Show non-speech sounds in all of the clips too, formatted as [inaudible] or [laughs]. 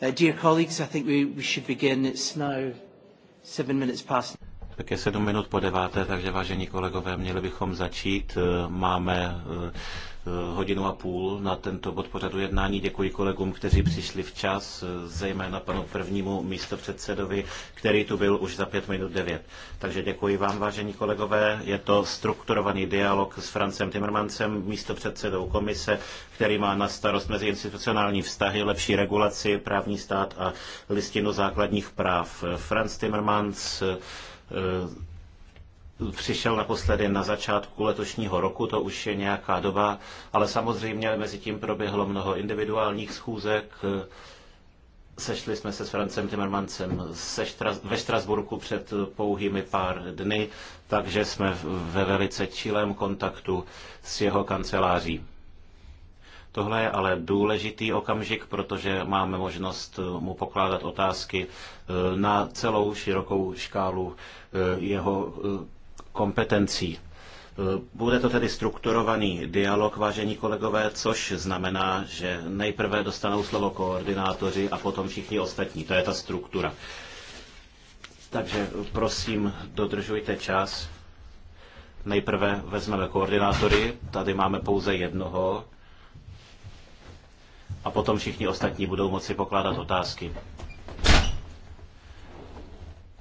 Uh, dear colleagues, I think we, we should begin. It's now seven minutes past. Tak je sedm minut po deváté, takže vážení kolegové, měli bychom začít. Eh, máme eh, eh, hodinu a půl na tento bod pořadu jednání. Děkuji kolegům, kteří přišli včas, zejména panu prvnímu místopředsedovi, který tu byl už za pět minut devět. Takže děkuji vám, vážení kolegové. Je to strukturovaný dialog s Francem Timmermansem, místopředsedou komise, který má na starost institucionální vztahy, lepší regulaci, právní stát a listinu základních práv. Franz Timmermans Eh, přišel naposledy na začátku letošního roku, to už je nějaká doba, ale samozřejmě mezi tím proběhlo mnoho individuálních schůzek, eh, Sešli jsme se s Francem Timmermancem se Štras- ve Štrasburku před pouhými pár dny, takže jsme ve velice čilém kontaktu s jeho kanceláří. Tohle je ale důležitý okamžik, protože máme možnost eh, mu pokládat otázky eh, na celou širokou škálu eh, jeho kompetencí. Bude to tedy strukturovaný dialog, vážení kolegové, což znamená, že nejprve dostanou slovo koordinátoři a potom všichni ostatní. To je ta struktura. Takže prosím, dodržujte čas. Nejprve vezmeme koordinátory. Tady máme pouze jednoho a potom všichni ostatní budou moci pokládat otázky.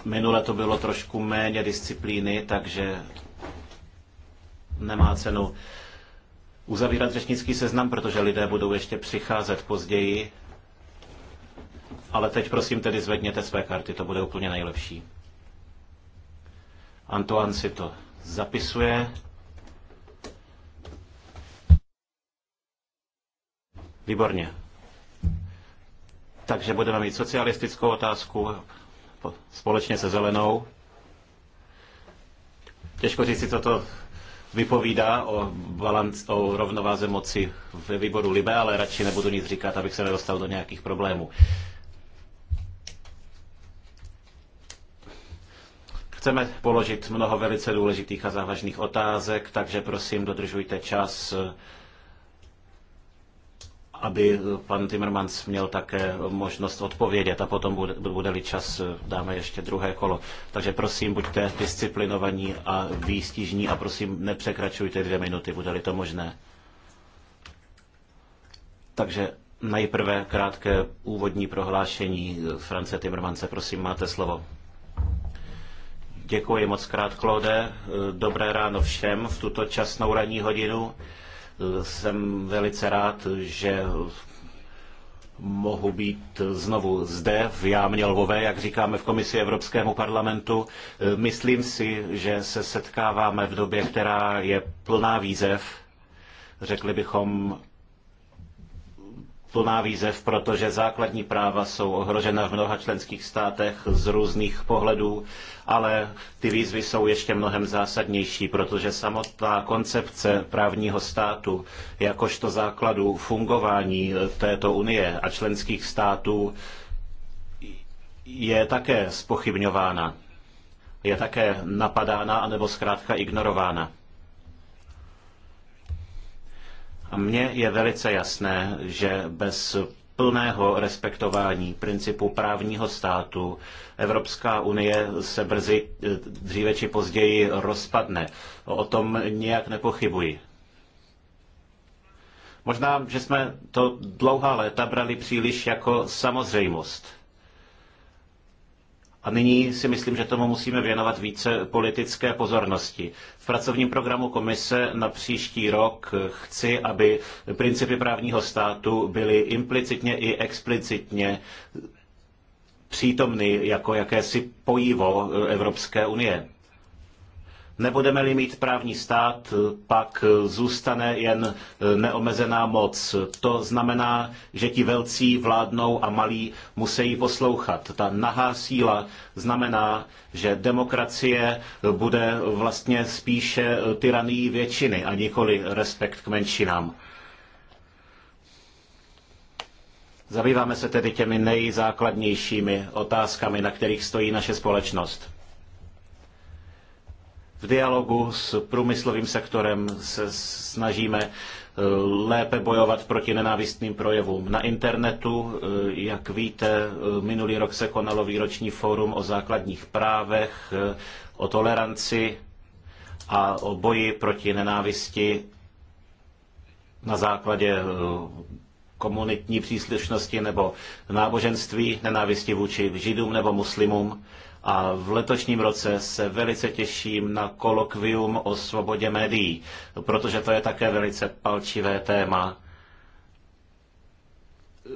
Minule to bylo trošku méně disciplíny, takže nemá cenu uzavírat řečnický seznam, protože lidé budou ještě přicházet později. Ale teď prosím tedy zvedněte své karty, to bude úplně nejlepší. Antoine si to zapisuje. Výborně. Takže budeme mít socialistickou otázku společně se zelenou. Těžko říct co to vypovídá o, balanc, o rovnováze moci ve výboru Libe, ale radši nebudu nic říkat, abych se nedostal do nějakých problémů. Chceme položit mnoho velice důležitých a závažných otázek, takže prosím dodržujte čas aby pan Timmermans měl také možnost odpovědět a potom bude, bude-li čas, dáme ještě druhé kolo. Takže prosím, buďte disciplinovaní a výstižní a prosím, nepřekračujte dvě minuty, bude-li to možné. Takže nejprve krátké úvodní prohlášení France Timmermanse. Prosím, máte slovo. Děkuji moc krát, Claude. Dobré ráno všem v tuto časnou ranní hodinu. Jsem velice rád, že mohu být znovu zde v Jámě Lvové, jak říkáme v Komisi Evropskému parlamentu. Myslím si, že se setkáváme v době, která je plná výzev. Řekli bychom plná výzev, protože základní práva jsou ohrožena v mnoha členských státech z různých pohledů, ale ty výzvy jsou ještě mnohem zásadnější, protože samotná koncepce právního státu jakožto základu fungování této unie a členských států je také spochybňována, je také napadána anebo zkrátka ignorována. A mně je velice jasné, že bez plného respektování principu právního státu Evropská unie se brzy, eh, dříve či později rozpadne. O tom nijak nepochybuji. Možná, že jsme to dlouhá léta brali příliš jako samozřejmost. A nyní si myslím, že tomu musíme věnovat více politické pozornosti. V pracovním programu komise na příští rok chci, aby principy právního státu byly implicitně i explicitně přítomny jako jakési pojivo Evropské unie. Nebudeme-li mít právní stát, pak zůstane jen eh, neomezená moc. To znamená, že ti velcí vládnou a malí musí poslouchat. Ta nahá síla znamená, že demokracie bude vlastně spíše eh, tyranií většiny a nikoli respekt k menšinám. Zabýváme se tedy těmi nejzákladnějšími otázkami, na kterých stojí naše společnost v dialogu s průmyslovým sektorem se snažíme eh, lépe bojovat proti nenávistným projevům. Na internetu, eh, jak víte, eh, minulý rok se konalo výroční fórum o základních právech, o toleranci a o boji proti nenávisti na základě komunitní příslušnosti nebo náboženství, nenávisti vůči židům nebo muslimům. A v letošním roce se velice těším na kolokvium o svobodě médií, protože to je také velice palčivé téma eh,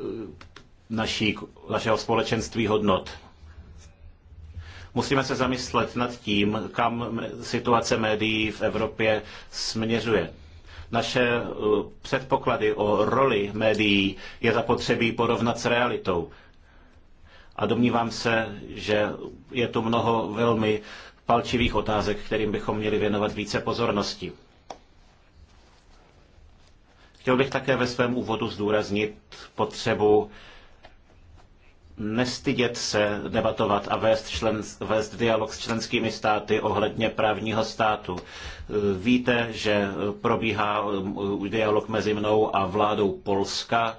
naší, našeho společenství hodnot. Musíme se zamyslet nad tím, kam situace médií v Evropě směřuje naše eh, předpoklady o roli médií je zapotřebí porovnat s realitou. A domnívám se, že je tu mnoho velmi palčivých otázek, kterým bychom měli věnovat více pozornosti. Chtěl bych také ve svém úvodu zdůraznit potřebu nestydět se debatovat a vést, člen, vést dialog s členskými státy ohledně právního státu. Víte, že probíhá um, dialog mezi mnou a vládou Polska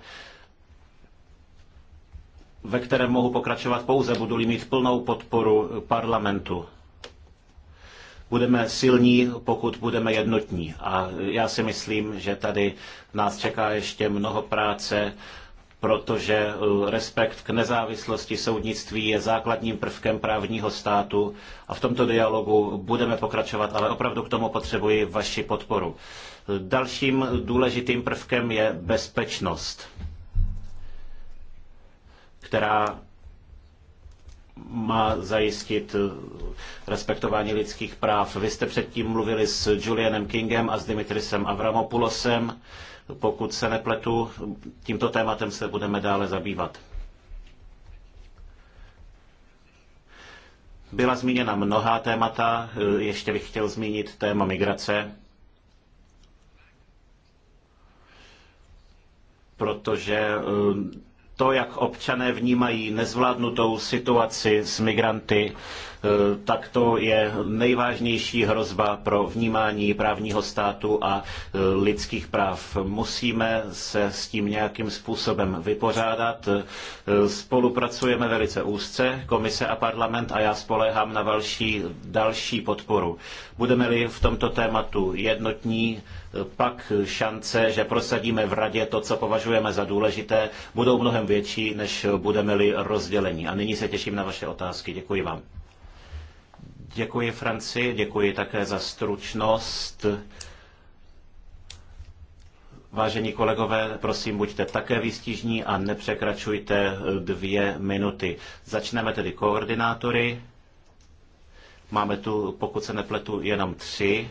ve kterém mohu pokračovat pouze, budu-li mít plnou podporu parlamentu. Budeme silní, pokud budeme jednotní. A já si myslím, že tady nás čeká ještě mnoho práce, protože respekt k nezávislosti soudnictví je základním prvkem právního státu a v tomto dialogu budeme pokračovat, ale opravdu k tomu potřebuji vaši podporu. Dalším důležitým prvkem je bezpečnost která má zajistit respektování lidských práv. Vy jste předtím mluvili s Julianem Kingem a s Dimitrisem Avramopoulosem. Pokud se nepletu, tímto tématem se budeme dále zabývat. Byla zmíněna mnohá témata, ještě bych chtěl zmínit téma migrace, protože to, jak občané vnímají nezvládnutou situaci s migranty, e, tak to je nejvážnější hrozba pro vnímání právního státu a e, lidských práv. Musíme se s tím nějakým způsobem vypořádat. E, spolupracujeme velice úzce, komise a parlament, a já spoléhám na další, další podporu. Budeme-li v tomto tématu jednotní, pak šance, že prosadíme v radě to, co považujeme za důležité, budou mnohem větší, než budeme-li rozdělení. A nyní se těším na vaše otázky. Děkuji vám. Děkuji Francii. děkuji také za stručnost. Vážení kolegové, prosím, buďte také výstižní a nepřekračujte dvě minuty. Začneme tedy koordinátory. Máme tu, pokud se nepletu, jenom tři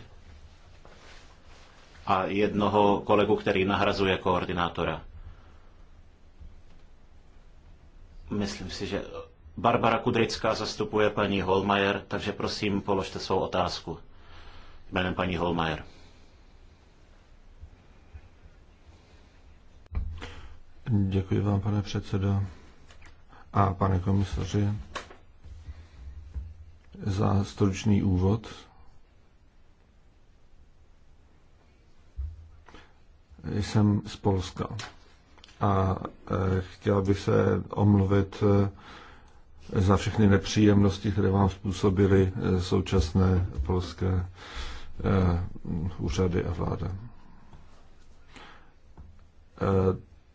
a jednoho kolegu, který nahrazuje koordinátora. Myslím si, že Barbara Kudrická zastupuje paní Holmajer, takže prosím, položte svou otázku jménem paní Holmajer. Děkuji vám, pane předsedo a pane komisaři, za stručný úvod Jsem z Polska a e, chtěl bych se omluvit e, za všechny nepříjemnosti, které vám způsobily e, současné polské úřady a vláda.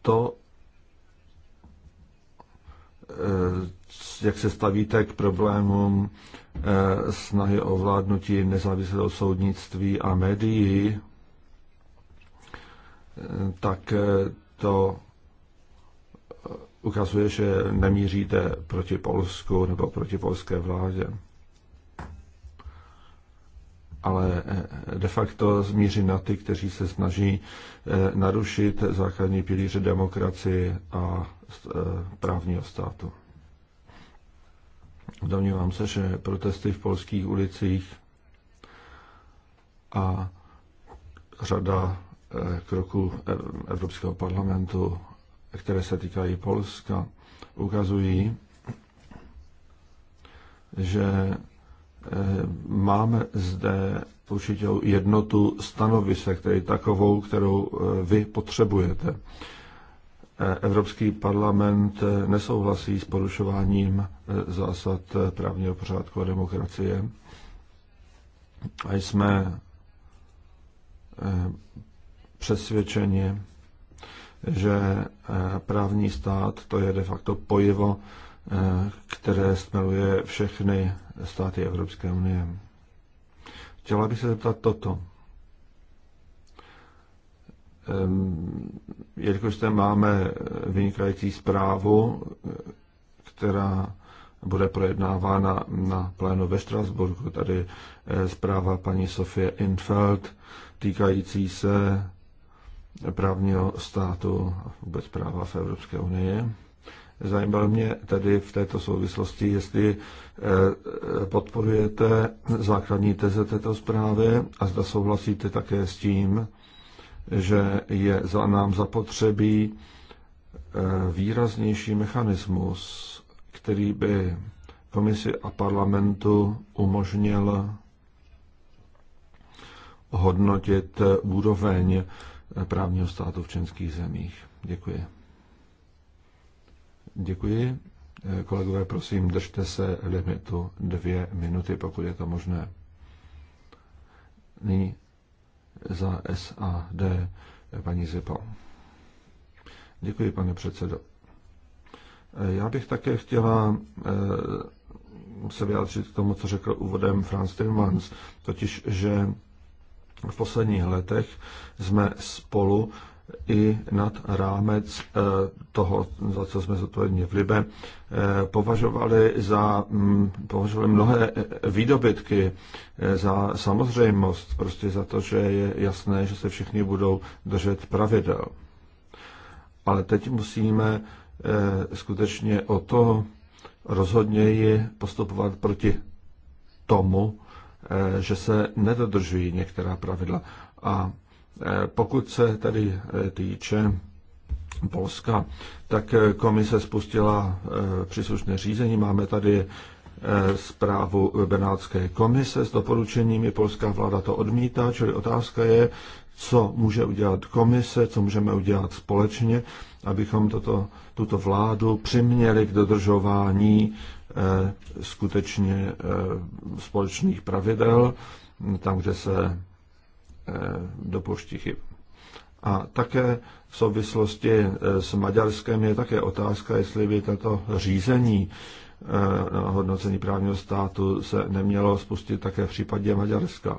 To, jak se stavíte k problémům snahy o vládnutí nezávislého soudnictví a médií, tak eh, to eh, ukazuje, že nemíříte proti Polsku nebo proti polské vládě. Ale eh, de facto zmíří na ty, kteří se snaží narušit základní pilíře demokracie a právního státu. Domnívám se, že protesty v polských ulicích a řada Eh, kroků Evropského parlamentu, které se týkají Polska, ukazují, že eh, máme zde určitou jednotu stanovisek, tedy takovou, kterou eh, vy potřebujete. Evropský parlament nesouhlasí s porušováním zásad právního pořádku a demokracie. A jsme přesvědčeni, že eh, právní stát to je de facto pojivo, eh, které smeluje všechny státy Evropské unie. Chtěla bych se zeptat toto. Ehm, jelikož zde máme vynikající zprávu, eh, která bude projednávána na plénu ve Štrasburku, tady zpráva paní Sofie Infeld týkající se právního státu a vůbec práva v Evropské unii. Zajímalo mě tedy v této souvislosti, jestli eh, podporujete základní teze této zprávy a zda souhlasíte také s tím, že je za nám zapotřebí eh, výraznější mechanismus, který by komisi a parlamentu umožnil hodnotit úroveň právního státu v členských zemích. Děkuji. Děkuji. Eh, kolegové, prosím, držte se limitu dvě minuty, pokud je to možné. Nyní za SAD eh, paní Zipo. Děkuji, pane předsedo. Eh, já bych také chtěla se vyjádřit k tomu, co řekl úvodem Franz Timmans, totiž, že v posledních letech jsme spolu i nad rámec eh, toho, za co jsme zodpovědní v Libe, eh, považovali za mm, považovali mnohé eh, výdobytky za samozřejmost, prostě za to, že je jasné, že se všichni budou držet pravidel. Ale teď musíme skutečně o to rozhodněji postupovat proti tomu, Eh, že se nedodržují některá pravidla. A eh, pokud se tedy eh, týče Polska, tak komise spustila příslušné řízení. Máme tady zprávu Benátské komise s doporučeními. Polská vláda to odmítá, čili otázka je, co může udělat komise, co můžeme udělat společně, abychom toto, tuto vládu přiměli k dodržování Eh, skutečně eh, společných pravidel, tam, kde se eh, dopuští chyb. A také v souvislosti s Maďarskem je také otázka, jestli by tato řízení hodnocení právního státu se nemělo spustit také v případě Maďarska.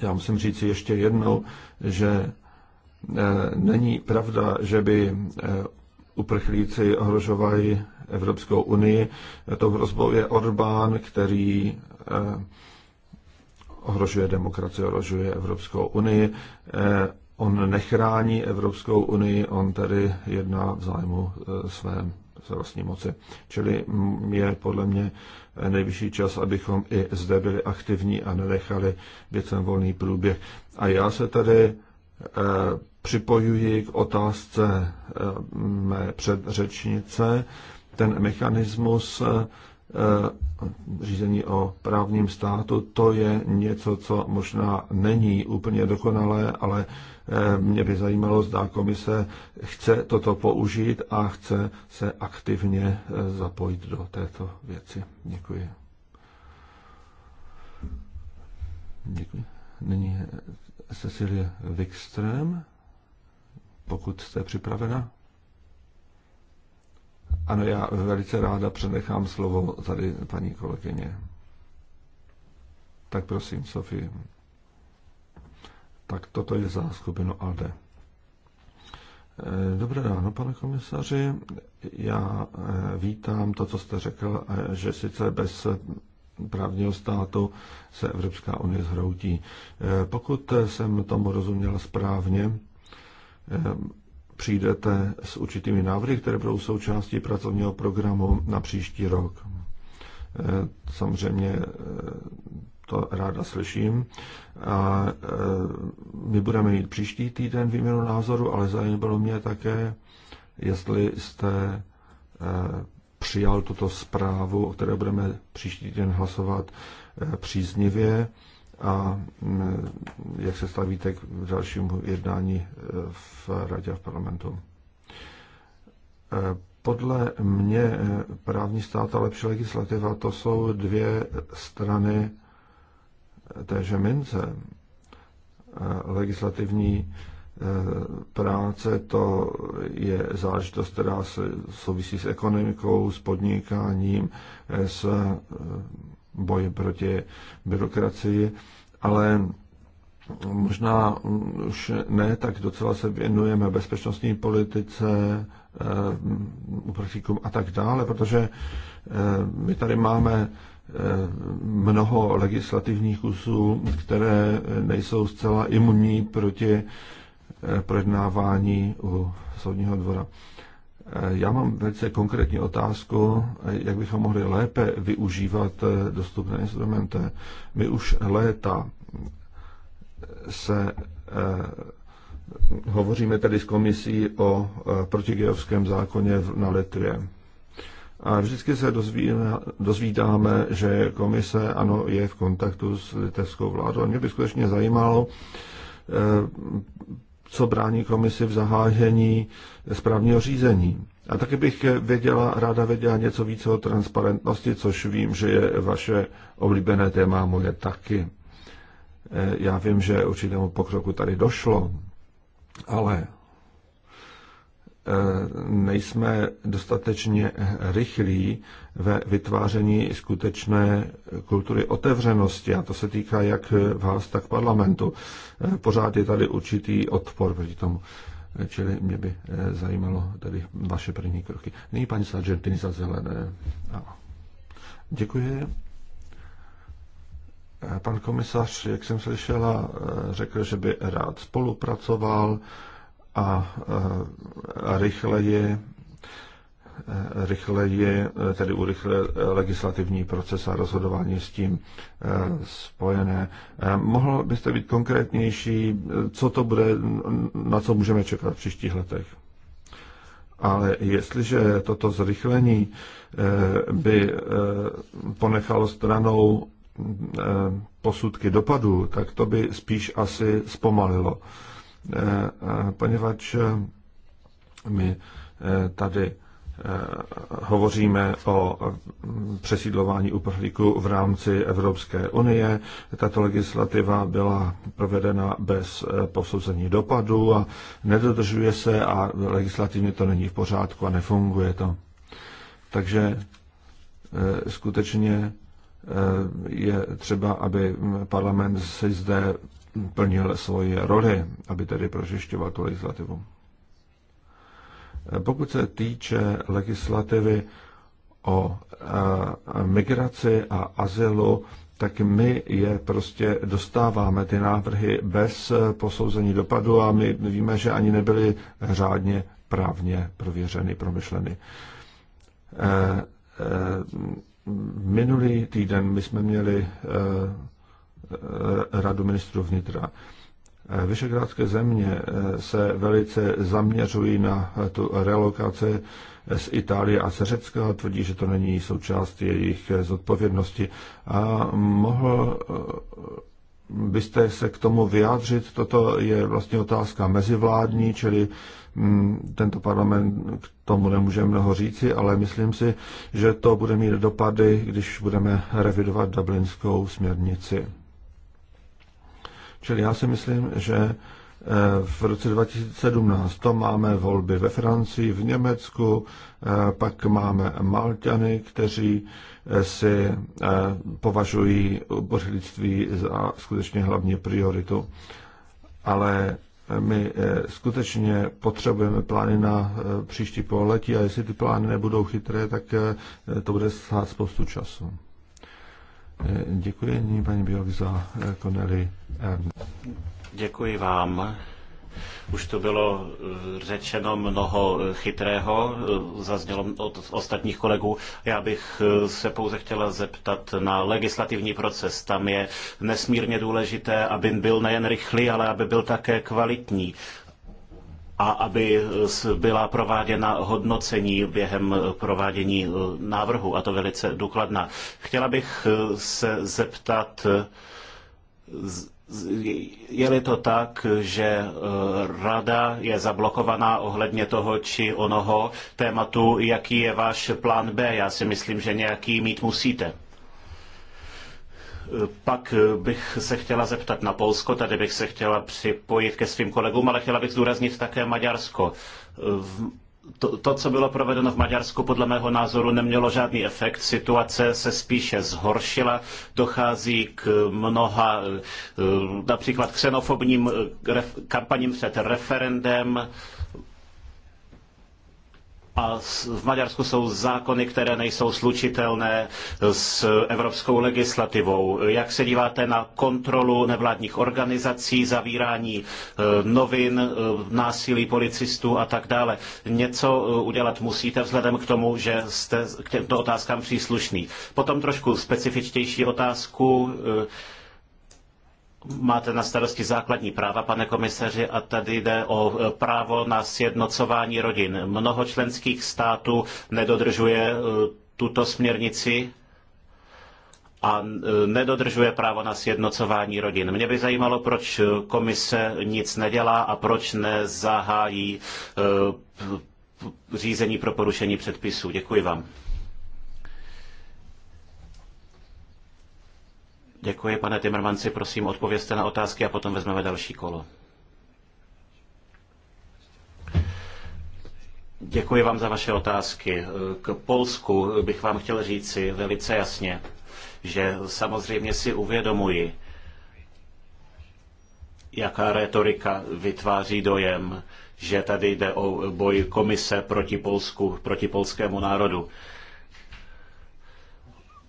Já musím říct ještě jednou, že není pravda, že by uprchlíci ohrožovají Evropskou unii. Tou hrozbou je Orbán, který eh, ohrožuje demokracii, ohrožuje Evropskou unii. Eh, on nechrání Evropskou unii, on tedy jedná v zájmu eh, své vlastní moci. Čili je podle mě nejvyšší čas, abychom i zde byli aktivní a nenechali věcem volný průběh. A já se tady připojuji k otázce eh, mé předřečnice. Ten mechanismus eh, eh, řízení o právním státu, to je něco, co možná není úplně dokonalé, ale mě by zajímalo, zda komise chce toto použít a chce se aktivně zapojit do této věci. Děkuji. Děkuji. Nyní Cecilie Wikström pokud jste připravena. Ano, já velice ráda přenechám slovo tady paní kolegyně. Tak prosím, Sofie. Tak toto je za skupinu ALDE. Eh, dobré ráno, pane komisaři. Já eh, vítám to, co jste řekl, eh, že sice bez právního státu se Evropská unie zhroutí. Pokud jsem tomu rozuměl správně, Ehm, přijdete s určitými návrhy, které budou součástí pracovního programu na příští rok. Ehm, samozřejmě ehm, to ráda slyším. A my budeme mít příští týden výměnu názoru, ale zajímalo mě také, jestli jste přijal tuto zprávu, o které budeme příští týden hlasovat příznivě a mm, jak se stavíte k dalšímu jednání e, v radě a v parlamentu. E, podle mě e, právní stát a lepší legislativa to jsou dvě strany téže mince. Legislativní práce to je záležitost, která souvisí s ekonomikou, s podnikáním, s boj proti byrokracii, ale možná už ne, tak docela se věnujeme bezpečnostní politice, eh, uprchlíkům a tak dále, protože eh, my tady máme eh, mnoho legislativních kusů, které nejsou zcela imunní proti projednávání u soudního dvora. Eh, já mám velice konkrétní otázku, eh, jak bychom mohli lépe využívat eh, dostupné instrumenty. My už léta se hovoříme tedy s komisí o protigejovském zákoně na Litvě. A vždycky se dozvíme, dozvídáme, že komise ano, je v kontaktu s litevskou vládou. A mě by skutečně zajímalo, co brání komisi v zahájení správního řízení. A taky bych věděla, ráda věděla něco více o transparentnosti, což vím, že je vaše oblíbené téma, moje taky. E, já vím, že určitému pokroku tady došlo, ale Eh, nejsme dostatečně rychlí ve vytváření skutečné kultury otevřenosti a to se týká jak vás, tak parlamentu. Eh, pořád je tady určitý odpor proti tomu. Eh, čili mě by zajímalo tady vaše první kroky. Nyní paní Sargentini za zelené. Děkuji. Pan komisař, jak jsem slyšela, řekl, že by rád spolupracoval a rychleji rychleji, tedy urychle legislativní proces a rozhodování s tím e, spojené. E, mohl byste být konkrétnější, co to bude, na co můžeme čekat v příštích letech? Ale jestliže toto zrychlení e, by ponechalo stranou posudky dopadů, tak to by spíš asi zpomalilo Eh, eh, poněvadž eh, my tady hovoříme o mm, přesídlování uprchlíků v rámci Evropské unie. Tato legislativa byla provedena bez posouzení dopadu a nedodržuje se a legislativně to není v pořádku a nefunguje to. Takže skutečně je třeba, aby mm, parlament si zde plnil svoji roli, aby tedy prožišťoval tu legislativu. Pokud se týče legislativy o migraci a azylu, tak my je prostě dostáváme, ty návrhy, bez posouzení dopadu a my víme, že ani nebyly řádně právně prověřeny, promyšleny. E, e, minulý týden my jsme měli e, Eh, Radu ministrů vnitra. Eh, Vyšegrádské země eh, se velice zaměřují na tu relokaci z Itálie a z Řecka, tvrdí, že to není součást jejich zodpovědnosti. A mohl byste se k tomu vyjádřit? Toto je vlastně otázka mezivládní, čili hm, tento parlament k tomu nemůže mnoho říci, ale myslím si, že to bude mít dopady, když budeme revidovat dublinskou směrnici. Čili já si myslím, že eh, v roce 2017 to máme volby ve Francii, v Německu, eh, pak máme Malťany, kteří eh, si považují bořilictví za skutečně hlavní prioritu. Ale my skutečně potřebujeme plány na příští pololetí a jestli ty plány nebudou chytré, tak to bude stát spoustu času. Děkuji nyní paní Bělovi za eh, Connelly. Děkuji vám. Už to bylo eh, řečeno mnoho eh, chytrého, zaznělo od ostatních kolegů. Já bych se pouze chtěla zeptat na legislativní proces. Tam je nesmírně důležité, aby byl nejen rychlý, ale aby byl také kvalitní a aby byla prováděna hodnocení během eh, provádění eh, návrhu, a to velice důkladná. Chtěla bych eh, se zeptat, je-li to tak, že rada je zablokovaná ohledně toho či onoho tématu, jaký je váš plán B? Já si myslím, že nějaký mít musíte. Pak bych se chtěla zeptat na Polsko, tady bych se chtěla připojit ke svým kolegům, ale chtěla bych zdůraznit také Maďarsko. To, to, co bylo provedeno v Maďarsku, podle mého názoru nemělo žádný efekt. Situace se spíše zhoršila. Dochází k mnoha, eh, například ksenofobním eh, kampaním před referendem, a v Maďarsku jsou zákony, které nejsou slučitelné s evropskou legislativou. Jak se díváte na kontrolu nevládních organizací, zavírání e, novin, e, násilí policistů a tak dále? Něco e, udělat musíte vzhledem k tomu, že jste k těmto otázkám příslušný. Potom trošku specifičtější otázku máte na starosti základní práva, pane komisaři, a tady jde o e, právo na sjednocování rodin. Mnoho členských států nedodržuje e, tuto směrnici a e, nedodržuje právo na sjednocování rodin. Mě by zajímalo, proč komise nic nedělá a proč nezahájí řízení pro porušení předpisů. Děkuji vám. Děkuji, pane Timmermanci, prosím, odpovězte na otázky a potom vezmeme další kolo. Děkuji vám za vaše otázky. K Polsku bych vám chtěl říci velice jasně, že samozřejmě si uvědomuji, jaká retorika vytváří dojem, že tady jde o boj komise proti Polsku, proti polskému národu.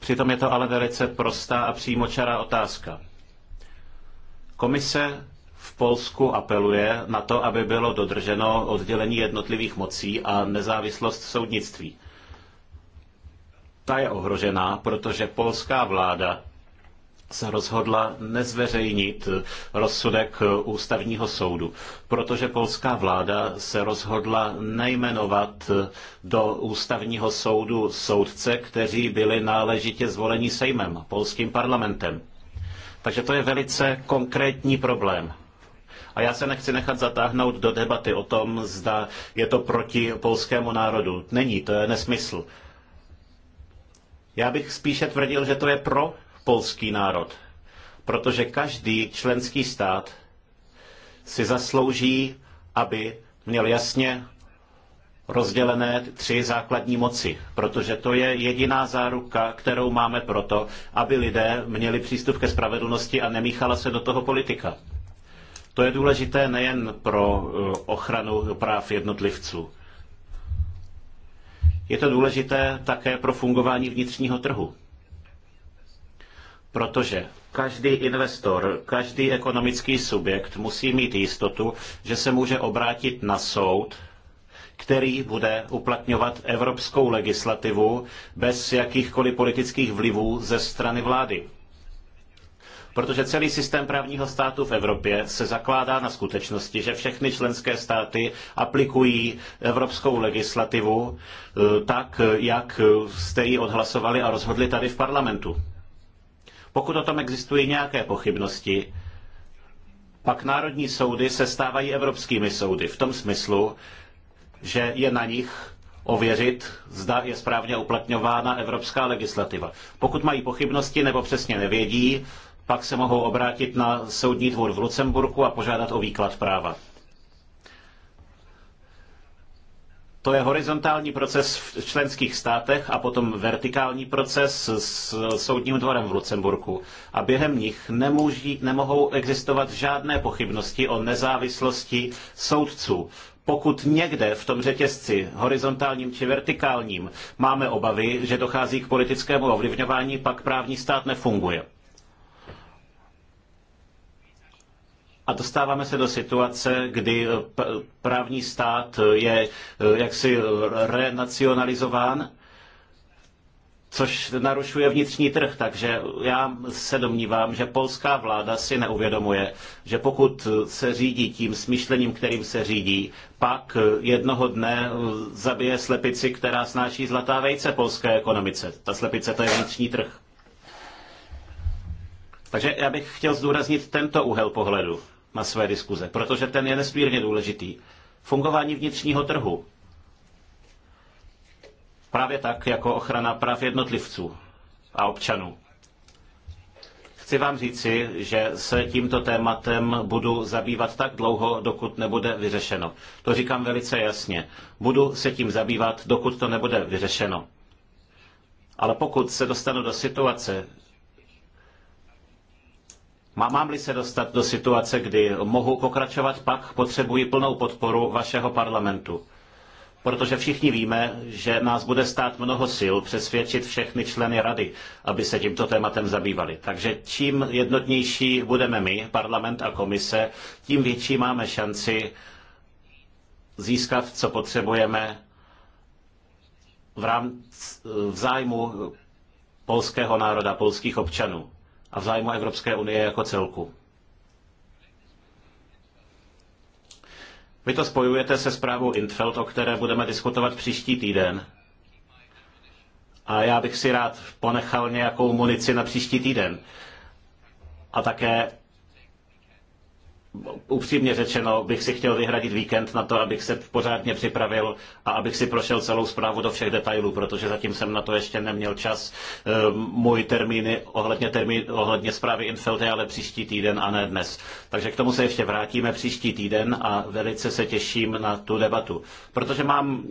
Přitom je to ale velice prostá a přímočará otázka. Komise v Polsku apeluje na to, aby bylo dodrženo oddělení jednotlivých mocí a nezávislost soudnictví. Ta je ohrožená, protože polská vláda se rozhodla nezveřejnit rozsudek ústavního soudu, protože polská vláda se rozhodla nejmenovat do ústavního soudu soudce, kteří byli náležitě zvoleni sejmem, polským parlamentem. Takže to je velice konkrétní problém. A já se nechci nechat zatáhnout do debaty o tom, zda je to proti polskému národu. Není, to je nesmysl. Já bych spíše tvrdil, že to je pro polský národ, protože každý členský stát si zaslouží, aby měl jasně rozdělené tři základní moci, protože to je jediná záruka, kterou máme proto, aby lidé měli přístup ke spravedlnosti a nemíchala se do toho politika. To je důležité nejen pro eh, ochranu práv jednotlivců. Je to důležité také pro fungování vnitřního trhu. Protože každý investor, každý ekonomický subjekt musí mít jistotu, že se může obrátit na soud, který bude uplatňovat evropskou legislativu bez jakýchkoliv politických vlivů ze strany vlády. Protože celý systém právního státu v Evropě se zakládá na skutečnosti, že všechny členské státy aplikují evropskou legislativu eh, tak, jak jste ji odhlasovali a rozhodli tady v parlamentu. Pokud o tom existují nějaké pochybnosti, pak národní soudy se stávají evropskými soudy v tom smyslu, že je na nich ověřit, zda je správně uplatňována evropská legislativa. Pokud mají pochybnosti nebo přesně nevědí, pak se mohou obrátit na soudní dvůr v Lucemburku a požádat o výklad práva. To je horizontální proces v členských státech a potom vertikální proces s soudním dvorem v Lucemburku. A během nich nemůží, nemohou existovat žádné pochybnosti o nezávislosti soudců pokud někde v tom řetězci, horizontálním či vertikálním, máme obavy, že dochází k politickému ovlivňování, pak právní stát nefunguje. A dostáváme se do situace, kdy eh, právní stát eh, je eh, jaksi renacionalizován, což narušuje vnitřní trh. Takže já se domnívám, že polská vláda si neuvědomuje, že pokud se řídí tím smyšlením, kterým se řídí, pak jednoho dne zabije slepici, která snáší zlatá vejce polské ekonomice. Ta slepice to je vnitřní trh. Takže já bych chtěl zdůraznit tento úhel pohledu na své diskuze, protože ten je nesmírně důležitý. Fungování vnitřního trhu. Právě tak, jako ochrana práv jednotlivců a občanů. Chci vám říci, že se tímto tématem budu zabývat tak dlouho, dokud nebude vyřešeno. To říkám velice jasně. Budu se tím zabývat, dokud to nebude vyřešeno. Ale pokud se dostanu do situace, Mám-li se dostat do situace, kdy mohu pokračovat, pak potřebuji plnou podporu vašeho parlamentu. Protože všichni víme, že nás bude stát mnoho sil přesvědčit všechny členy rady, aby se tímto tématem zabývali. Takže čím jednotnější budeme my, parlament a komise, tím větší máme šanci získat, co potřebujeme v, rámci, v zájmu polského národa, polských občanů a v zájmu Evropské unie jako celku. Vy to spojujete se zprávou Intfeld, o které budeme diskutovat příští týden. A já bych si rád ponechal nějakou munici na příští týden. A také upřímně řečeno, bych si chtěl vyhradit víkend na to, abych se pořádně připravil a abych si prošel celou zprávu do všech detailů, protože zatím jsem na to ještě neměl čas. Ehm, můj termíny ohledně, termín, ohledně zprávy Infeld je ale příští týden a ne dnes. Takže k tomu se ještě vrátíme příští týden a velice se těším na tu debatu, protože mám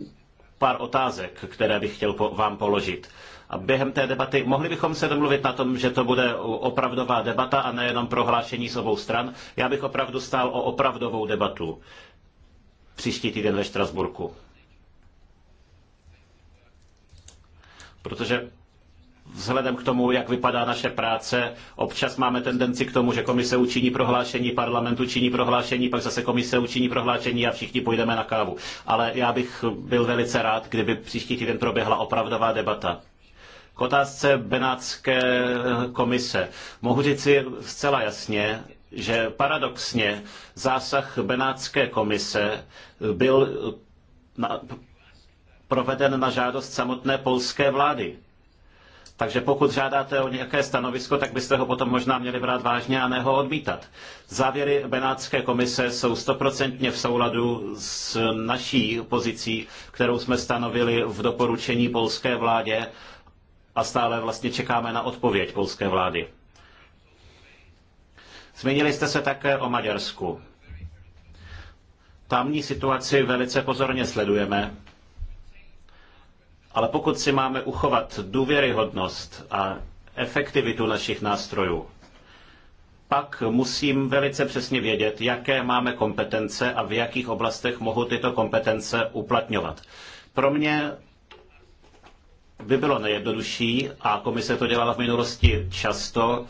pár otázek, které bych chtěl vám položit a během té debaty mohli bychom se domluvit na tom, že to bude opravdová debata a nejenom prohlášení s obou stran. Já bych opravdu stál o opravdovou debatu příští týden ve Štrasburku. Protože vzhledem k tomu, jak vypadá naše práce, občas máme tendenci k tomu, že komise učiní prohlášení, parlamentu učiní prohlášení, pak zase komise učiní prohlášení a všichni půjdeme na kávu. Ale já bych byl velice rád, kdyby příští týden proběhla opravdová debata. K otázce Benátské eh, komise. Mohu říci zcela jasně, že paradoxně zásah Benátské komise byl na, proveden na žádost samotné polské vlády. Takže pokud žádáte o nějaké stanovisko, tak byste ho potom možná měli brát vážně a ne ho odmítat. Závěry Benátské komise jsou stoprocentně v souladu s naší pozicí, kterou jsme stanovili v doporučení polské vládě a stále vlastně čekáme na odpověď polské vlády. Zmínili jste se také o Maďarsku. Tamní situaci velice pozorně sledujeme, ale pokud si máme uchovat důvěryhodnost a efektivitu našich nástrojů, pak musím velice přesně vědět, jaké máme kompetence a v jakých oblastech mohu tyto kompetence uplatňovat. Pro mě by bylo nejjednodušší, a komise to dělala v minulosti často,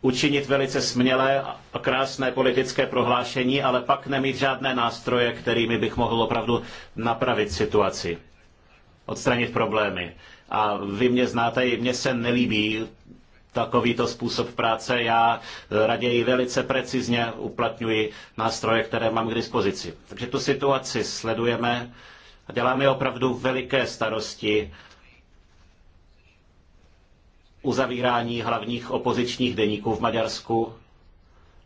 učinit velice smělé a krásné politické prohlášení, ale pak nemít žádné nástroje, kterými bych mohl opravdu napravit situaci, odstranit problémy. A vy mě znáte, i mně se nelíbí takovýto způsob práce. Já raději velice precizně uplatňuji nástroje, které mám k dispozici. Takže tu situaci sledujeme a děláme opravdu veliké starosti uzavírání hlavních opozičních deníků v Maďarsku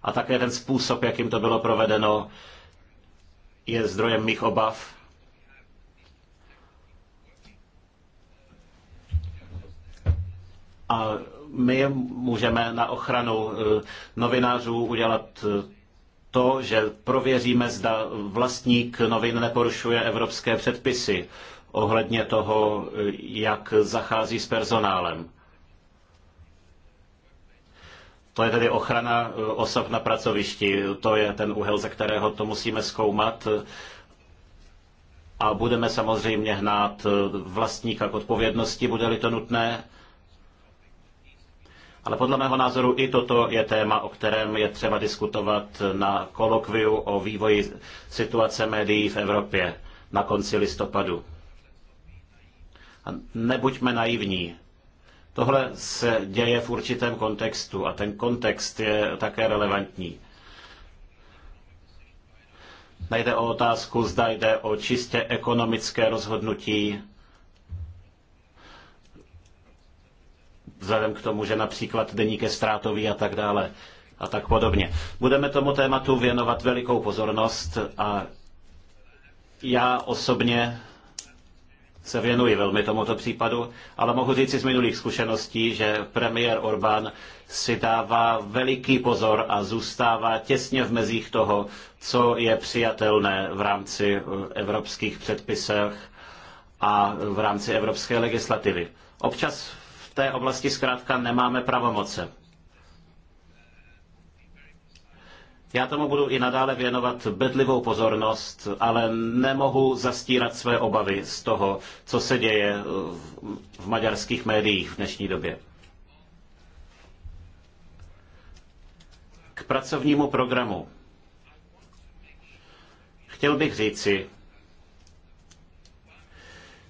a také ten způsob, jakým to bylo provedeno, je zdrojem mých obav. A my můžeme na ochranu eh, novinářů udělat eh, to, že prověříme, zda vlastník novin neporušuje evropské předpisy ohledně toho, eh, jak zachází s personálem. To je tedy ochrana eh, osob na pracovišti. To je ten úhel, ze kterého to musíme zkoumat. A budeme samozřejmě hnát eh, vlastníka k odpovědnosti, bude-li to nutné. Ale podle mého názoru i toto je téma, o kterém je třeba diskutovat na kolokviu o vývoji situace médií v Evropě na konci listopadu. A nebuďme naivní. Tohle se děje v určitém kontextu a ten kontext je také relevantní. Nejde o otázku, zda jde o čistě ekonomické rozhodnutí, vzhledem k tomu, že například deník je ztrátový a tak dále a tak podobně. Budeme tomu tématu věnovat velikou pozornost a já osobně se věnuji velmi tomuto případu, ale mohu říci z minulých zkušeností, že premiér Orbán si dává veliký pozor a zůstává těsně v mezích toho, co je přijatelné v rámci eh, evropských předpisech a v rámci evropské legislativy. Občas v té oblasti zkrátka nemáme pravomoce. Já tomu budu i nadále věnovat bedlivou pozornost, ale nemohu zastírat své obavy z toho, co se děje v maďarských médiích v dnešní době. K pracovnímu programu. Chtěl bych říci,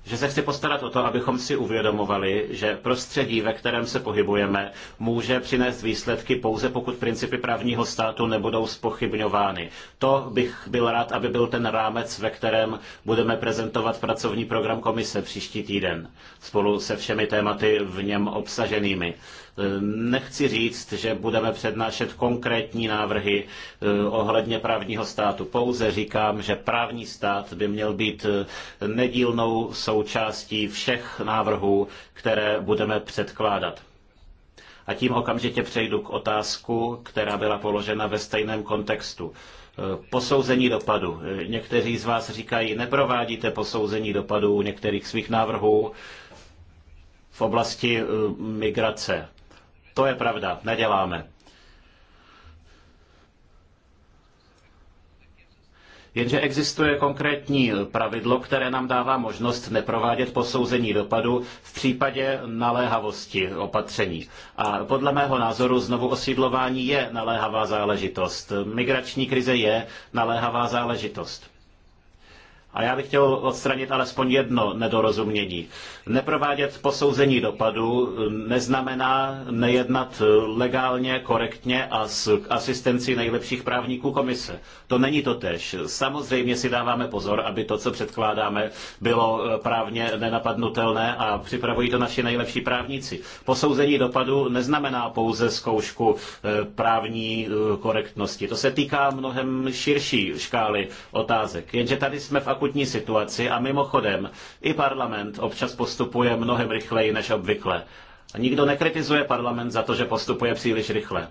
že se chci postarat o to, abychom si uvědomovali, že prostředí, ve kterém se pohybujeme, může přinést výsledky pouze pokud principy právního státu nebudou spochybňovány. To bych byl rád, aby byl ten rámec, ve kterém budeme prezentovat pracovní program komise příští týden spolu se všemi tématy v něm obsaženými. E, nechci říct, že budeme přednášet konkrétní návrhy e, ohledně právního státu. Pouze říkám, že právní stát by měl být e, nedílnou součástí všech návrhů, které budeme předkládat. A tím okamžitě přejdu k otázku, která byla položena ve stejném kontextu. Posouzení dopadu. Někteří z vás říkají, neprovádíte posouzení dopadu některých svých návrhů v oblasti migrace. To je pravda, neděláme. Jenže existuje konkrétní pravidlo, které nám dává možnost neprovádět posouzení dopadu v případě naléhavosti opatření. A podle mého názoru znovu osídlování je naléhavá záležitost. Migrační krize je naléhavá záležitost. A já bych chtěl odstranit alespoň jedno nedorozumění. Neprovádět posouzení dopadu neznamená nejednat legálně, korektně a s asistencí nejlepších právníků komise. To není to tež. Samozřejmě si dáváme pozor, aby to, co předkládáme, bylo právně nenapadnutelné a připravují to naši nejlepší právníci. Posouzení dopadu neznamená pouze zkoušku eh, právní eh, korektnosti. To se týká mnohem širší škály otázek. Jenže tady jsme v akutní situaci a mimochodem i parlament občas postoupí postupuje mnohem rychleji než obvykle. A nikdo nekritizuje parlament za to, že postupuje příliš rychle.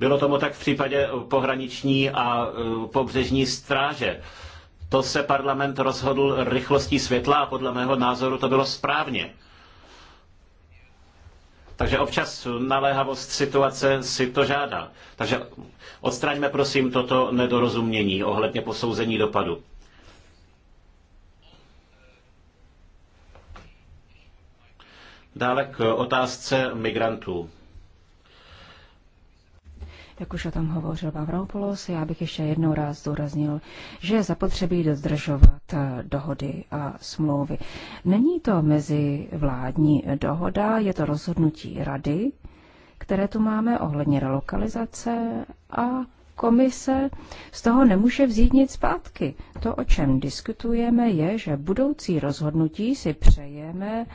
Bylo tomu tak v případě pohraniční a e, pobřežní stráže. To se parlament rozhodl rychlostí světla a podle mého názoru to bylo správně. Takže občas naléhavost situace si to žádá. Takže odstraňme prosím toto nedorozumění ohledně posouzení dopadu. Dále k otázce migrantů. Jak už o tom hovořil Pavropoulos, já bych ještě jednou rád zdůraznil, že je zapotřebí dodržovat eh, dohody a smlouvy. Není to mezi vládní dohoda, je to rozhodnutí rady, které tu máme ohledně relokalizace a komise z toho nemůže vzít nic zpátky. To, o čem diskutujeme, je, že budoucí rozhodnutí si přejeme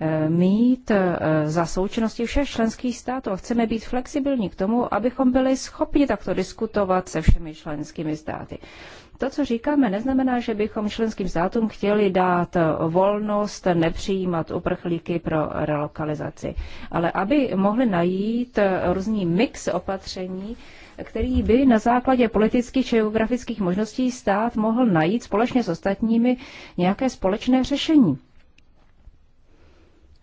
Eh, mít eh, za součinnosti všech členských států a chceme být flexibilní k tomu, abychom byli schopni takto diskutovat se všemi členskými státy. To, co říkáme, neznamená, že bychom členským státům chtěli dát eh, volnost nepřijímat uprchlíky pro relokalizaci, ale aby mohli najít různý mix opatření, který by na základě politických či geografických možností stát mohl najít společně s ostatními nějaké společné řešení.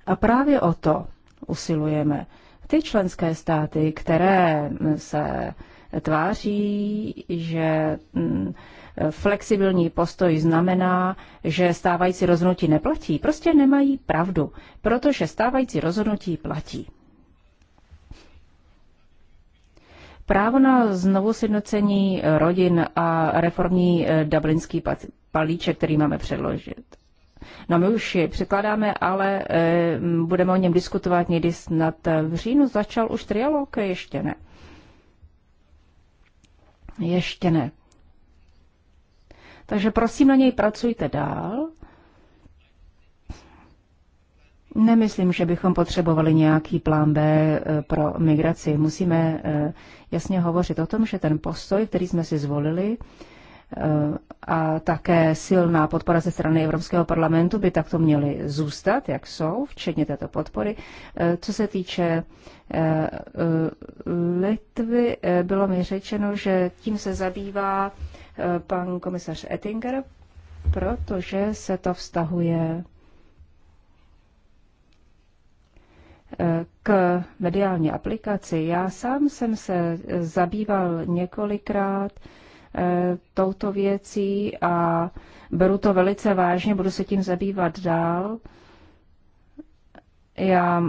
A právě o to usilujeme. Ty členské státy, které se tváří, že mm, flexibilní postoj znamená, že stávající rozhodnutí neplatí, prostě nemají pravdu, protože stávající rozhodnutí platí. Právo na znovu sjednocení rodin a reformní eh, dublinský palíček, který máme předložit. No my už je překládáme, ale e, budeme o něm diskutovat někdy snad eh, v říjnu. Začal už trialog? Ještě ne. Ještě ne. Takže prosím na něj pracujte dál. Nemyslím, že bychom potřebovali nějaký plán B eh, pro migraci. Musíme jasně hovořit o tom, že ten postoj, který jsme si zvolili, a také silná podpora ze strany Evropského parlamentu by takto měly zůstat, jak jsou, včetně této podpory. E, co se týče e, e, Litvy, bylo mi řečeno, že tím se zabývá pan komisař Ettinger, protože se to vztahuje k mediální aplikaci. Já sám jsem se zabýval několikrát Eh, touto věcí a beru to velice vážně, budu se tím zabývat dál. Já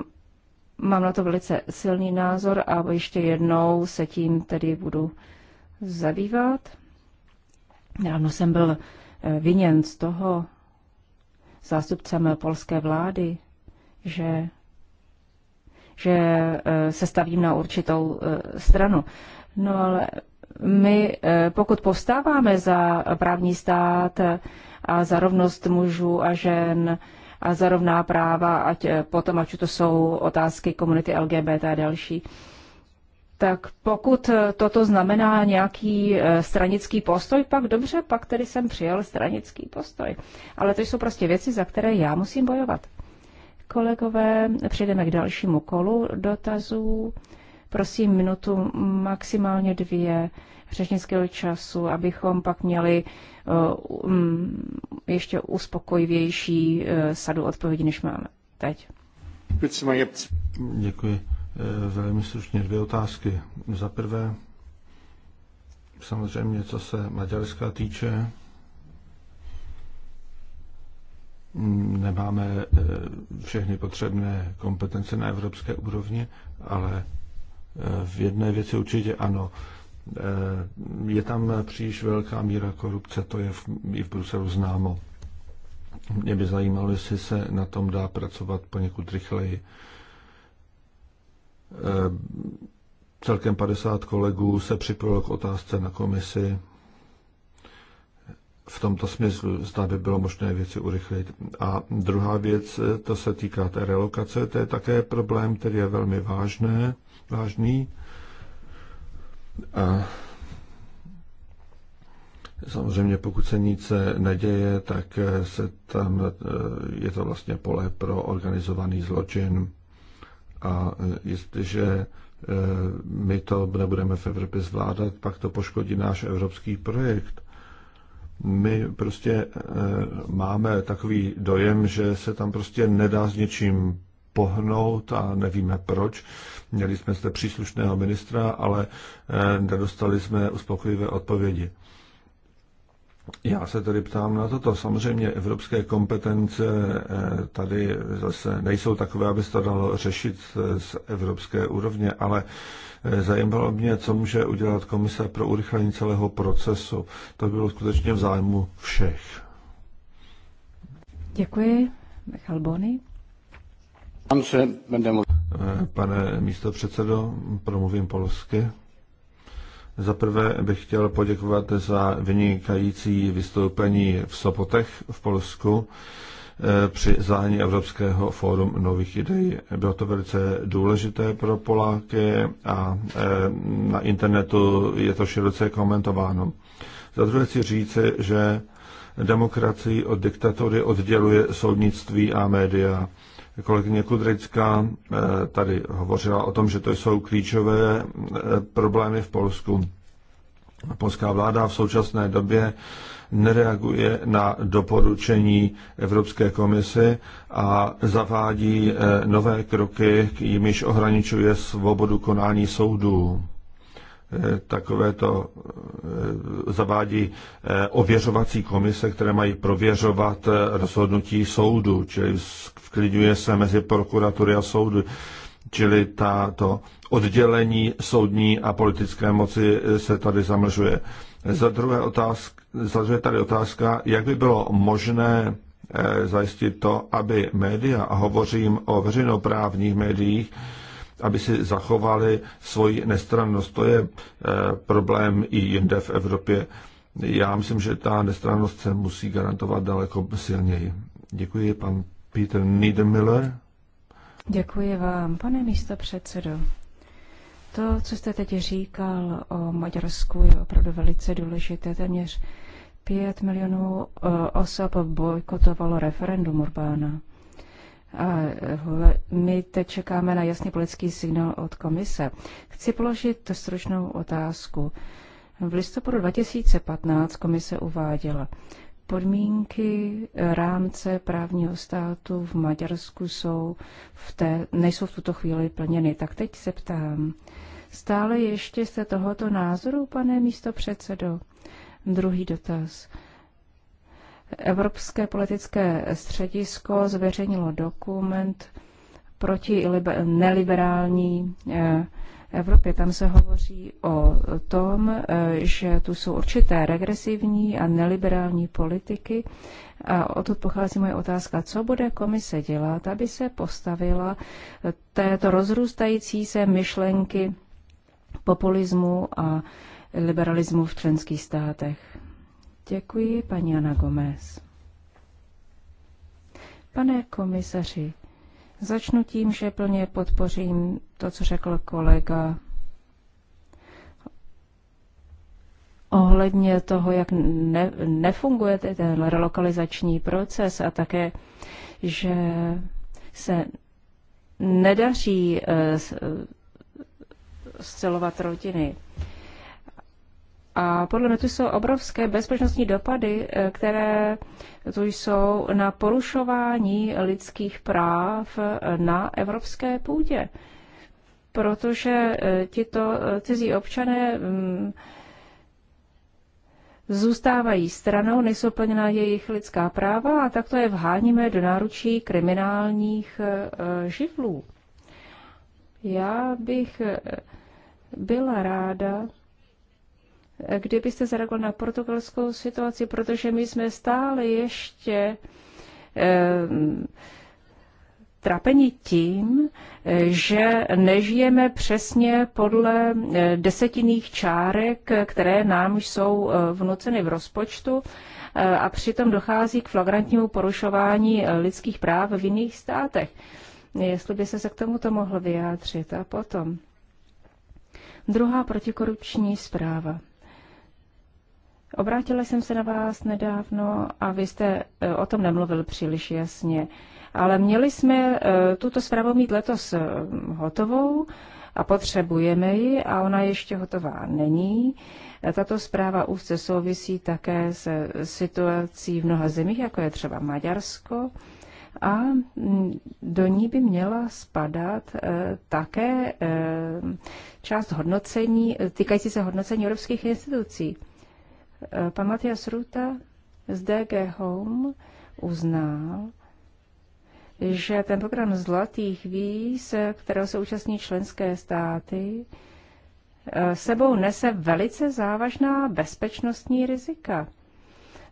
mám na to velice silný názor a ještě jednou se tím tedy budu zabývat. Dávno jsem byl eh, viněn z toho zástupcem polské vlády, že, že eh, se stavím na určitou stranu. No ale my, eh, pokud povstáváme za právní stát eh, a za rovnost mužů a žen a za rovná práva, ať eh, potom, ať to jsou otázky komunity LGBT a další, tak pokud toto znamená nějaký stranický postoj, pak dobře, pak tedy jsem přijal stranický postoj. Ale to jsou prostě věci, za které já musím bojovat. Kolegové, přejdeme k dalšímu kolu dotazů. Prosím minutu, maximálně dvě řečnického času, abychom pak měli uh, um, ještě uspokojivější uh, sadu odpovědí, než máme teď. Děkuji. Eh, velmi stručně dvě otázky. Za prvé, samozřejmě, co se Maďarska týče, nemáme eh, všechny potřebné kompetence na evropské úrovni, ale v jedné věci určitě ano. Eh, je tam příliš velká míra korupce, to je v, i v Bruselu známo. Mě by zajímalo, jestli se na tom dá pracovat poněkud rychleji. Eh, celkem 50 kolegů se připojilo k otázce na komisi v tomto smyslu, zda by bylo možné věci urychlit. A druhá věc, eh, to se týká té relokace, to je také problém, který je velmi vážný vážný. A samozřejmě pokud se nic eh, neděje, tak eh, se tam, eh, je to vlastně pole pro organizovaný zločin. A jestliže my to nebudeme v Evropě zvládat, pak to poškodí náš evropský projekt. My prostě máme takový dojem, že se tam prostě nedá s něčím pohnout a nevíme proč. Měli jsme zde příslušného ministra, ale eh, nedostali jsme uspokojivé odpovědi. Já se tedy ptám na toto. Samozřejmě evropské kompetence eh, tady zase nejsou takové, aby se to dalo řešit z evropské úrovně, ale eh, zajímalo mě, co může udělat komise pro urychlení celého procesu. To bylo skutečně v zájmu všech. Děkuji. Michal Bony. Eh, pane místo předsedo, promluvím polsky. Za prvé bych chtěl poděkovat za vynikající vystoupení v Sopotech v Polsku eh, při zahání Evropského fórum nových ideí. Bylo to velice důležité pro Poláky a eh, na internetu je to široce komentováno. Za druhé chci říci, že demokracii od diktatury odděluje soudnictví a média. Kolegyně Kudrecká eh, tady hovořila o tom, že to jsou klíčové eh, problémy v Polsku. Polská vláda v současné době nereaguje na doporučení Evropské komise a zavádí eh, nové kroky, jimiž ohraničuje svobodu konání soudů. Eh, takové to eh, zavádí eh, ověřovací komise, které mají prověřovat rozhodnutí soudu, čili vklidňuje se mezi prokuratury a soudu. Čili to oddělení soudní a politické moci se tady zamlžuje. Za druhé otázka, za druhé tady otázka, jak by bylo možné zajistit to, aby média, a hovořím o veřejnoprávních médiích, aby si zachovali svoji nestrannost. To je eh, problém i jinde v Evropě. Já myslím, že ta nestrannost se musí garantovat daleko silněji. Děkuji, pan Peter Niedermiller. Děkuji vám, pane místo předsedo. To, co jste teď říkal o Maďarsku, je opravdu velice důležité. Téměř pět milionů eh, osob bojkotovalo referendum Urbána. A eh, my teď čekáme na jasný politický signál od komise. Chci položit stručnou otázku. V listopadu 2015 komise uváděla, podmínky rámce právního státu v Maďarsku jsou v té, nejsou v tuto chvíli plněny. Tak teď se ptám, stále ještě jste tohoto názoru, pane místo předsedo? Druhý dotaz. Evropské politické středisko zveřejnilo dokument proti neliberální eh, Evropě. Tam se hovoří o tom, eh, že tu jsou určité regresivní a neliberální politiky. A odtud pochází moje otázka, co bude komise dělat, aby se postavila této rozrůstající se myšlenky populismu a liberalismu v členských státech. Děkuji, paní Ana Gomez. Pane komisaři, začnu tím, že plně podpořím to, co řekl kolega ohledně toho, jak ne, nefunguje ten relokalizační proces a také, že se nedaří eh, eh, scelovat rodiny. A podle mě tu jsou obrovské bezpečnostní dopady, eh, které tu jsou na porušování lidských práv eh, na evropské půdě. Protože eh, tito cizí občané mm, zůstávají stranou, nejsou plněna jejich lidská práva a takto je vháníme do náručí kriminálních živlů. Já bych byla ráda, kdybyste zareagoval na portugalskou situaci, protože my jsme stále ještě eh, trapeni tím, že nežijeme přesně podle eh, desetinných čárek, které nám jsou eh, vnuceny v rozpočtu eh, a přitom dochází k flagrantnímu porušování lidských práv v jiných státech. Jestli by se se k tomuto mohl vyjádřit a potom. Druhá protikorupční zpráva. Obrátila jsem se na vás nedávno a vy jste e, o tom nemluvil příliš jasně, ale měli jsme e, tuto zprávu mít letos e, hotovou a potřebujeme ji a ona ještě hotová není. Tato zpráva úzce souvisí také s situací v mnoha zemích, jako je třeba Maďarsko, a do ní by měla spadat také část hodnocení, týkající se hodnocení evropských institucí. Eh, pan Matias Ruta z DG Home uznal, že ten program zlatých víz, kterého se účastní členské státy, eh, sebou nese velice závažná bezpečnostní rizika.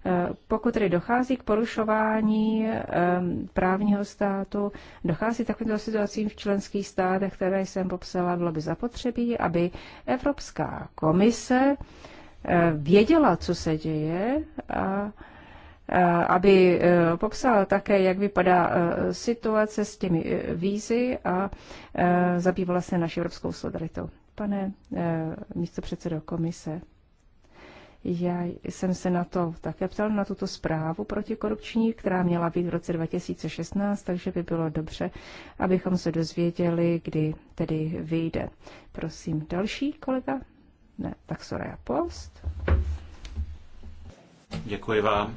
Eh, pokud tedy dochází k porušování právního státu, dochází takovýmto situacím v členských státech, které jsem popsala, bylo by zapotřebí, aby Evropská komise Eh, věděla, co se děje a eh, aby eh, popsala také, jak vypadá situace s těmi vízy a zabývala se naší evropskou solidaritou. Pane místo předsedo komise, já jsem se na to také ptal, na tuto zprávu protikorupční, která měla být v roce 2016, takže by bylo dobře, abychom se dozvěděli, kdy tedy vyjde. Prosím, další kolega ne, tak Soraya Post. Děkuji vám.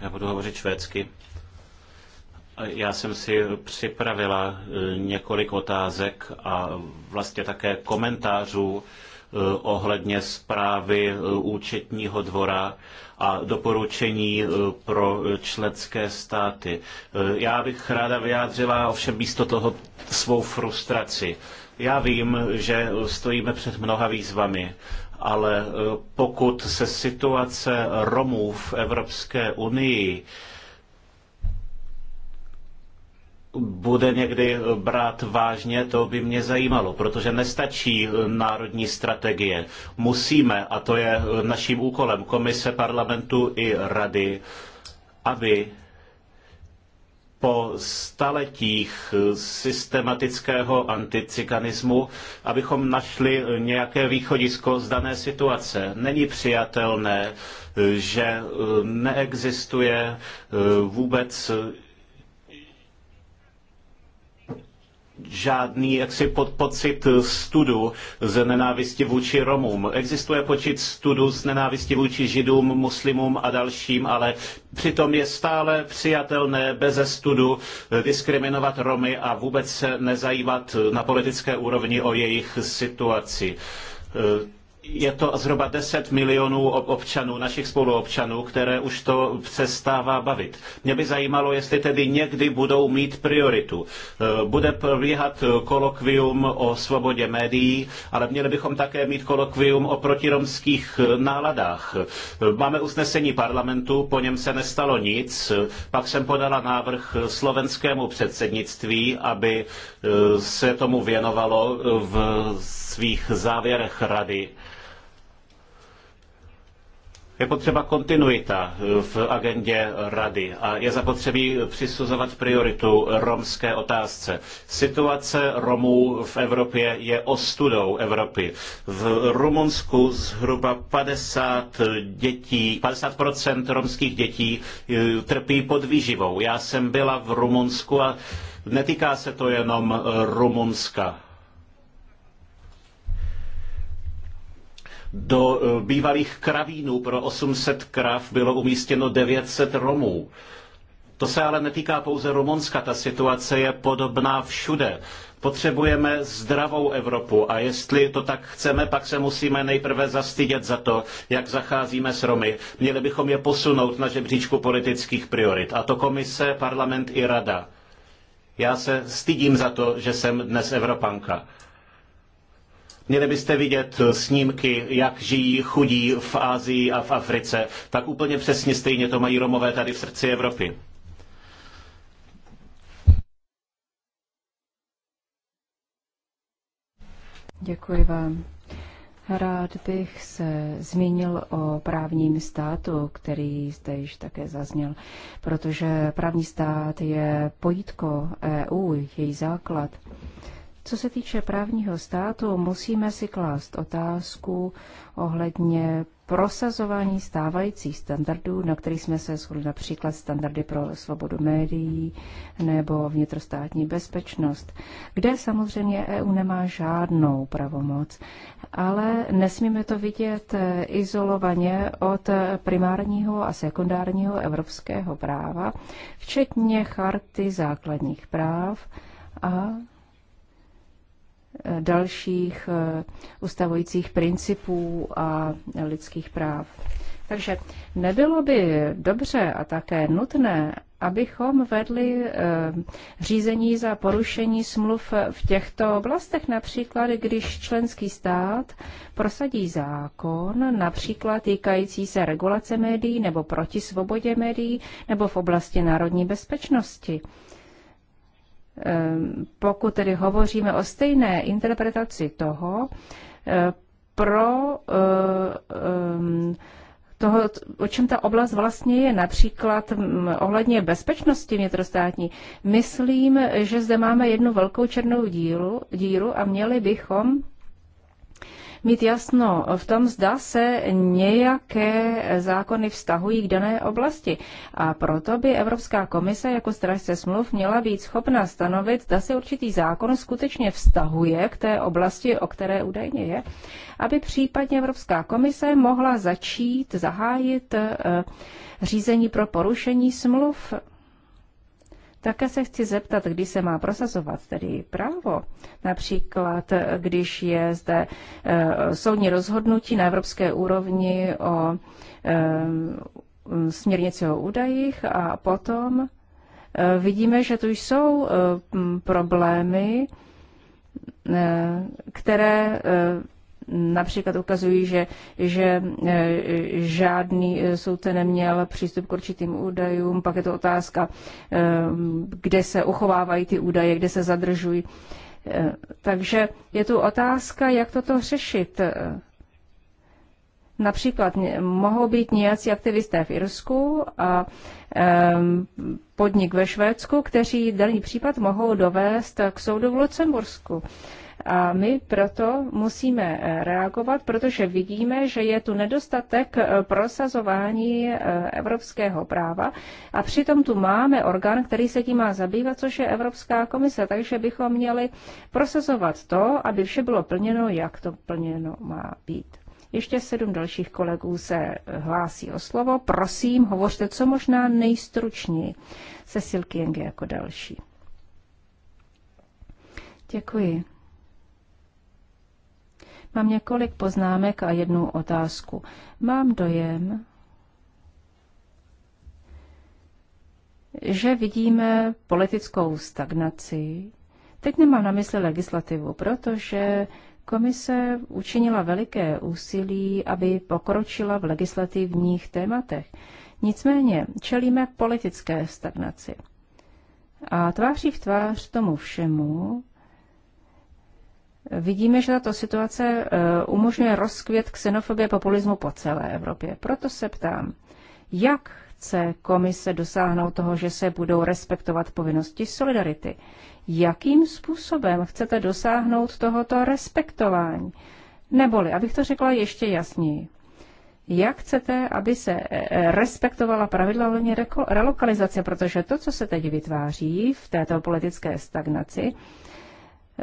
Já budu hovořit švédsky. Já jsem si připravila eh, několik otázek a vlastně také komentářů eh, ohledně zprávy eh, účetního dvora a doporučení pro členské státy. Já bych ráda vyjádřila ovšem místo toho svou frustraci já vím, že stojíme před mnoha výzvami, ale e, pokud se situace Romů v Evropské unii bude někdy brát vážně, to by mě zajímalo, protože nestačí e, národní strategie. Musíme, a to je e, naším úkolem Komise parlamentu i rady, aby po staletích systematického anticikanismu, abychom našli nějaké východisko z dané situace. Není přijatelné, že neexistuje vůbec žádný jaksi pod, pocit studu z nenávisti vůči Romům. Existuje počet studu z nenávisti vůči Židům, muslimům a dalším, ale přitom je stále přijatelné beze studu diskriminovat Romy a vůbec se nezajímat na politické úrovni o jejich situaci je to zhruba 10 milionů občanů, našich spoluobčanů, které už to přestává bavit. Mě by zajímalo, jestli tedy někdy budou mít prioritu. E, bude probíhat kolokvium o svobodě médií, ale měli bychom také mít kolokvium o protiromských e, náladách. E, máme usnesení parlamentu, po něm se nestalo nic, pak jsem podala návrh slovenskému předsednictví, aby se tomu věnovalo v svých závěrech rady. Je potřeba kontinuita eh, v agendě rady a je zapotřebí přisuzovat prioritu romské otázce. Situace Romů v Evropě je ostudou Evropy. V Rumunsku zhruba 50 dětí, 50% romských dětí eh, trpí podvýživou. Já jsem byla v Rumunsku a netýká se to jenom Rumunska Do eh, bývalých kravínů pro 800 krav bylo umístěno 900 Romů. To se ale netýká pouze Rumunska, ta situace je podobná všude. Potřebujeme zdravou Evropu a jestli to tak chceme, pak se musíme nejprve zastydět za to, jak zacházíme s Romy. Měli bychom je posunout na žebříčku politických priorit. A to komise, parlament i rada. Já se stydím za to, že jsem dnes Evropanka. Měli byste vidět snímky, jak žijí chudí v Asii a v Africe. Tak úplně přesně stejně to mají Romové tady v srdci Evropy. Děkuji vám. Rád bych se zmínil o právním státu, který zde již také zazněl, protože právní stát je pojítko EU, její základ. Co se týče právního státu, musíme si klást otázku ohledně prosazování stávajících standardů, na kterých jsme se shodli například standardy pro svobodu médií nebo vnitrostátní bezpečnost, kde samozřejmě EU nemá žádnou pravomoc, ale nesmíme to vidět eh, izolovaně od primárního a sekundárního evropského práva, včetně charty základních práv a Eh, dalších eh, ustavujících principů a lidských práv. Takže nebylo by dobře a také nutné, abychom vedli eh, řízení za porušení smluv v těchto oblastech, například když členský stát prosadí zákon, například týkající se regulace médií nebo proti svobodě médií nebo v oblasti národní bezpečnosti. Ehm, pokud tedy hovoříme o stejné interpretaci toho, eh, pro eh, ehm, toho, o čem ta oblast vlastně je, například mm, ohledně bezpečnosti vnitrostátní. Myslím, že zde máme jednu velkou černou díru, díru a měli bychom mít jasno v tom, zda se nějaké zákony vztahují k dané oblasti. A proto by Evropská komise jako strážce smluv měla být schopna stanovit, zda se určitý zákon skutečně vztahuje k té oblasti, o které údajně je, aby případně Evropská komise mohla začít zahájit eh, řízení pro porušení smluv také se chci zeptat, kdy se má prosazovat tedy právo. Například, když je zde eh, soudní rozhodnutí na evropské úrovni o eh, směrnici o údajích a potom eh, vidíme, že tu jsou problémy, které například ukazují, že, že e, žádný e, soudce neměl přístup k určitým údajům. Pak je to otázka, e, kde se uchovávají ty údaje, kde se zadržují. Takže je tu otázka, jak toto řešit. Například mohou být nějací aktivisté v Irsku a podnik ve Švédsku, kteří daný případ mohou dovést k soudu v Lucembursku. A my proto musíme eh, reagovat, protože vidíme, že je tu nedostatek eh, prosazování eh, evropského práva a přitom tu máme orgán, který se tím má zabývat, což je Evropská komise, takže bychom měli prosazovat to, aby vše bylo plněno, jak to plněno má být. Ještě sedm dalších kolegů se hlásí o slovo. Prosím, hovořte co možná nejstručněji. Cecil Kienge jako další. Děkuji. Mám několik poznámek a jednu otázku. Mám dojem, že vidíme politickou stagnaci. Teď nemám na mysli legislativu, protože komise učinila veliké úsilí, aby pokročila v legislativních tématech. Nicméně čelíme politické stagnaci. A tváří v tvář tomu všemu Vidíme, že tato situace eh, umožňuje rozkvět xenofobie populismu po celé Evropě. Proto se ptám, jak chce komise dosáhnout toho, že se budou respektovat povinnosti solidarity? Jakým způsobem chcete dosáhnout tohoto respektování? Neboli, abych to řekla ještě jasněji, jak chcete, aby se eh, eh, respektovala pravidla ohledně relokalizace, protože to, co se teď vytváří v této politické stagnaci,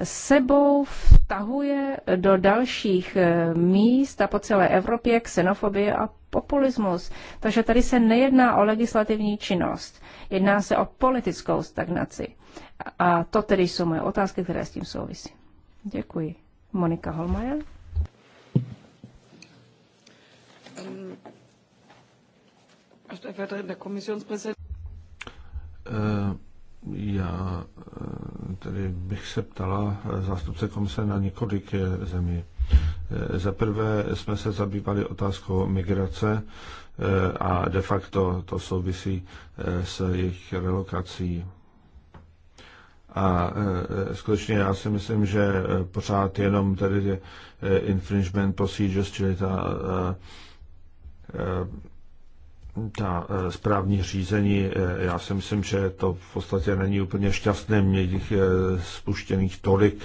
sebou vtahuje do dalších eh, míst a po celé Evropě xenofobie a populismus. Takže tady se nejedná o legislativní činnost, jedná se o politickou stagnaci. A to tedy jsou moje otázky, které s tím souvisí. Děkuji. Monika Holmajer. Uh já eh, tedy bych se ptala eh, zástupce komise na několik eh, zemí. Za prvé jsme se zabývali otázkou migrace a de facto to souvisí s jejich relokací. A skutečně já si myslím, že pořád jenom tedy infringement procedures, čili ta ta e, správní řízení, e, já si myslím, že to v podstatě není úplně šťastné, mě těch e, spuštěných tolik.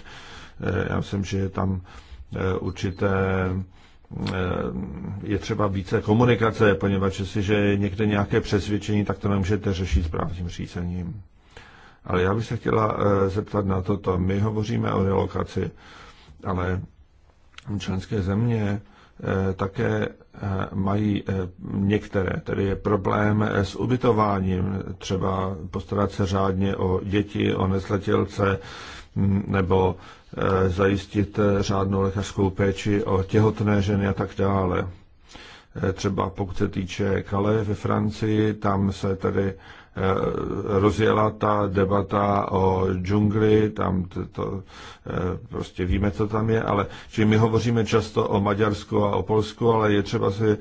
Já myslím, že je tam určité je třeba více komunikace, poněvadž že je někde nějaké přesvědčení, tak to nemůžete řešit správním řízením. Ale já bych se chtěla zeptat na toto. My hovoříme o relokaci, ale členské země Eh, také eh, mají eh, některé, tedy je problém s ubytováním, třeba postarat se řádně o děti, o nesletělce, mm, nebo zajistit řádnou lékařskou péči o těhotné ženy a tak dále. Třeba pokud se týče Calais ve Francii, tam se tedy Eh, rozjela ta debata o džungli, tam to, to eh, prostě víme, co tam je, ale či my hovoříme často o Maďarsku a o Polsku, ale je třeba si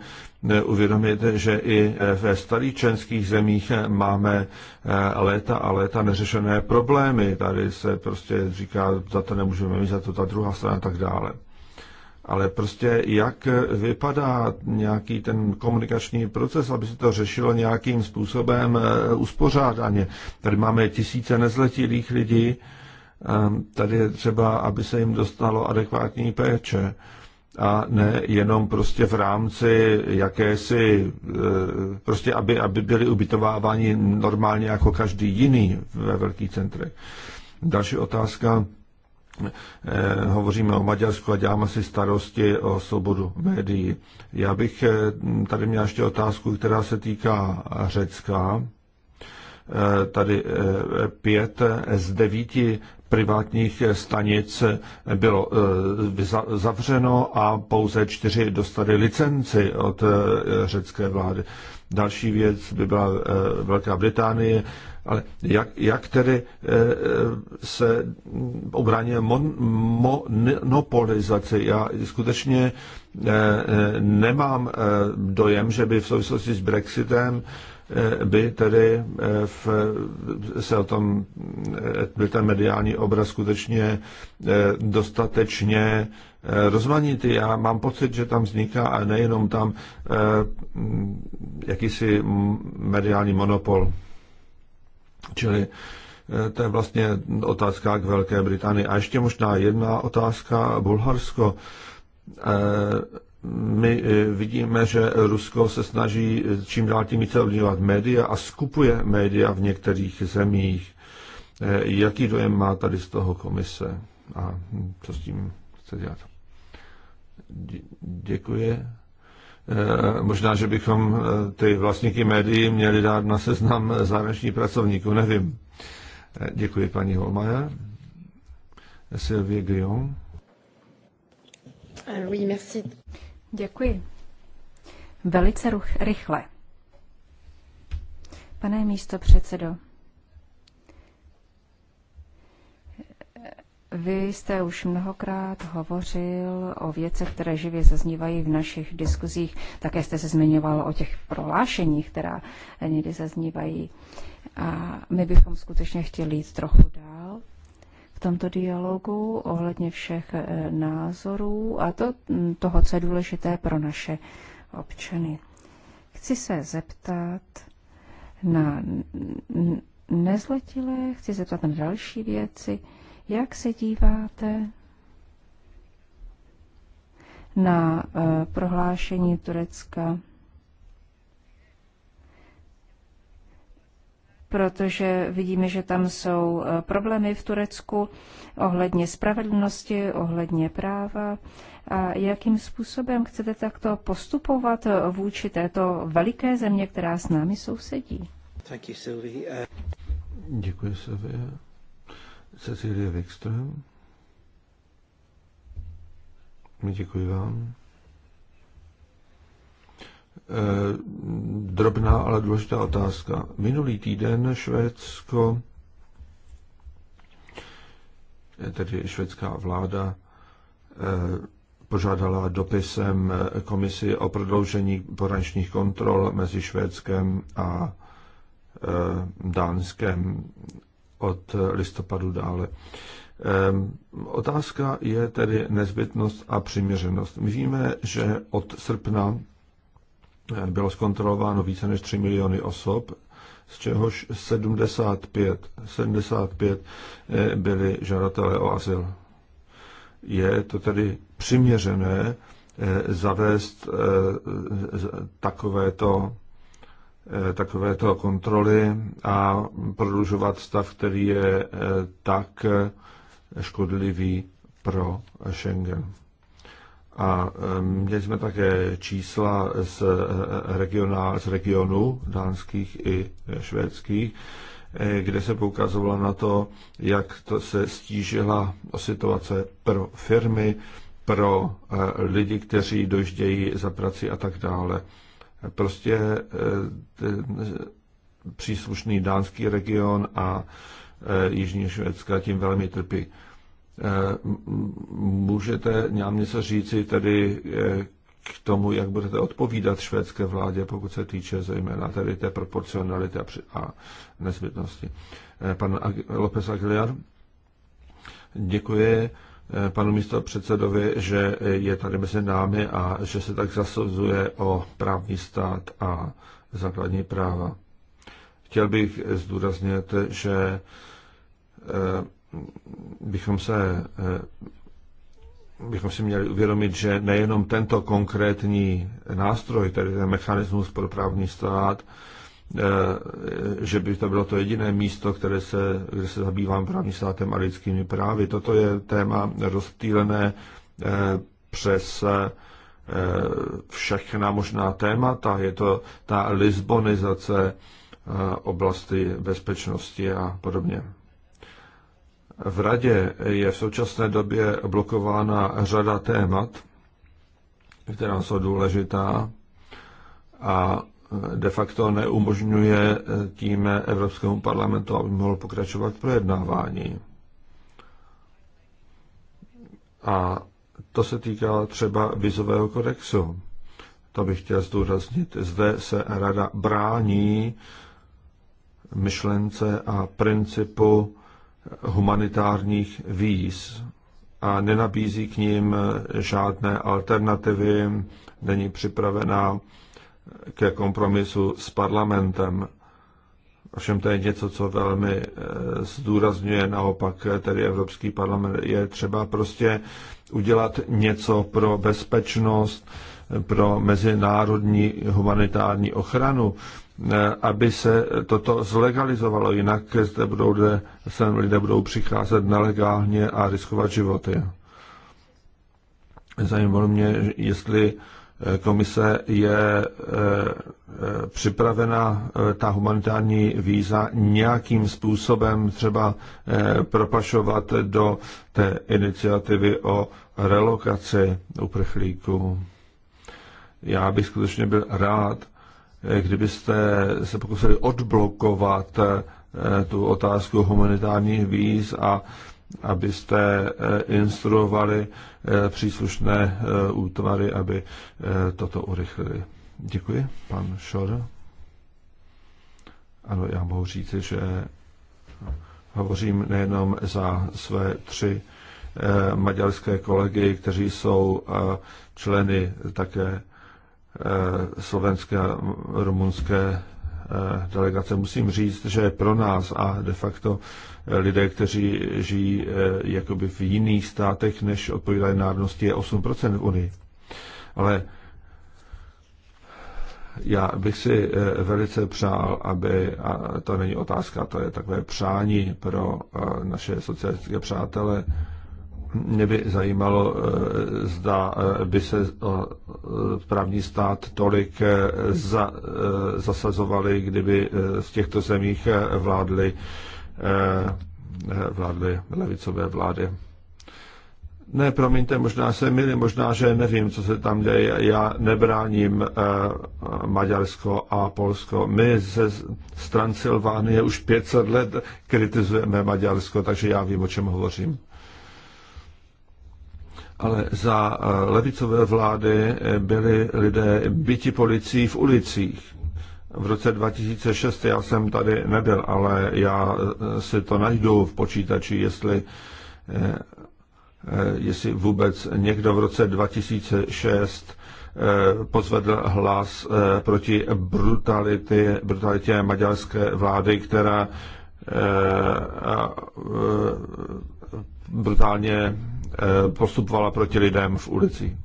eh, uvědomit, že i ve starých členských zemích máme léta a léta neřešené problémy. Tady se prostě říká, za to nemůžeme mít, za to ta druhá strana a tak dále ale prostě jak vypadá nějaký ten komunikační proces, aby se to řešilo nějakým způsobem eh, uspořádaně. Tady máme tisíce nezletilých lidí, eh, tady je třeba, aby se jim dostalo adekvátní péče a ne jenom prostě v rámci jakési, eh, prostě aby, aby byli ubytováváni normálně jako každý jiný ve velkých centrech. Další otázka Eh, hovoříme o Maďarsku a děláme si starosti o svobodu médií. Já bych eh, tady měl ještě otázku, která se týká Řecka. Eh, tady pět z devíti privátních stanic bylo zavřeno a pouze čtyři dostali licenci od řecké vlády. Další věc by byla Velká Británie. Ale jak, jak tedy eh, eh, se obráníme mon, monopolizaci? Já skutečně eh, nemám dojem, že by v souvislosti s Brexitem by tedy v, se o tom, byl ten mediální obraz skutečně dostatečně rozmanitý. Já mám pocit, že tam vzniká, a nejenom tam, jakýsi mediální monopol. Čili e, to je vlastně otázka k Velké Británii. A ještě možná jedna otázka Bulharsko. E, my e, vidíme, že Rusko se snaží čím dál tím více ovlivňovat média a skupuje média v některých zemích. Jaký dojem má tady z toho komise a co s tím chce dělat? Děkuji. Eh, možná, že bychom eh, ty vlastníky médií měli dát na seznam eh, zahraničních pracovníků, nevím. Děkuji, paní Holmaja. Sylvie Guillaume. Oui, merci. Děkuji. Velice ruch, rychle. Pane místo předsedo, Vy jste už mnohokrát hovořil o věcech, které živě zaznívají v našich diskuzích. Také jste se zmiňoval o těch prohlášeních, která někdy zaznívají. A my bychom skutečně chtěli jít trochu dál v tomto dialogu ohledně všech eh, názorů a to, hm, toho, co je důležité pro naše občany. Chci se zeptat na nezletilé, chci se zeptat na další věci. Jak se díváte na eh, prohlášení Turecka? protože vidíme, že tam jsou eh, problémy v Turecku ohledně spravedlnosti, ohledně práva. A jakým způsobem chcete takto postupovat eh, vůči této veliké země, která s námi sousedí? Děkuji, Sylvie. Děkuji, Cecilie Wikström. Děkuji vám. Eh, drobná, ale důležitá otázka. Minulý týden Švédsko, eh, tedy švédská vláda, eh, požádala dopisem komisi o prodloužení porančních kontrol mezi Švédskem a Dánskem od listopadu dále. Ehm, otázka je tedy nezbytnost a přiměřenost. My víme, že od srpna eh, bylo zkontrolováno více než 3 miliony osob, z čehož 75, 75 eh, byli žadatelé o azyl. Je to tedy přiměřené eh, zavést takovéto Eh, takovéto kontroly a prodlužovat stav, který je eh, tak eh, škodlivý pro Schengen. A měli jsme také čísla z, regionál, z regionu dánských i švédských, kde se poukazovalo na to, jak to se stížila situace pro firmy, pro lidi, kteří dojíždějí za prací a tak dále. Prostě e, příslušný dánský region a e, Jižní Švédska tím velmi trpí. E, můžete nám něco říci tedy k tomu, jak budete odpovídat švédské vládě, pokud se týče zejména tedy té proporcionality a nezbytnosti. Pan López Aguilar, děkuji. Eh, panu místo předsedovi, že je tady mezi námi a že se tak zasazuje o právní stát a základní práva. Chtěl bych zdůraznit, že eh, bychom se eh, bychom si měli uvědomit, že nejenom tento konkrétní nástroj, tedy ten mechanismus pro právní stát, Eh, že by to bylo to jediné místo, které se, kde se zabývám právním státem a lidskými právy. Toto je téma rozptýlené eh, přes eh, všechna možná témata. Je to ta lisbonizace oblasti bezpečnosti a podobně. V radě je v současné době blokována řada témat, která jsou důležitá a de facto neumožňuje eh, tím Evropskému parlamentu, aby mohl pokračovat v projednávání. A to se týká třeba vizového kodexu. To bych chtěl zdůraznit. Zde se rada brání myšlence a principu humanitárních víz a nenabízí k ním žádné alternativy, není připravená ke kompromisu s parlamentem. Ovšem to je něco, co velmi eh, zdůrazňuje naopak eh, tedy Evropský parlament. Je třeba prostě udělat něco pro bezpečnost, pro mezinárodní humanitární ochranu, eh, aby se toto zlegalizovalo, jinak zde budou, sem lidé budou přicházet nelegálně a riskovat životy. Zajímalo mě, jestli Komise je e, e, připravena e, ta humanitární víza nějakým způsobem třeba propašovat do té iniciativy o relokaci uprchlíků. Já bych skutečně byl rád, kdybyste se pokusili odblokovat tu otázku humanitárních víz a abyste eh, instruovali eh, příslušné eh, útvary, aby toto urychlili. Děkuji, pan Šor. Ano, já mohu říct, že hovořím nejenom za své tři maďarské kolegy, kteří jsou členy také slovenské a rumunské delegace. Musím říct, že pro nás a de facto lidé, kteří žijí eh, jakoby v jiných státech, než odpovídají národnosti, je 8% v Unii. Ale já bych si eh, velice přál, aby, a to není otázka, to je takové přání pro eh, naše socialistické přátele, mě by zajímalo, zda by se právní stát tolik za, zasazovali, kdyby v těchto zemích vládli Eh, vládly levicové vlády. Ne, promiňte, možná se milí, možná, že nevím, co se tam děje. Já nebráním eh, Maďarsko a Polsko. My ze Silvánie už 500 let kritizujeme Maďarsko, takže já vím, o čem hovořím. Ale za eh, levicové vlády eh, byli lidé byti policií v ulicích v roce 2006 já jsem tady nebyl, ale já eh, si to najdu v počítači, jestli, eh, eh, jestli vůbec někdo v roce 2006 pozvedl hlas proti brutalitě, brutalitě maďarské vlády, která brutálně postupovala proti lidem v ulici.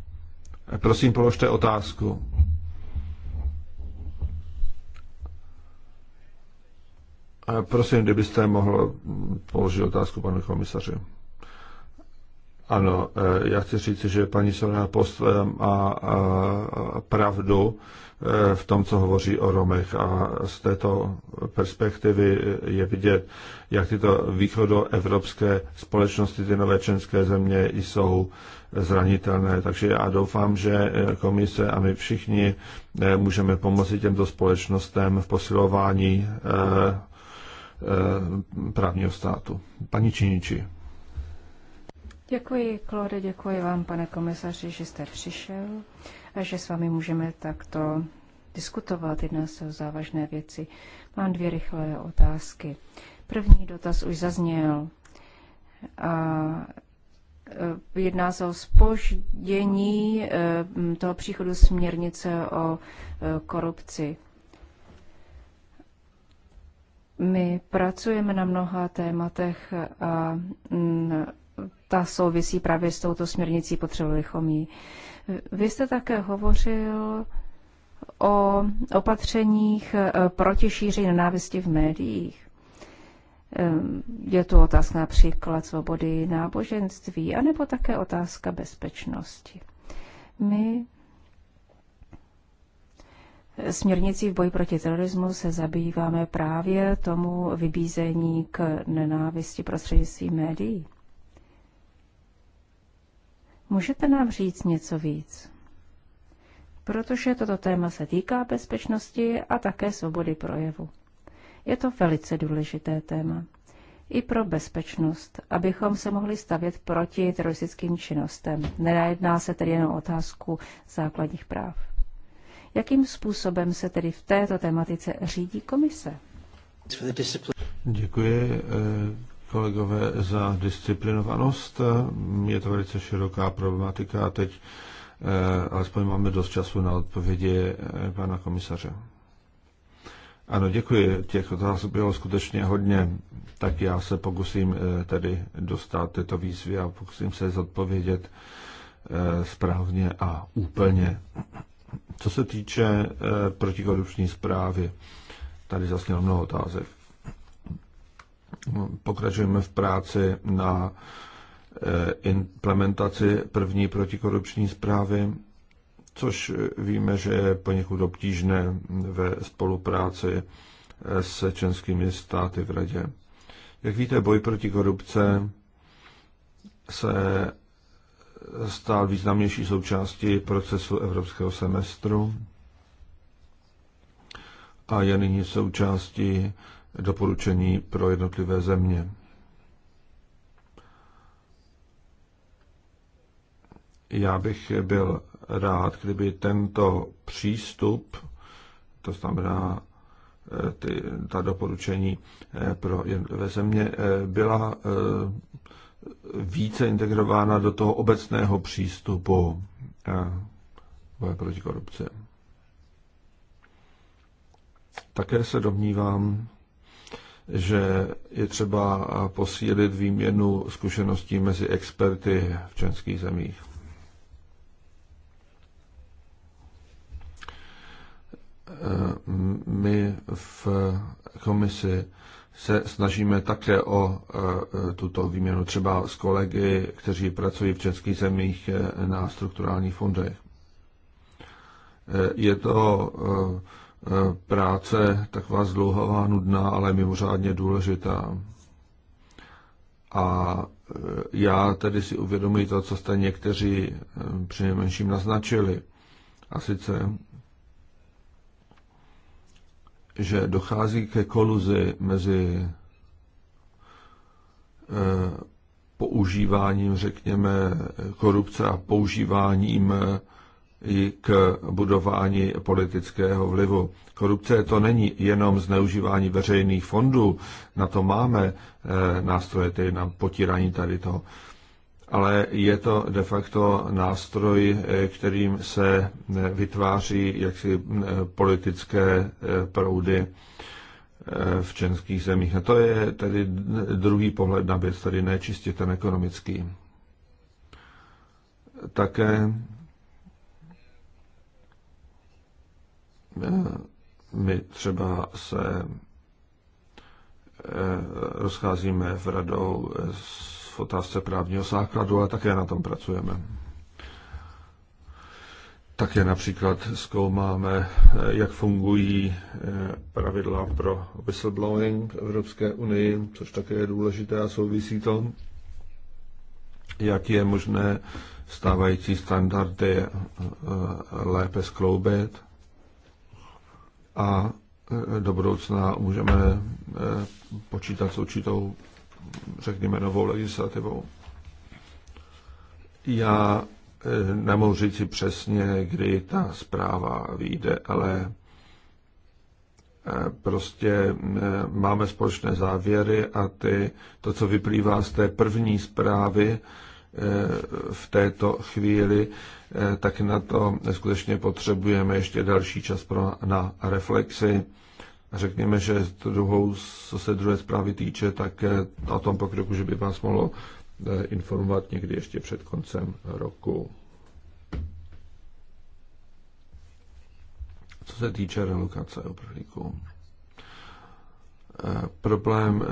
Prosím, položte otázku. Prosím, kdybyste mohl položit otázku panu komisaři. Ano, eh, já chci říct, že paní Sorana Post má pravdu eh, v tom, co hovoří o Romech a z této perspektivy je vidět, jak tyto východoevropské společnosti, ty nové členské země jsou zranitelné. Takže já doufám, že komise a my všichni eh, můžeme pomoci těmto společnostem v posilování Eh, právního státu. Paní Činiči. Děkuji, Klore, děkuji vám, pane komisaři, že jste přišel a že s vámi můžeme takto diskutovat. Jedná se o závažné věci. Mám dvě rychlé otázky. První dotaz už zazněl. A eh, jedná se o spoždění eh, toho příchodu směrnice o korupci. My pracujeme na mnoha tématech a mm, ta souvisí právě s touto směrnicí, potřebovali bychom ji. Vy jste také hovořil o opatřeních e, proti šíření nenávisti v médiích. E, je tu otázka například svobody náboženství, anebo také otázka bezpečnosti. My směrnicí v boji proti terorismu se zabýváme právě tomu vybízení k nenávisti prostřednictvím médií. Můžete nám říct něco víc? Protože toto téma se týká bezpečnosti a také svobody projevu. Je to velice důležité téma. I pro bezpečnost, abychom se mohli stavět proti teroristickým činnostem. Nejedná se tedy jen o otázku základních práv. Jakým způsobem se tedy v této tematice řídí komise? Děkuji eh, kolegové za disciplinovanost. Je to velice široká problematika a teď eh, alespoň máme dost času na odpovědi eh, pana komisaře. Ano, děkuji. Těch otázek bylo skutečně hodně, tak já se pokusím tedy dostat tyto výzvy a pokusím se zodpovědět správně a úplně. Co se týče eh, protikorupční zprávy, tady zasněl mnoho otázek. Pokračujeme v práci na eh, implementaci první protikorupční zprávy, což víme, že je poněkud obtížné ve spolupráci eh, s českými státy v radě. Jak víte, boj proti korupce se stál významnější součástí procesu evropského semestru a je nyní součástí doporučení pro jednotlivé země. Já bych byl rád, kdyby tento přístup, to znamená eh, ty, ta doporučení eh, pro jednotlivé země, eh, byla více integrována do toho obecného přístupu eh, boje proti korupci. Také se domnívám, že je třeba posílit výměnu zkušeností mezi experty v členských zemích. Eh, my v komisi se snažíme také o e, e, tuto výměnu třeba s kolegy, kteří pracují v českých zemích e, na strukturálních fondech. Je to práce taková zdlouhavá, nudná, ale mimořádně důležitá. A já tedy si uvědomuji to, co jste někteří přinejmenším naznačili. A sice že dochází ke koluzi mezi eh, používáním, řekněme, korupce a používáním eh, i k budování politického vlivu. Korupce to není jenom zneužívání veřejných fondů, na to máme eh, nástroje, tedy na potírání tady toho ale je to de facto nástroj, eh, kterým se eh, vytváří jaksi eh, politické proudy v českých zemích. A to je tedy druhý pohled na věc, tedy nečistě ten ekonomický. Také my třeba se rozcházíme v radou s otázce právního základu, ale také na tom pracujeme. Také například zkoumáme, jak fungují eh, pravidla pro whistleblowing v Evropské unii, což také je důležité a souvisí to, jak je možné stávající standardy eh, lépe skloubit a eh, do budoucna můžeme počítat s určitou řekněme, novou legislativou. Já eh, nemohu říct si přesně, kdy ta zpráva vyjde, ale eh, prostě eh, máme společné závěry a ty, to, co vyplývá z té první zprávy v této chvíli, tak na to skutečně potřebujeme ještě další čas pro, na reflexi řekněme, že druhou, co se druhé zprávy týče, tak eh, o tom pokroku, že by vás mohlo eh, informovat někdy ještě před koncem roku. Co se týče relokace uprchlíků. Eh, problém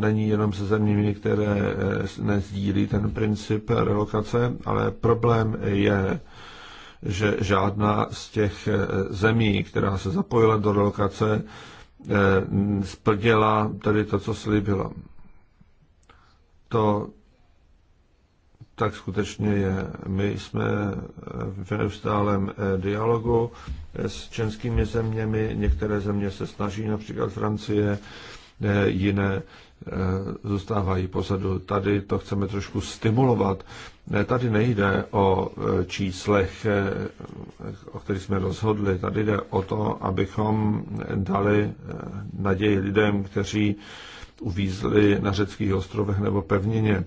není jenom se zeměmi, které nezdílí ten princip relokace, ale problém je že žádná z těch eh, zemí, která se zapojila do relokace, eh, splněla tady to, co slíbila. To tak skutečně je. My jsme v neustálém eh, dialogu s českými zeměmi. Některé země se snaží, například Francie, jiné zůstávají pozadu. Tady to chceme trošku stimulovat, ne, tady nejde o e, číslech, e, o kterých jsme rozhodli. Tady jde o to, abychom dali e, naději lidem, kteří uvízli na řeckých ostrovech nebo pevnině.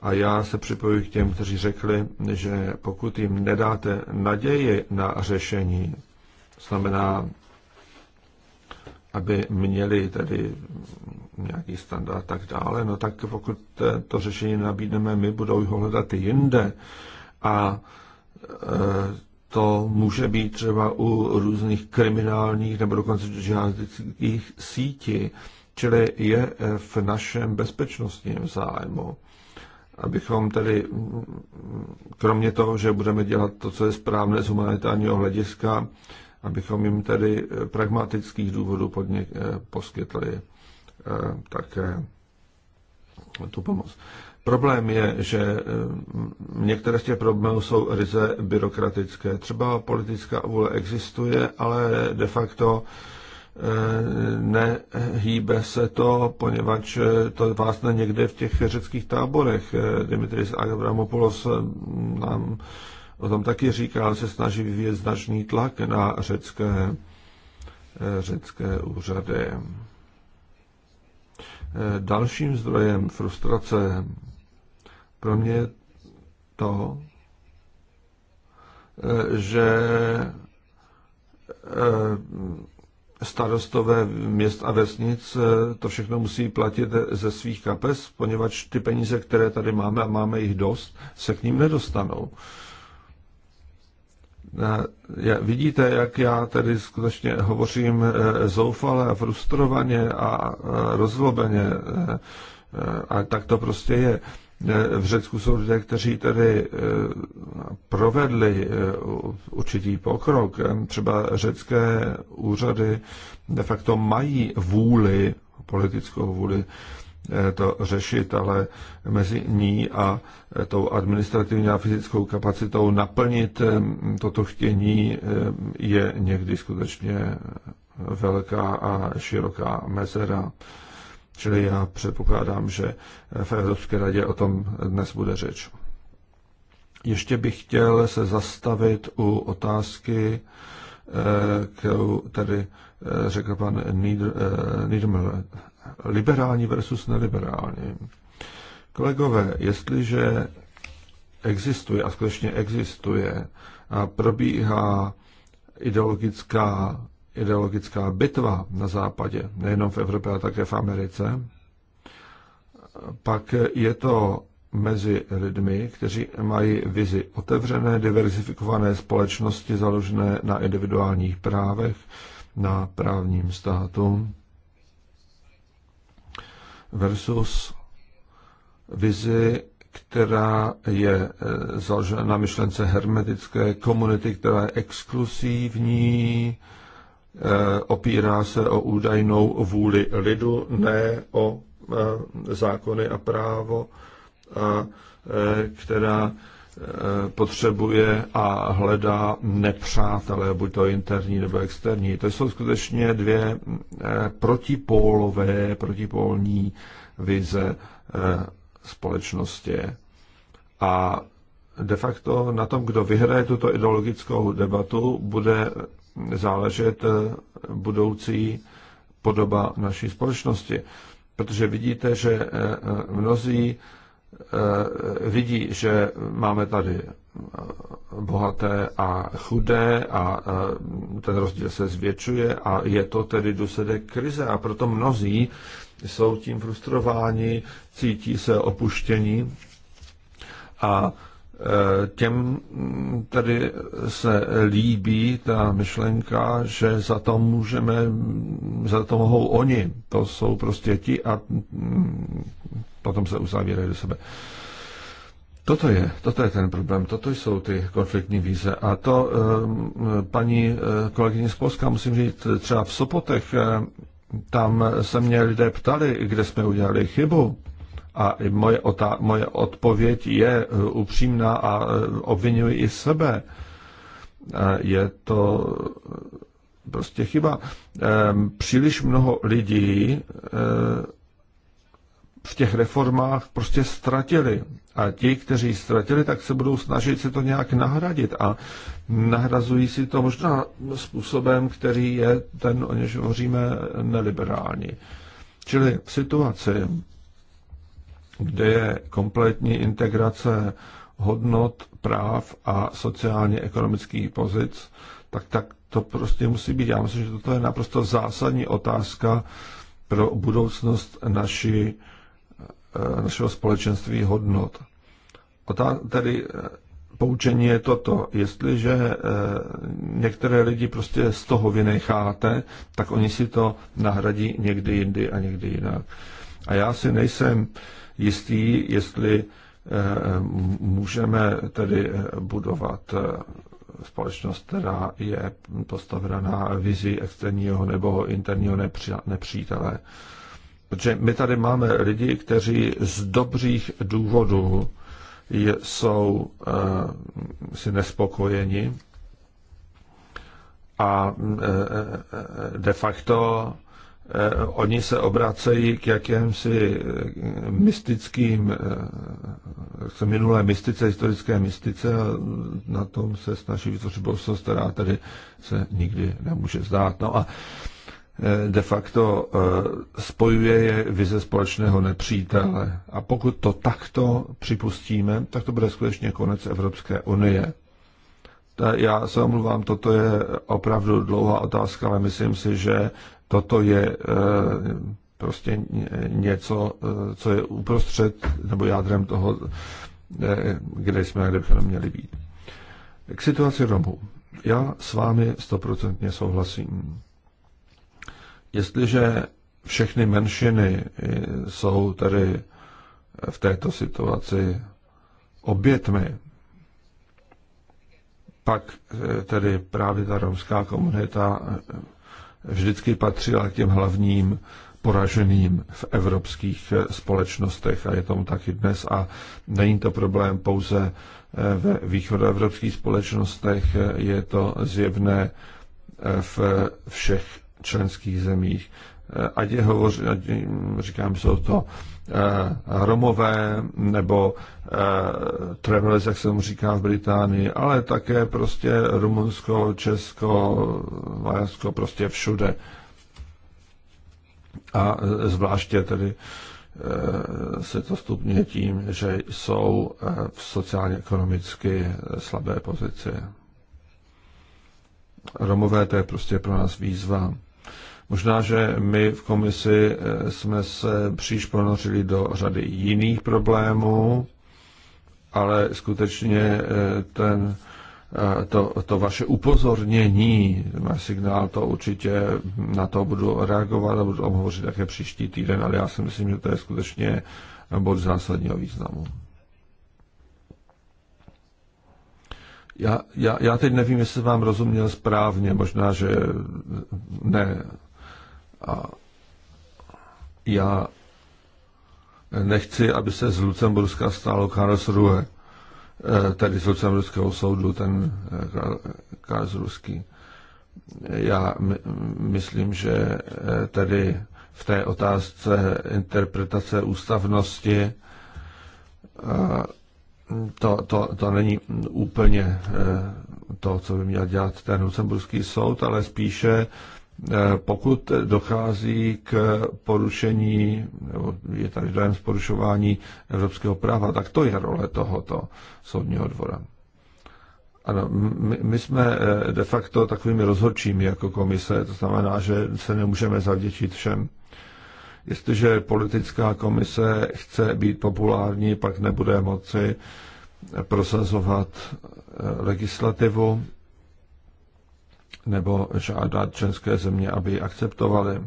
A já se připojuji k těm, kteří řekli, že pokud jim nedáte naději na řešení, znamená aby měli tedy nějaký standard a tak dále, no tak pokud to řešení nabídneme my, budou ho hledat i jinde. A e, to může být třeba u různých kriminálních nebo dokonce žádných sítí, čili je e, v našem bezpečnostním zájmu, abychom tedy, kromě toho, že budeme dělat to, co je správné z humanitárního hlediska, abychom jim tedy eh, pragmatických důvodů podnik, eh, poskytli eh, také tu pomoc. Problém je, že některé z těch problémů jsou ryze byrokratické. Třeba politická vůle existuje, ale de facto nehýbe se to, poněvadž to vlastně někde v těch řeckých táborech. Dimitris Agabramopoulos nám o tom taky říkal, se snaží vyvíjet značný tlak na řecké, eh, řecké úřady. Eh, dalším zdrojem frustrace pro mě je to, eh, že starostové měst a vesnic to všechno musí platit ze svých kapes, poněvadž ty peníze, které tady máme a máme jich dost, se k ním nedostanou. Eh, vidíte, jak já tedy skutečně hovořím eh, zoufale a frustrovaně a eh, rozlobeně. A tak to prostě je. V Řecku jsou lidé, kteří tedy provedli určitý pokrok. Třeba řecké úřady de facto mají vůli, politickou vůli, Eh, to řešit, ale mezi ní a eh, tou administrativní a fyzickou kapacitou naplnit eh, toto chtění je někdy skutečně velká a široká mezera. Čili já předpokládám, že v Evropské radě o tom dnes bude řeč. Ještě bych chtěl se zastavit u otázky kterou tady eh, řekl pan Niedermüller. Eh, liberální versus neliberální. Kolegové, jestliže existuje a skutečně existuje a probíhá ideologická, ideologická bitva na západě, nejenom v Evropě, ale také v Americe, pak je to mezi lidmi, kteří mají vizi otevřené, diversifikované společnosti založené na individuálních právech, na právním státu versus vizi, která je eh, založena na myšlence hermetické komunity, která je exkluzivní, eh, opírá se o údajnou vůli lidu, ne o eh, zákony a právo, E, která e, potřebuje a hledá nepřátelé, buď to interní nebo externí. To jsou skutečně dvě e, protipólové, protipolní vize společnosti. A de facto na tom, kdo vyhraje tuto ideologickou debatu, bude záležet budoucí podoba naší společnosti. Protože vidíte, že mnozí Eh, vidí, že máme tady eh, bohaté a chudé a eh, ten rozdíl se zvětšuje a je to tedy důsledek krize a proto mnozí jsou tím frustrováni, cítí se opuštění a těm tady se líbí ta myšlenka, že za to můžeme, za to mohou oni. To jsou prostě ti a mm, potom se uzavírají do sebe. Toto je, toto je ten problém, toto jsou ty konfliktní víze. A to ehm, paní eh, kolegyně z Polska, musím říct, třeba v Sopotech, eh, tam se mě lidé ptali, kde jsme udělali chybu. A moje, otá- moje odpověď je eh, upřímná a obvinuji i sebe. Je to prostě chyba. Ehm, příliš mnoho lidí v těch reformách prostě ztratili. A ti, kteří ztratili, tak se budou snažit se to nějak nahradit. A nahrazují si to možná způsobem, který je ten, o něž hovoříme, neliberální. Čili v situaci, kde je kompletní integrace hodnot, práv a sociálně-ekonomických pozic, tak, tak to prostě musí být. Já myslím, že toto je naprosto zásadní otázka pro budoucnost naší Eh, našeho společenství hodnot. Otá- tedy eh, poučení je toto. Jestliže eh, některé lidi prostě z toho vynecháte, tak oni si to nahradí někdy jindy a někdy jinak. A já si nejsem jistý, jestli můžeme tedy budovat společnost, která je postavena na vizi externího nebo interního nepřítele. Protože my tady máme lidi, kteří z dobrých důvodů jsou eh, si nespokojeni a eh, eh, de facto oni se obracejí k jakémsi mystickým, se minulé mystice, historické mystice a na tom se snaží vytvořit budoucnost, která tady se nikdy nemůže zdát. No a de facto eh, spojuje je vize společného nepřítele. A pokud to takto připustíme, tak to bude skutečně konec Evropské unie. Já se omluvám, toto je opravdu dlouhá otázka, ale myslím si, že toto je eh, prostě něco, eh, co je uprostřed nebo jádrem toho, kde jsme a kde bychom měli být. K situaci Romů. Já s vámi stoprocentně souhlasím. Jestliže všechny menšiny jsou tedy v této situaci obětmi, pak eh, tedy právě ta romská komunita eh, vždycky patřila k těm hlavním poraženým v evropských eh, společnostech a je tomu taky dnes. A není to problém pouze ve východoevropských společnostech, je to zjevné v všech členských zemích. Eh, ať, je hovoř, ať hm, říkám, jsou to eh, Romové nebo eh, travelers, jak se mu říká v Británii, ale také prostě Rumunsko, Česko, Vajasko, prostě všude. A eh, zvláště tedy eh, se to stupňuje tím, že jsou eh, v sociálně-ekonomicky eh, slabé pozici. Romové to je prostě pro nás výzva. Možná, že my v komisi eh, jsme se příliš ponořili do řady jiných problémů, ale skutečně eh, ten, eh, to, to vaše upozornění, váš signál, to určitě na to budu reagovat a budu hovořit také příští týden, ale já si myslím, že to je skutečně bod zásadního významu. Já, já, já teď nevím, jestli vám rozuměl správně, možná, že ne a já nechci, aby se z Lucemburska stalo Karlsruhe, eh, tedy z Lucemburského soudu, ten eh, Karlsruhský. Já myslím, že eh, tedy v té otázce interpretace ústavnosti to, to, to není úplně to, co by měl dělat ten Lucemburský soud, ale spíše Eh, pokud dochází k porušení, nebo je tady dojem z porušování evropského práva, tak to je role tohoto soudního dvora. Ano, my, my jsme eh, de facto takovými rozhodčími jako komise, to znamená, že se nemůžeme zavděčit všem. Jestliže politická komise chce být populární, pak nebude moci prosazovat eh, legislativu nebo žádat členské země, aby ji akceptovaly.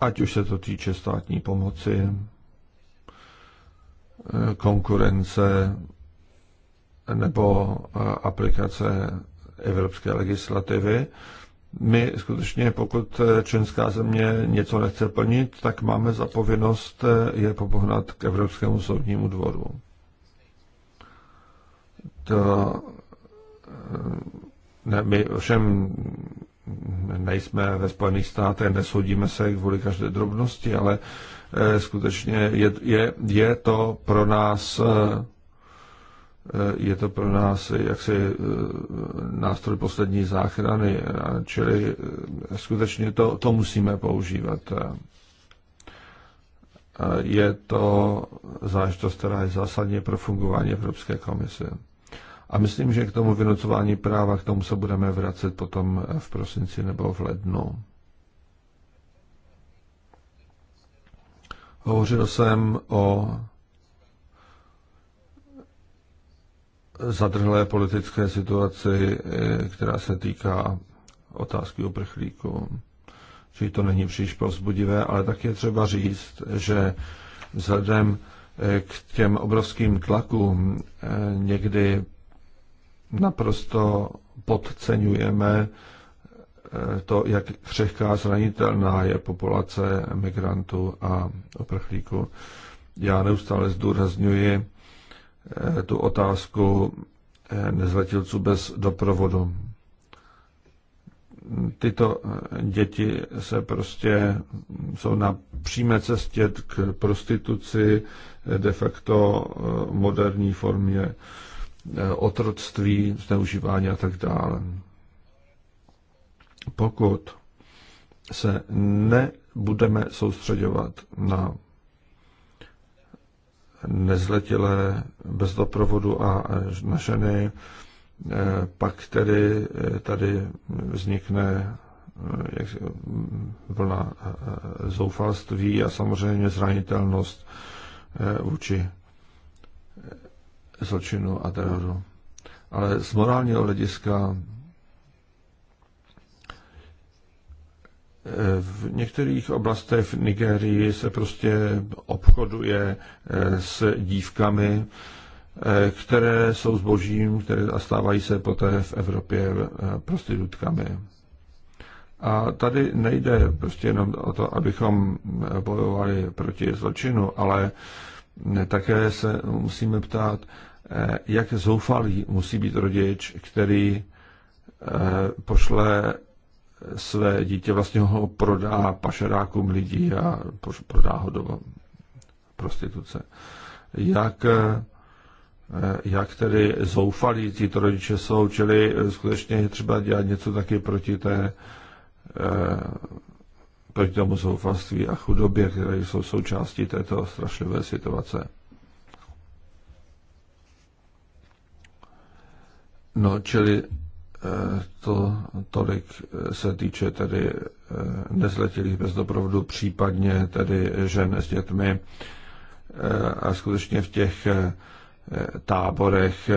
Ať už se to týče státní pomoci, konkurence nebo eh, aplikace evropské legislativy. My skutečně, pokud eh, členská země něco nechce plnit, tak máme zapovinnost eh, je popohnat k Evropskému soudnímu dvoru. To ne, my všem nejsme ve Spojených státech, nesoudíme se kvůli každé drobnosti, ale eh, skutečně je, je, je to pro nás eh, eh, je to pro nás jaksi nástroj poslední záchrany, čili skutečně to, to musíme používat. Je to záležitost, která je zásadně pro fungování Evropské komise. A myslím, že k tomu vynocování práva, k tomu se budeme vracet potom v prosinci nebo v lednu. Hovořil jsem o zadrhlé politické situaci, která se týká otázky uprchlíků. Čili to není příliš povzbudivé, ale tak je třeba říct, že vzhledem k těm obrovským tlakům eh, někdy naprosto podceňujeme eh, to, jak křehká zranitelná je populace migrantů a uprchlíků. Já neustále zdůrazňuji eh, tu otázku eh, nezletilců bez doprovodu. Tyto děti se prostě jsou na přímé cestě k prostituci, de facto moderní formě Eh, otroctví, zneužívání a tak dále. Pokud se nebudeme soustředovat na nezletilé bez doprovodu a na ženy, eh, pak tedy eh, tady vznikne jak, vlna zoufalství a samozřejmě zranitelnost vůči zločinu a teroru. Ale z morálního hlediska eh, V některých oblastech v Nigerii se prostě obchoduje eh, s dívkami, eh, které jsou zbožím, které stávají se poté v Evropě prostitutkami. A tady nejde prostě jenom o to, abychom bojovali proti zločinu, ale také se musíme ptát, Eh, jak zoufalý musí být rodič, který eh, pošle eh, své dítě, vlastně ho prodá pašerákům lidí a prodá ho do prostituce. Jak, jak tedy zoufalí tyto rodiče jsou, čili skutečně je třeba dělat něco taky proti té proti tomu zoufalství a chudobě, které jsou součástí této strašlivé situace. No, čili eh, to tolik eh, se týče tedy eh, nezletilých bez doprovodu, případně tedy žen s dětmi. A skutečně v těch táborech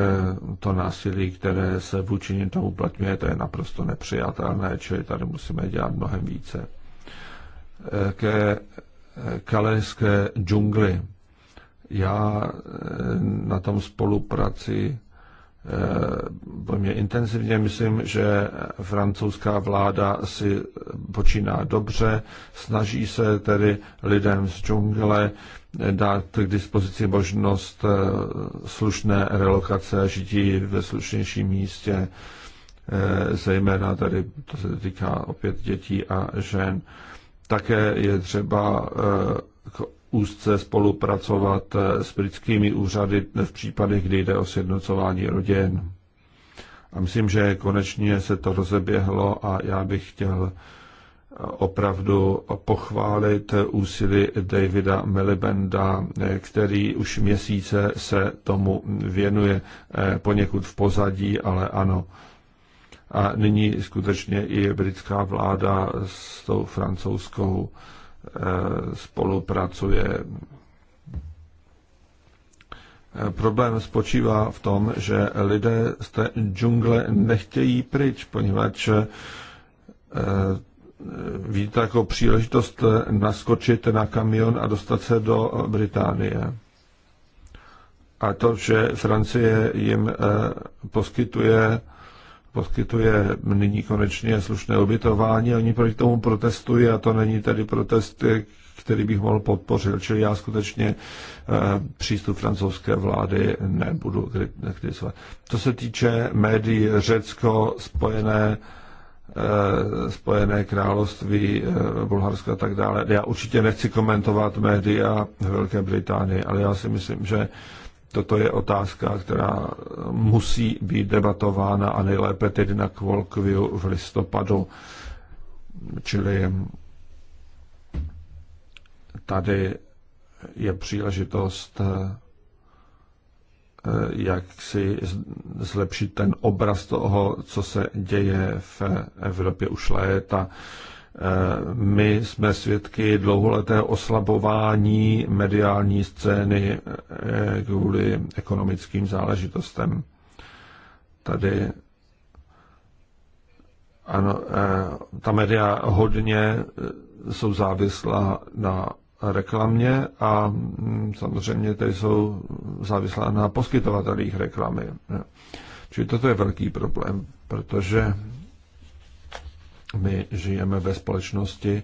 to násilí, které se vůči ním tam uplatňuje, to je naprosto nepřijatelné, čili tady musíme dělat mnohem více. Ke kalejské džungli. Já na tom spolupraci Eh, velmi intenzivně. Myslím, že francouzská vláda si počíná dobře, snaží se tedy lidem z džungle dát k dispozici možnost eh, slušné relokace žití ve slušnějším místě, eh, zejména tady to se týká opět dětí a žen. Také je třeba úzce spolupracovat eh, s britskými úřady v případech, kdy jde o sjednocování rodin. A myslím, že konečně se to rozeběhlo a já bych chtěl eh, opravdu pochválit úsilí Davida Melibenda, eh, který už měsíce se tomu věnuje poněkud v pozadí, ale ano. A nyní skutečně i britská vláda s tou francouzskou Eh, spolupracuje. Eh, problém spočívá v tom, že lidé z té džungle nechtějí pryč, poněvadž eh, vidíte jako příležitost naskočit na kamion a dostat se do Británie. A to, že Francie jim poskytuje poskytuje nyní konečně slušné ubytování, oni proti tomu protestují a to není tedy protest, který bych mohl podpořit. Čili já skutečně eh, přístup francouzské vlády nebudu kritizovat. Co se týče médií Řecko, Spojené eh, Spojené království, eh, Bulharsko a tak dále. Já určitě nechci komentovat média Velké Británie, ale já si myslím, že Toto je otázka, která musí být debatována a nejlépe tedy na Kvolkviu v listopadu. Čili tady je příležitost jak si zlepšit ten obraz toho, co se děje v Evropě už léta. My jsme svědky dlouholetého oslabování mediální scény eh, kvůli ekonomickým záležitostem. Tady ano, eh, ta média hodně eh, jsou závislá na reklamě a hm, samozřejmě tady jsou závislá na poskytovatelích reklamy. Čili toto je velký problém, protože my žijeme ve společnosti,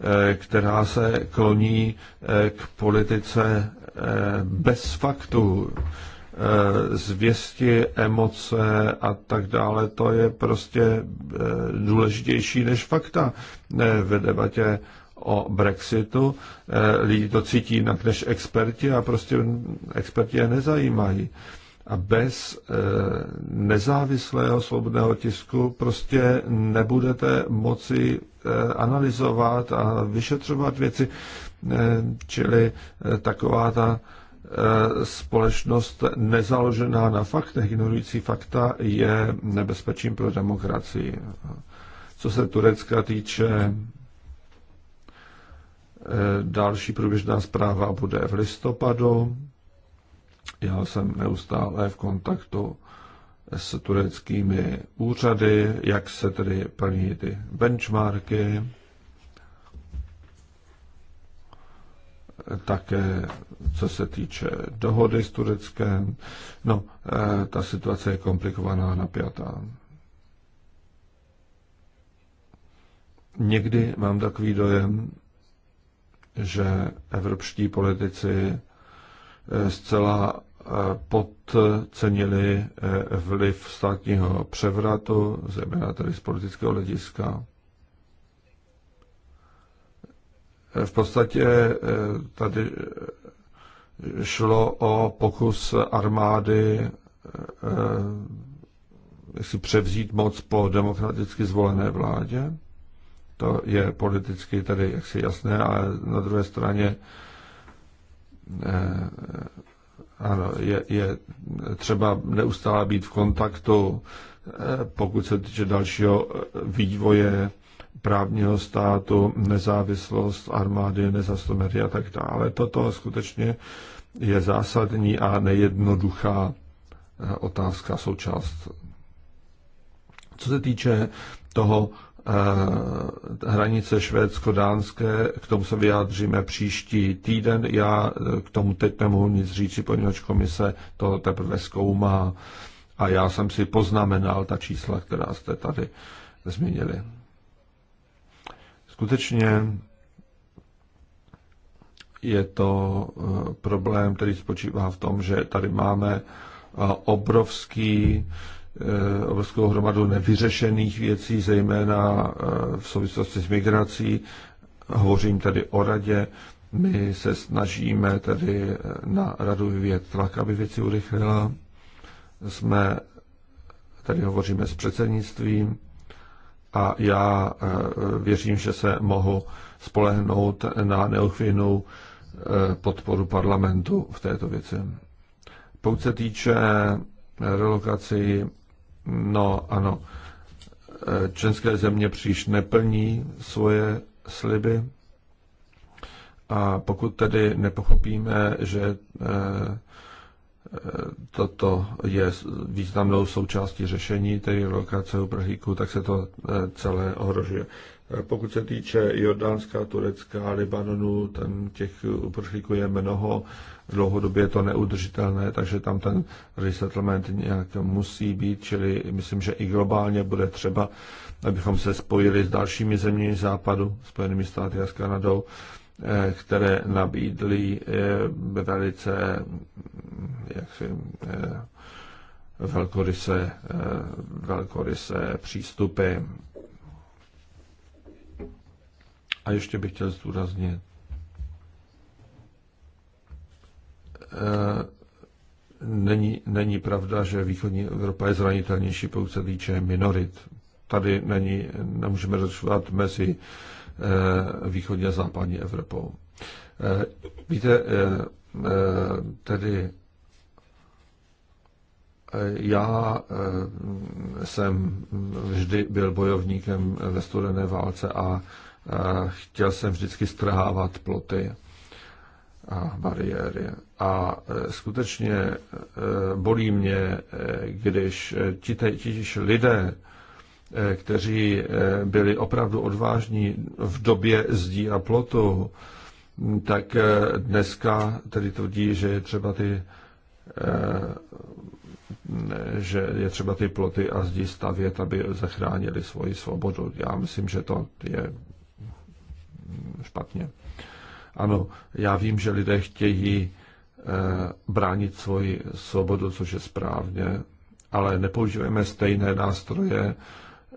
eh, která se kloní eh, k politice eh, bez faktů, zvěsti, emoce a tak dále. To je prostě důležitější než fakta ve debatě o Brexitu. Lidi to cítí jinak než experti a prostě experti je nezajímají. A bez eh, nezávislého svobodného tisku prostě nebudete moci eh, analyzovat a vyšetřovat věci, eh, čili taková ta společnost nezaložená na faktech, ignorující fakta, je nebezpečím pro demokracii. Co se Turecka týče, další průběžná zpráva bude v listopadu já jsem neustále v kontaktu s tureckými úřady, jak se tedy plní ty benchmarky, také co se týče dohody s Tureckem. No, eh, ta situace je komplikovaná, napjatá. Někdy mám takový dojem, že evropští politici eh, zcela podcenili eh, vliv státního převratu, zejména tedy z politického hlediska. Eh, v podstatě eh, tady šlo o pokus armády si převzít moc po demokraticky zvolené vládě. To je politicky tady jaksi jasné, ale na druhé straně ano, je, je třeba neustále být v kontaktu, eh, pokud se týče dalšího eh, vývoje právního státu, nezávislost armády, nezastomery a tak dále. Toto skutečně je zásadní a nejednoduchá eh, otázka, součást. Co se týče toho Eh, hranice švédsko-dánské, k tomu se vyjádříme příští týden. Já eh, k tomu teď nemohu nic říct, poněvadž komise to teprve zkoumá a já jsem si poznamenal ta čísla, která jste tady zmínili. Skutečně je to eh, problém, který spočívá v tom, že tady máme obrovský Eh, obrovskou hromadu nevyřešených věcí, zejména eh, v souvislosti s migrací. Hovořím tady o radě. My se snažíme tady eh, na radu vyvíjet tlak, aby věci urychlila. Jsme, tady hovoříme s předsednictvím a já věřím, že se mohu spolehnout na neochvějnou podporu parlamentu v této věci. Pokud se týče relokaci No ano, e, Členské země příliš neplní svoje sliby a pokud tedy nepochopíme, že e, e, toto je významnou součástí řešení, tedy lokace uprchlíků, tak se to celé ohrožuje. Pokud se týče Jordánska, Turecka, Libanonu, tam těch uprchlíků je mnoho dlouhodobě to neudržitelné, takže tam ten resettlement nějak musí být, čili myslím, že i globálně bude třeba, abychom se spojili s dalšími zeměmi západu, Spojenými státy a s Kanadou, eh, které nabídly eh, velice eh, jaksi, velkoryse, velkoryse přístupy. A ještě bych chtěl zdůraznit, Eh, není, není pravda, že východní Evropa je zranitelnější pokud se týče minorit. Tady není, nemůžeme rozšovat mezi eh, východní a západní Evropou. Eh, víte, tedy já jsem vždy byl bojovníkem ve studené válce a chtěl jsem vždycky strhávat ploty a bariéry. A e, skutečně e, bolí mě, e, když titíž lidé, kteří byli opravdu odvážní v době zdí a plotu, tak dneska tedy tvrdí, že je třeba ty že je třeba ty ploty a zdi stavět, aby zachránili svoji svobodu. Já myslím, že to je špatně. Ano, já vím, že lidé chtějí eh, bránit svoji svobodu, což je správně, ale nepoužíváme stejné nástroje,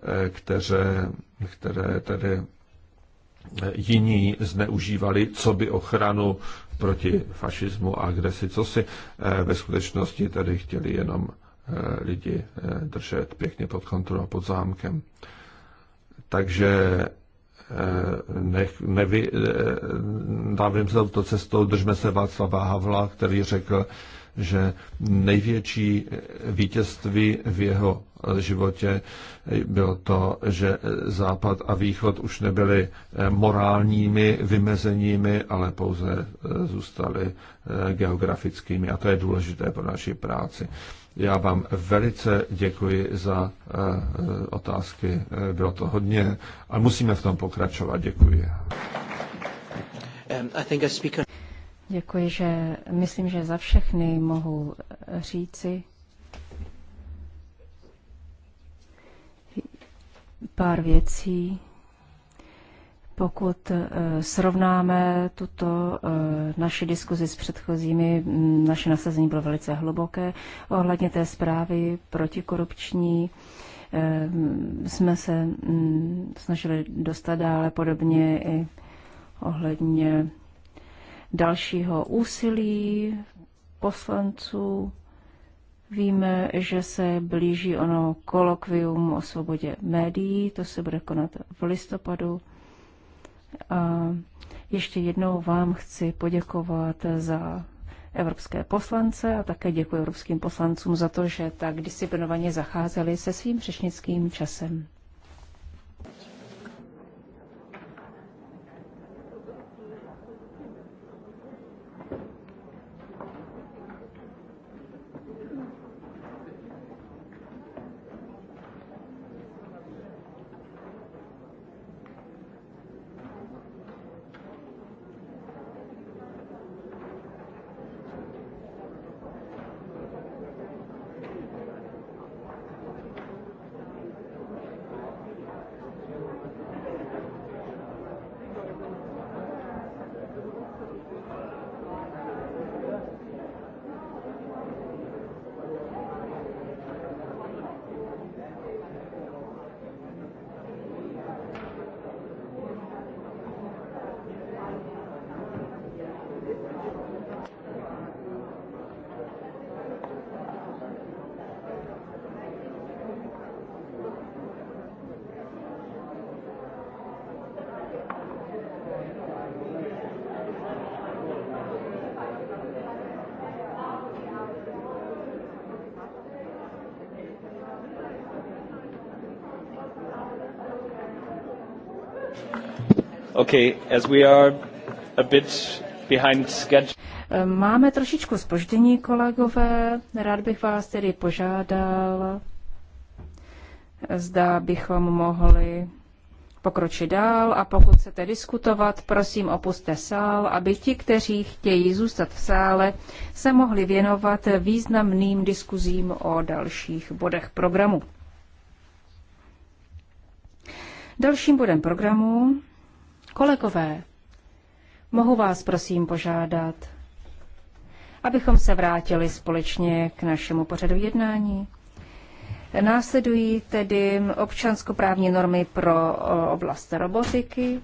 eh, které, které tedy eh, jiní zneužívali, co by ochranu proti fašismu a agresi, co si ve skutečnosti tedy chtěli jenom lidi držet pěkně pod kontrolou a pod zámkem. Takže nech, nevy, eh, dávím se to cestou, držme se Václava Havla, který řekl, že největší vítězství v jeho životě bylo to, že Západ a Východ už nebyly eh, morálními vymezeními, ale pouze eh, zůstaly geografickými. A to je důležité pro naši práci. Já vám velice děkuji za eh, otázky, eh, bylo to hodně a musíme v tom pokračovat. Děkuji. Um, děkuji, že myslím, že za všechny mohu eh, říci pár věcí. Pokud eh, srovnáme tuto eh, naši diskuzi s předchozími, mm, naše nasazení bylo velice hluboké. Ohledně té zprávy protikorupční eh, jsme se mm, snažili dostat dále, podobně i ohledně dalšího úsilí poslanců. Víme, že se blíží ono kolokvium o svobodě médií, to se bude konat v listopadu. A ještě jednou vám chci poděkovat za evropské poslance a také děkuji evropským poslancům za to, že tak disciplinovaně zacházeli se svým řečnickým časem. Okay, as we are a bit behind schedule. Máme trošičku spoždění, kolegové. Rád bych vás tedy požádal, zda bychom mohli pokročit dál a pokud chcete diskutovat, prosím opuste sál, aby ti, kteří chtějí zůstat v sále, se mohli věnovat významným diskuzím o dalších bodech programu. Dalším bodem programu Kolegové, mohu vás prosím požádat, abychom se vrátili společně k našemu pořadu jednání. Následují tedy občanskoprávní normy pro oblast robotiky.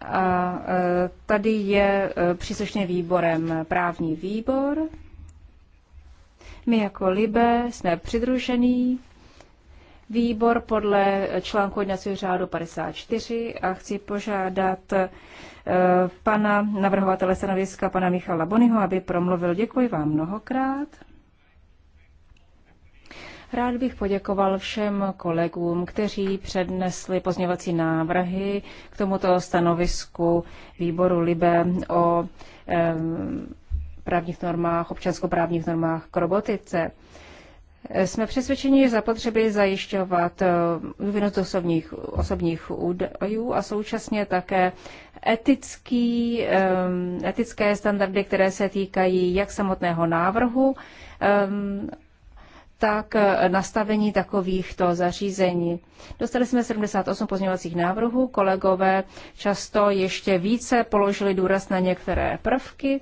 A e, tady je e, příslušně výborem právní výbor. My jako Libe jsme přidružení výbor podle článku jednacího řádu 54 a chci požádat eh, pana navrhovatele stanoviska, pana Michala Bonyho, aby promluvil. Děkuji vám mnohokrát. Rád bych poděkoval všem kolegům, kteří přednesli pozměňovací návrhy k tomuto stanovisku výboru LIBE o eh, právních normách, občanskoprávních normách k robotice. Jsme přesvědčeni, že zapotřebí zajišťovat důvěrnost eh, osobních, osobních údajů a současně také etický, eh, etické standardy, které se týkají jak samotného návrhu eh, k nastavení takovýchto zařízení. Dostali jsme 78 pozměňovacích návrhů, kolegové často ještě více položili důraz na některé prvky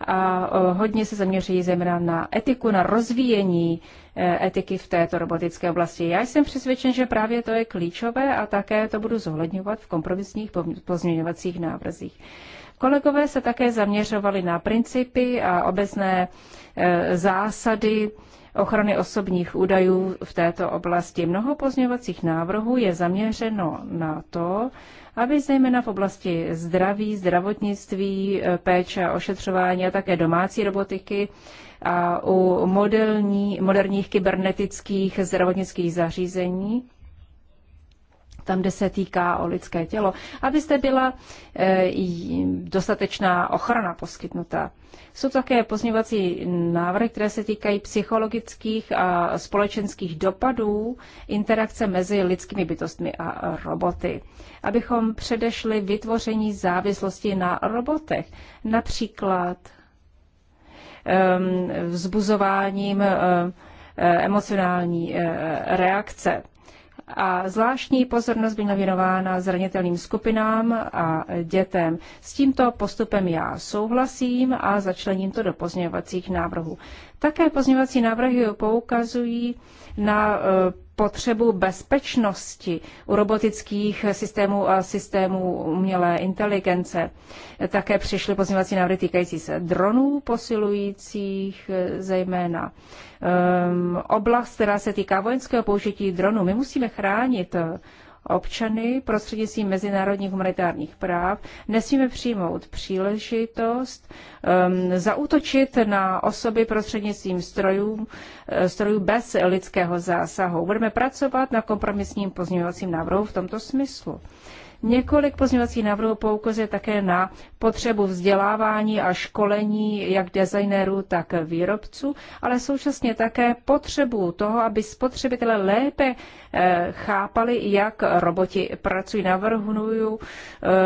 a hodně se zaměřují zejména na etiku, na rozvíjení e, etiky v této robotické oblasti. Já jsem přesvědčen, že právě to je klíčové a také to budu zohledňovat v kompromisních pozměňovacích návrzích. Kolegové se také zaměřovali na principy a obecné e, zásady ochrany osobních údajů v této oblasti. Mnoho pozměňovacích návrhů je zaměřeno na to, aby zejména v oblasti zdraví, zdravotnictví, péče a ošetřování a také domácí robotiky a u moderní, moderních kybernetických zdravotnických zařízení tam, kde se týká o lidské tělo, aby zde byla e, dostatečná ochrana poskytnuta. Jsou také pozměňovací návrhy, které se týkají psychologických a společenských dopadů interakce mezi lidskými bytostmi a roboty. Abychom předešli vytvoření závislosti na robotech, například vzbuzováním emocionální e, reakce a zvláštní pozornost byla věnována zranitelným skupinám a dětem. S tímto postupem já souhlasím a začlením to do pozměňovacích návrhů. Také pozměňovací návrhy poukazují na e, potřebu bezpečnosti u robotických systémů a systémů umělé inteligence. Také přišly pozměňovací návrhy týkající se dronů, posilujících e, zejména um, oblast, která se týká vojenského použití dronů. My musíme chránit občany prostřednictvím mezinárodních humanitárních práv, nesmíme přijmout příležitost um, zautočit na osoby prostřednictvím strojů, eh, strojů bez lidského zásahu. Budeme pracovat na kompromisním pozměňovacím návrhu v tomto smyslu. Několik pozměňovacích návrhů poukazuje také na potřebu vzdělávání a školení jak designérů, tak výrobců, ale současně také potřebu toho, aby spotřebitelé lépe eh, chápali, jak roboti pracují. Navrhnuju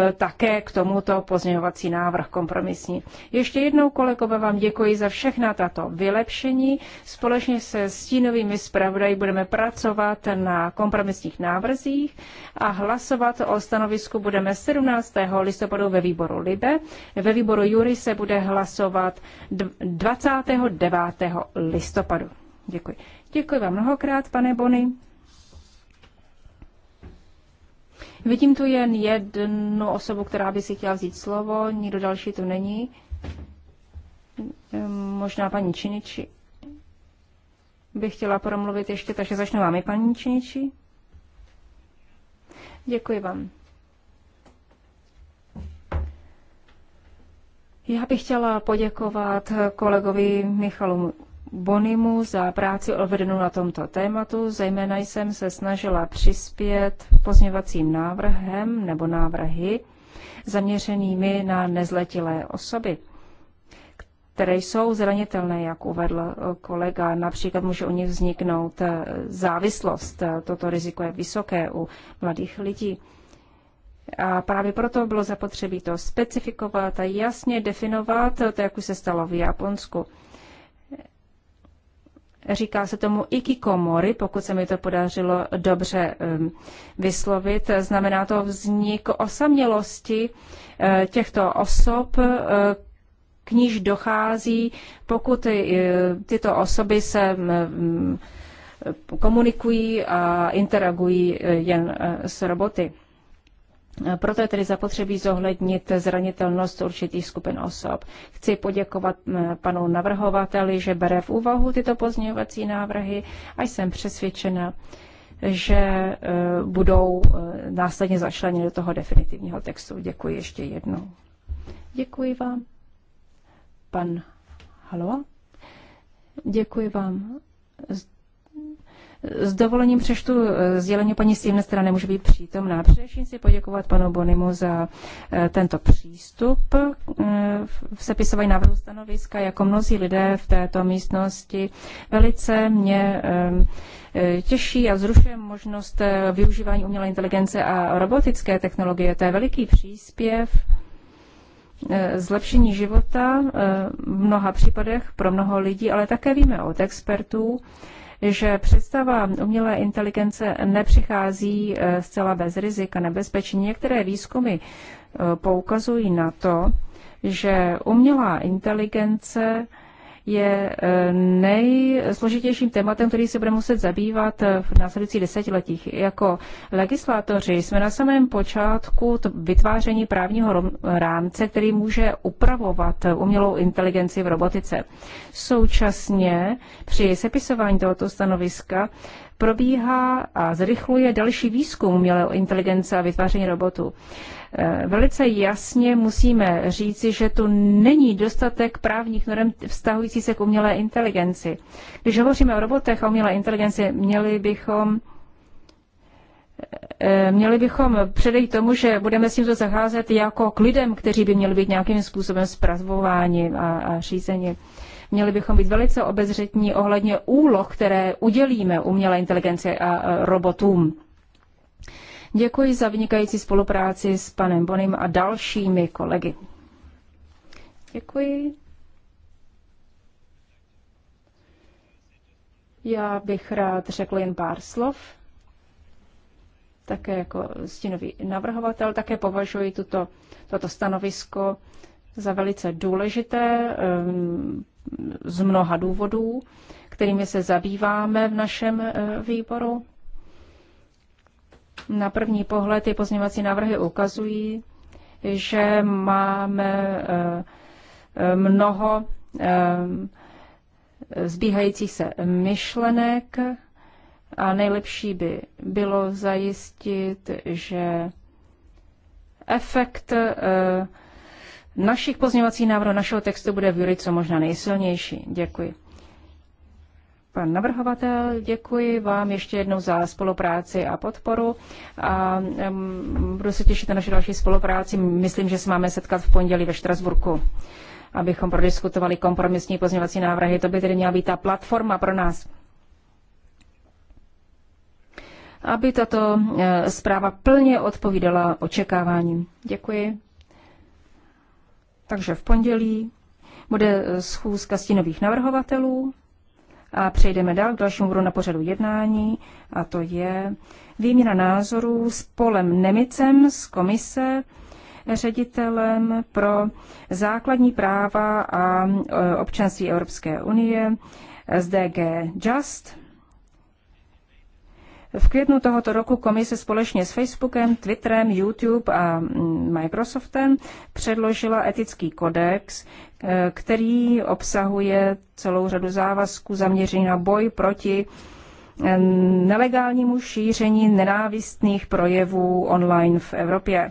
eh, také k tomuto pozměňovací návrh kompromisní. Ještě jednou, kolegové, vám děkuji za všechna tato vylepšení. Společně se stínovými zpravodaji budeme pracovat na kompromisních návrzích a hlasovat o stanovení stanovisku budeme 17. listopadu ve výboru LIBE. Ve výboru Jury se bude hlasovat 29. listopadu. Děkuji. Děkuji vám mnohokrát, pane Bony. Vidím tu jen jednu osobu, která by si chtěla vzít slovo, nikdo další tu není. Ehm, možná paní Činiči bych chtěla promluvit ještě, takže začnu i paní Činiči. Děkuji vám. Já bych chtěla poděkovat kolegovi Michalu Bonimu za práci odvedenou na tomto tématu. Zejména jsem se snažila přispět pozněvacím návrhem nebo návrhy zaměřenými na nezletilé osoby které jsou zranitelné, jak uvedl kolega. Například může u nich vzniknout závislost. Toto riziko je vysoké u mladých lidí. A právě proto bylo zapotřebí to specifikovat a jasně definovat, to jak už se stalo v Japonsku. Říká se tomu ikikomori, pokud se mi to podařilo dobře ehm, vyslovit. Znamená to vznik osamělosti eh, těchto osob, eh, k níž dochází, pokud eh, tyto osoby se ehm, komunikují a interagují jen s roboty. Proto je tedy zapotřebí zohlednit zranitelnost určitých skupin osob. Chci poděkovat panu navrhovateli, že bere v úvahu tyto pozměňovací návrhy a jsem přesvědčena, že e, budou e, následně začleněny do toho definitivního textu. Děkuji ještě jednou. Děkuji vám. Pan Halo? Děkuji vám. S dovolením přeštu eh, sdělení paní Stevens, která nemůže být přítomná. Především si poděkovat panu Bonimu za eh, tento přístup eh, v sepisování návrhu stanoviska. Jako mnozí lidé v této místnosti velice mě ehm, těší a zrušuje možnost využívání umělé inteligence a robotické technologie. To je veliký příspěv zlepšení života v mnoha případech pro mnoho lidí, ale také víme od expertů, že představa umělé inteligence nepřichází eh, zcela bez rizika nebezpečí. Některé výzkumy eh, poukazují na to, že umělá inteligence je eh, nejsložitějším tématem, který se bude muset zabývat eh, v následujících desetiletích. Jako legislátoři jsme na samém počátku vytváření právního rámce, který může upravovat umělou inteligenci v robotice. Současně při sepisování tohoto stanoviska probíhá a zrychluje další výzkum umělé inteligence a vytváření robotů. Eh, velice jasně musíme říci, že tu není dostatek právních norm vztahující se k umělé inteligenci. Když hovoříme o robotech a umělé inteligenci, měli bychom eh, eh, měli bychom předejít tomu, že budeme s tímto zacházet jako k lidem, kteří by měli být nějakým způsobem zpravováni a, a řízení. Měli bychom být velice obezřetní ohledně úloh, které udělíme umělé inteligenci a robotům. Děkuji za vynikající spolupráci s panem Bonim a dalšími kolegy. Děkuji. Já bych rád řekl jen pár slov. Také jako stínový navrhovatel také považuji tuto, toto stanovisko za velice důležité ehm, z mnoha důvodů, kterými se zabýváme v našem eh, výboru. Na první pohled ty pozměňovací návrhy ukazují, že máme eh, eh, mnoho eh, zbíhajících se myšlenek a nejlepší by bylo zajistit, že efekt našich pozměňovacích návrhů, našeho textu bude v co možná nejsilnější. Děkuji. Pan navrhovatel, děkuji vám ještě jednou za spolupráci a podporu a budu se těšit na naši další spolupráci. Myslím, že se máme setkat v pondělí ve Štrasburku, abychom prodiskutovali kompromisní pozměvací návrhy. To by tedy měla být ta platforma pro nás. Aby tato e, zpráva plně odpovídala očekáváním. Děkuji. Takže v pondělí bude e, schůzka stínových navrhovatelů. A přejdeme dál k dalšímu bodu na pořadu jednání, a to je výměna názorů s Polem Nemicem z komise, ředitelem pro základní práva a e, občanství Evropské unie z DG Just. V květnu tohoto roku komise společně s Facebookem, Twitterem, YouTube a mm, Microsoftem předložila etický kodex, Eh, který obsahuje celou řadu závazků zaměřených na boj proti eh, nelegálnímu šíření nenávistných projevů online v Evropě.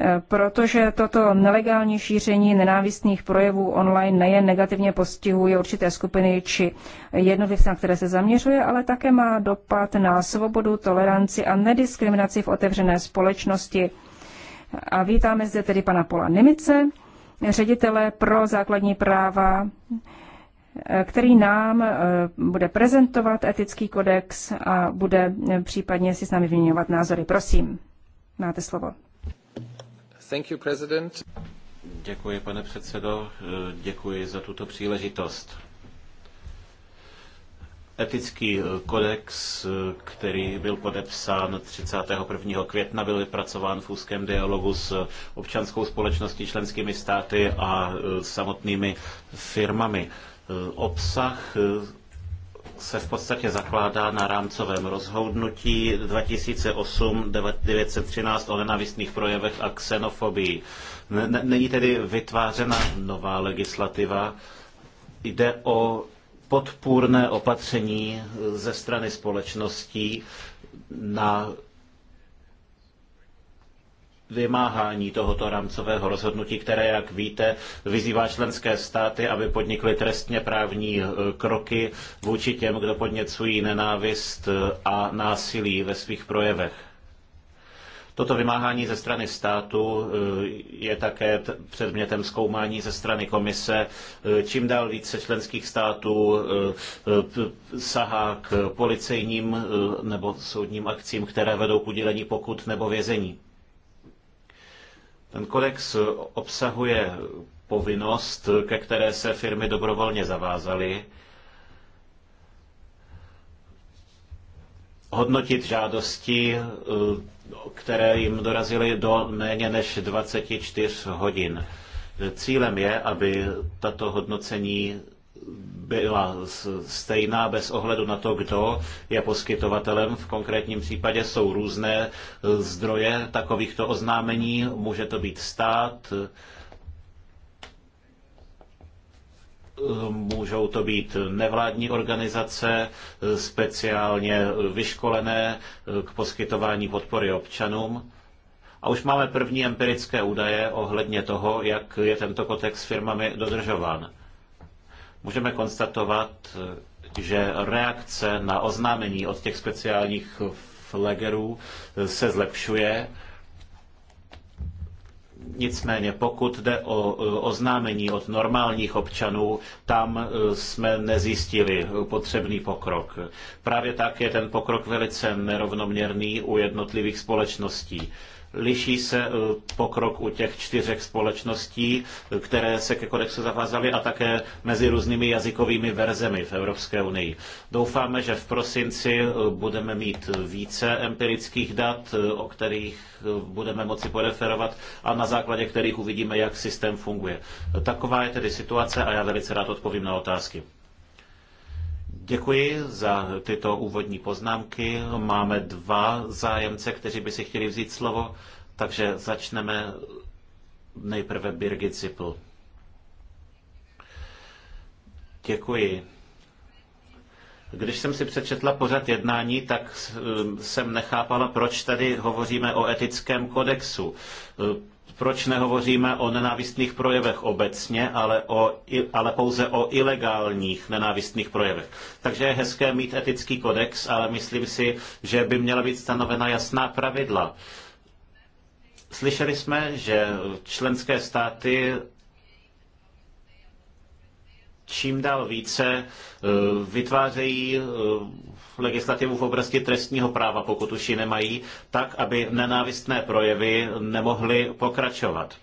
Eh, protože toto nelegální šíření nenávistných projevů online nejen negativně postihuje určité skupiny či jednotlivce, na které se zaměřuje, ale také má dopad na svobodu, toleranci a nediskriminaci v otevřené společnosti. A vítáme zde tedy pana Pola Nemice, ředitele pro základní práva, který nám eh, bude prezentovat etický kodex a bude eh, případně si s námi vyměňovat názory. Prosím, máte slovo. Thank you, president. Děkuji, pane předsedo. Eh, děkuji za tuto příležitost. Etický eh, kodex, eh, který byl podepsán 31. května, byl vypracován v úzkém dialogu s eh, občanskou společností, členskými státy a samotnými firmami. Obsah se v podstatě zakládá na rámcovém rozhodnutí 2008-913 o nenavistných projevech a xenofobii. Není tedy vytvářena nová legislativa, jde o podpůrné opatření ze strany společností na vymáhání tohoto rámcového rozhodnutí, které, jak víte, vyzývá členské státy, aby podnikly trestně právní eh, kroky vůči těm, kdo podněcují nenávist eh, a násilí ve svých projevech. Toto vymáhání ze strany státu eh, je také předmětem zkoumání ze strany komise. Eh, čím dál více členských států eh, sahá k policejním nebo soudním akcím, které vedou k udělení pokut nebo vězení. Ten kodex obsahuje povinnost, ke které se firmy dobrovolně zavázaly hodnotit žádosti, eh, které jim dorazily do méně než 24 hodin. Cílem je, aby tato hodnocení byla stejná bez ohledu na to, kdo je poskytovatelem. V konkrétním případě jsou různé eh, zdroje takovýchto oznámení. Může to být stát, Můžou to být nevládní organizace, speciálně vyškolené k poskytování podpory občanům. A už máme první empirické údaje ohledně toho, jak je tento s firmami dodržován. Můžeme konstatovat, že reakce na oznámení od těch speciálních flagerů se zlepšuje Nicméně pokud jde o e, oznámení od normálních občanů, tam e, jsme nezjistili potřebný pokrok. Právě tak je ten pokrok velice nerovnoměrný u jednotlivých společností. Liší se e, pokrok u těch čtyřech společností, které se ke kodexu zavázaly a také mezi různými jazykovými verzemi v Evropské unii. Doufáme, že v prosinci e, budeme mít více empirických dat, e, o kterých budeme moci poreferovat a na základě kterých uvidíme, jak systém funguje. Taková je tedy situace a já velice rád odpovím na otázky. Děkuji za tyto úvodní poznámky. Máme dva zájemce, kteří by si chtěli vzít slovo, takže začneme nejprve Birgit Zippel. Děkuji. Když jsem si přečetla pořad jednání, tak jsem nechápala, proč tady hovoříme o etickém kodexu. Proč nehovoříme o nenávistných projevech obecně, ale, o, ale pouze o ilegálních nenávistných projevech? Takže je hezké mít etický kodex, ale myslím si, že by měla být stanovena jasná pravidla. Slyšeli jsme, že členské státy čím dál více eh, vytvářejí eh, legislativu v oblasti trestního práva, pokud už ji nemají, tak, aby nenávistné projevy nemohly pokračovat.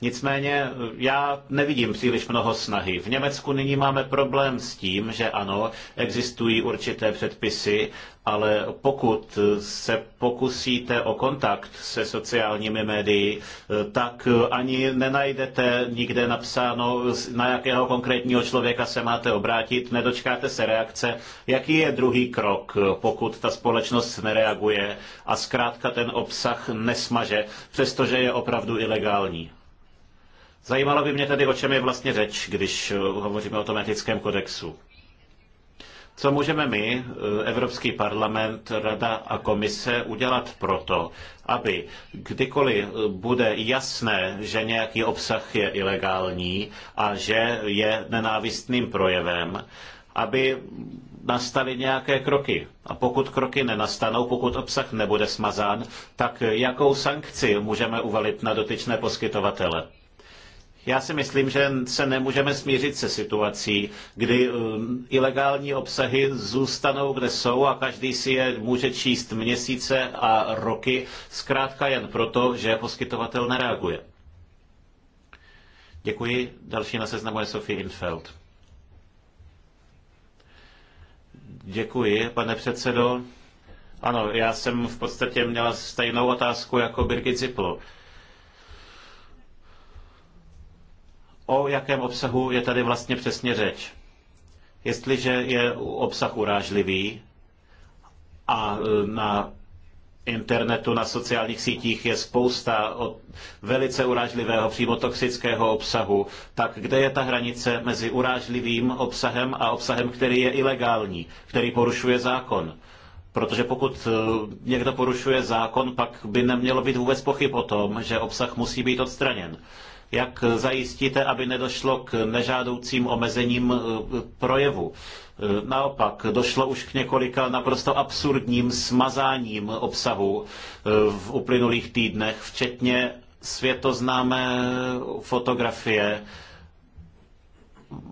Nicméně já nevidím příliš mnoho snahy. V Německu nyní máme problém s tím, že ano, existují určité předpisy, ale pokud se pokusíte o kontakt se sociálními médii, tak ani nenajdete nikde napsáno, na jakého konkrétního člověka se máte obrátit, nedočkáte se reakce. Jaký je druhý krok, pokud ta společnost nereaguje a zkrátka ten obsah nesmaže, přestože je opravdu ilegální? Zajímalo by mě tedy, o čem je vlastně řeč, když eh, hovoříme o tom etickém kodexu. Co můžeme my, eh, Evropský parlament, Rada a Komise, udělat proto, aby kdykoliv eh, bude jasné, že nějaký obsah je ilegální a že je nenávistným projevem, aby nastaly nějaké kroky. A pokud kroky nenastanou, pokud obsah nebude smazán, tak jakou sankci můžeme uvalit na dotyčné poskytovatele? Já si myslím, že se nemůžeme smířit se situací, kdy um, ilegální obsahy zůstanou, kde jsou a každý si je může číst měsíce a roky, zkrátka jen proto, že poskytovatel nereaguje. Děkuji. Další na seznamu je Sophie Infeld. Děkuji, pane předsedo. Ano, já jsem v podstatě měla stejnou otázku jako Birgit Zippel. o jakém obsahu je tady vlastně přesně řeč. Jestliže je obsah urážlivý a e, na internetu, na sociálních sítích je spousta velice urážlivého, přímo toxického obsahu, tak kde je ta hranice mezi urážlivým obsahem a obsahem, který je ilegální, který porušuje zákon? Protože pokud e, někdo porušuje zákon, pak by nemělo být vůbec pochyb o tom, že obsah musí být odstraněn. Jak zajistíte, aby nedošlo k nežádoucím omezením eh, projevu? Eh, naopak, došlo už k několika naprosto absurdním smazáním obsahu eh, v uplynulých týdnech, včetně světoznámé fotografie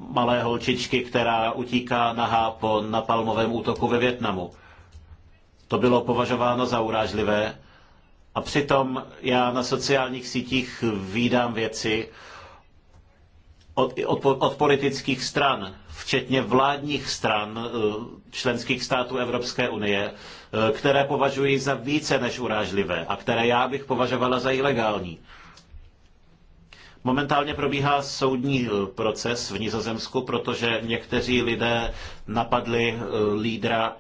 malé holčičky, která utíká nahá po napalmovém útoku ve Větnamu. To bylo považováno za urážlivé a přitom já na sociálních sítích výdám věci od, od, od politických stran, včetně vládních stran eh, členských států Evropské unie, eh, které považuji za více než urážlivé a které já bych považovala za ilegální. Momentálně probíhá soudní eh, proces v Nizozemsku, protože někteří lidé napadli lídra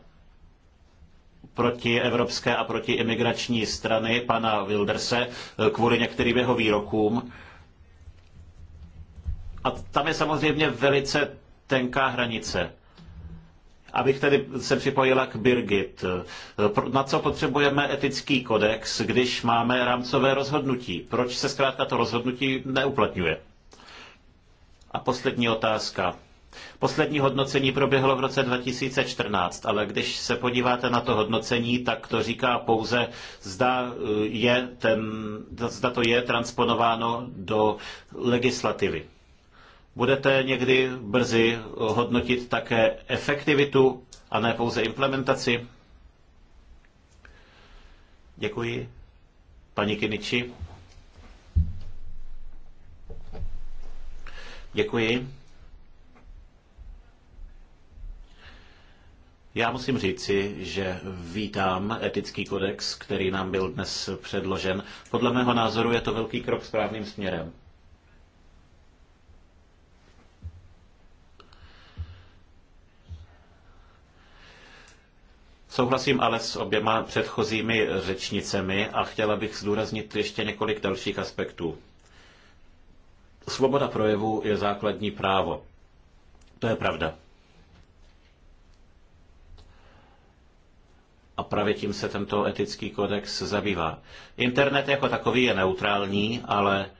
proti evropské a proti imigrační strany pana Wilderse eh, kvůli některým jeho výrokům. A tam je samozřejmě velice tenká hranice. Abych tedy se připojila k Birgit. Eh, na co potřebujeme etický kodex, když máme rámcové rozhodnutí? Proč se zkrátka to rozhodnutí neuplatňuje? A poslední otázka. Poslední hodnocení proběhlo v roce 2014, ale když se podíváte na to hodnocení, tak to říká pouze, zda, eh, je ten, zda to je transponováno do legislativy. Budete někdy brzy hodnotit také efektivitu a ne pouze implementaci? Děkuji. Paní Kiniči. Děkuji. Já musím říci, že vítám etický kodex, který nám byl dnes předložen. Podle mého názoru je to velký krok správným směrem. Souhlasím ale s oběma předchozími řečnicemi a chtěla bych zdůraznit ještě několik dalších aspektů. Svoboda projevu je základní právo. To je pravda. A právě tím se tento etický kodex zabývá. Internet jako takový je neutrální, ale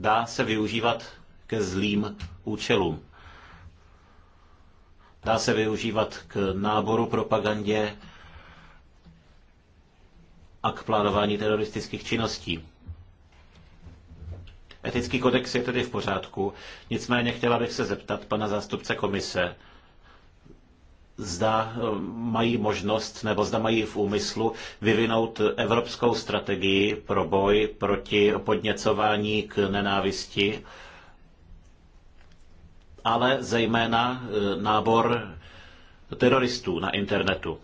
dá se využívat ke zlým účelům. Dá se využívat k náboru propagandě a k plánování teroristických činností. Etický kodex je tedy v pořádku, nicméně chtěla bych se zeptat pana zástupce komise, zda eh, mají možnost nebo zda mají v úmyslu vyvinout evropskou strategii pro boj proti podněcování k nenávisti, ale zejména eh, nábor teroristů na internetu.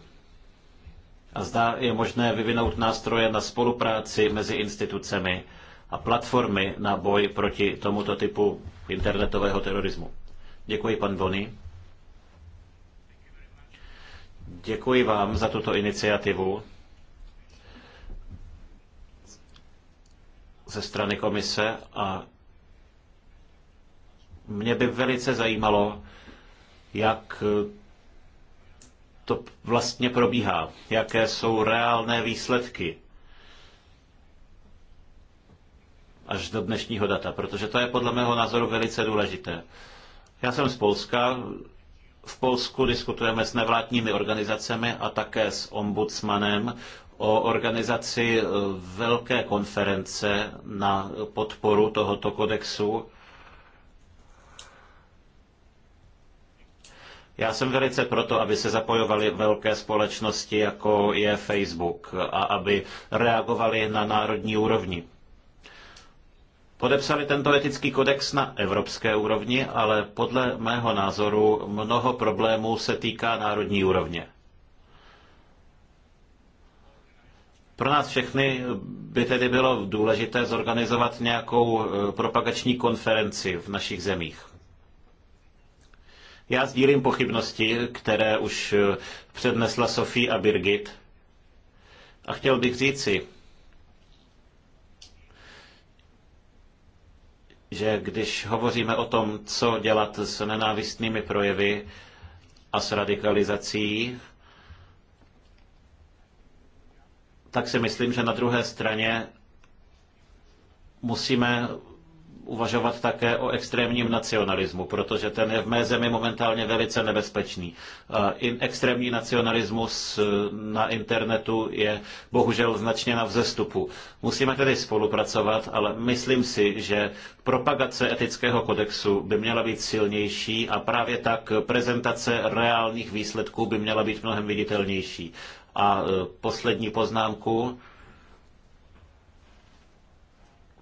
A zda je možné vyvinout nástroje na spolupráci mezi institucemi a platformy na boj proti tomuto typu internetového terorismu. Děkuji, pan Bonny. Děkuji vám za tuto iniciativu ze strany komise a mě by velice zajímalo, jak to vlastně probíhá, jaké jsou reálné výsledky až do dnešního data, protože to je podle mého názoru velice důležité. Já jsem z Polska, v Polsku diskutujeme s nevládními organizacemi a také s ombudsmanem o organizaci e, velké konference na podporu tohoto kodexu. Já jsem velice proto, aby se zapojovaly velké společnosti, jako je Facebook, a aby reagovaly na národní úrovni podepsali tento etický kodex na evropské úrovni, ale podle mého názoru mnoho problémů se týká národní úrovně. Pro nás všechny by tedy bylo důležité zorganizovat nějakou eh, propagační konferenci v našich zemích. Já sdílím pochybnosti, které už eh, přednesla Sofie a Birgit. A chtěl bych říci, že když hovoříme o tom, co dělat s nenávistnými projevy a s radikalizací, tak si myslím, že na druhé straně musíme uvažovat také o extrémním nacionalismu, protože ten je v mé zemi momentálně velice nebezpečný. Extrémní nacionalismus eh, na internetu je bohužel značně na vzestupu. Musíme tedy spolupracovat, ale myslím si, že propagace etického kodexu by měla být silnější a právě tak prezentace reálných výsledků by měla být mnohem viditelnější. A eh, poslední poznámku.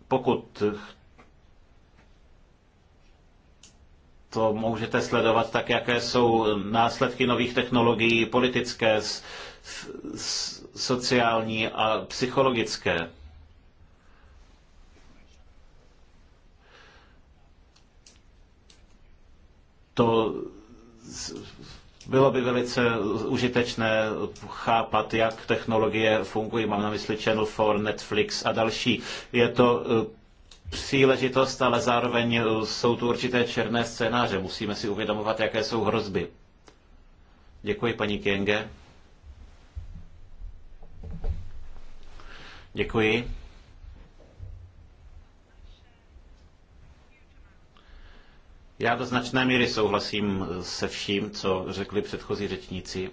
Pokud to můžete sledovat tak, jaké jsou následky nových technologií politické, sociální a psychologické. To bylo by velice užitečné chápat, jak technologie fungují. Mám na mysli Channel 4, Netflix a další. Je to eh, příležitost, ale zároveň eh, jsou tu určité černé scénáře. Musíme si uvědomovat, jaké jsou hrozby. Děkuji, paní Kienge. Děkuji. Já do značné míry souhlasím eh, se vším, co řekli předchozí řečníci.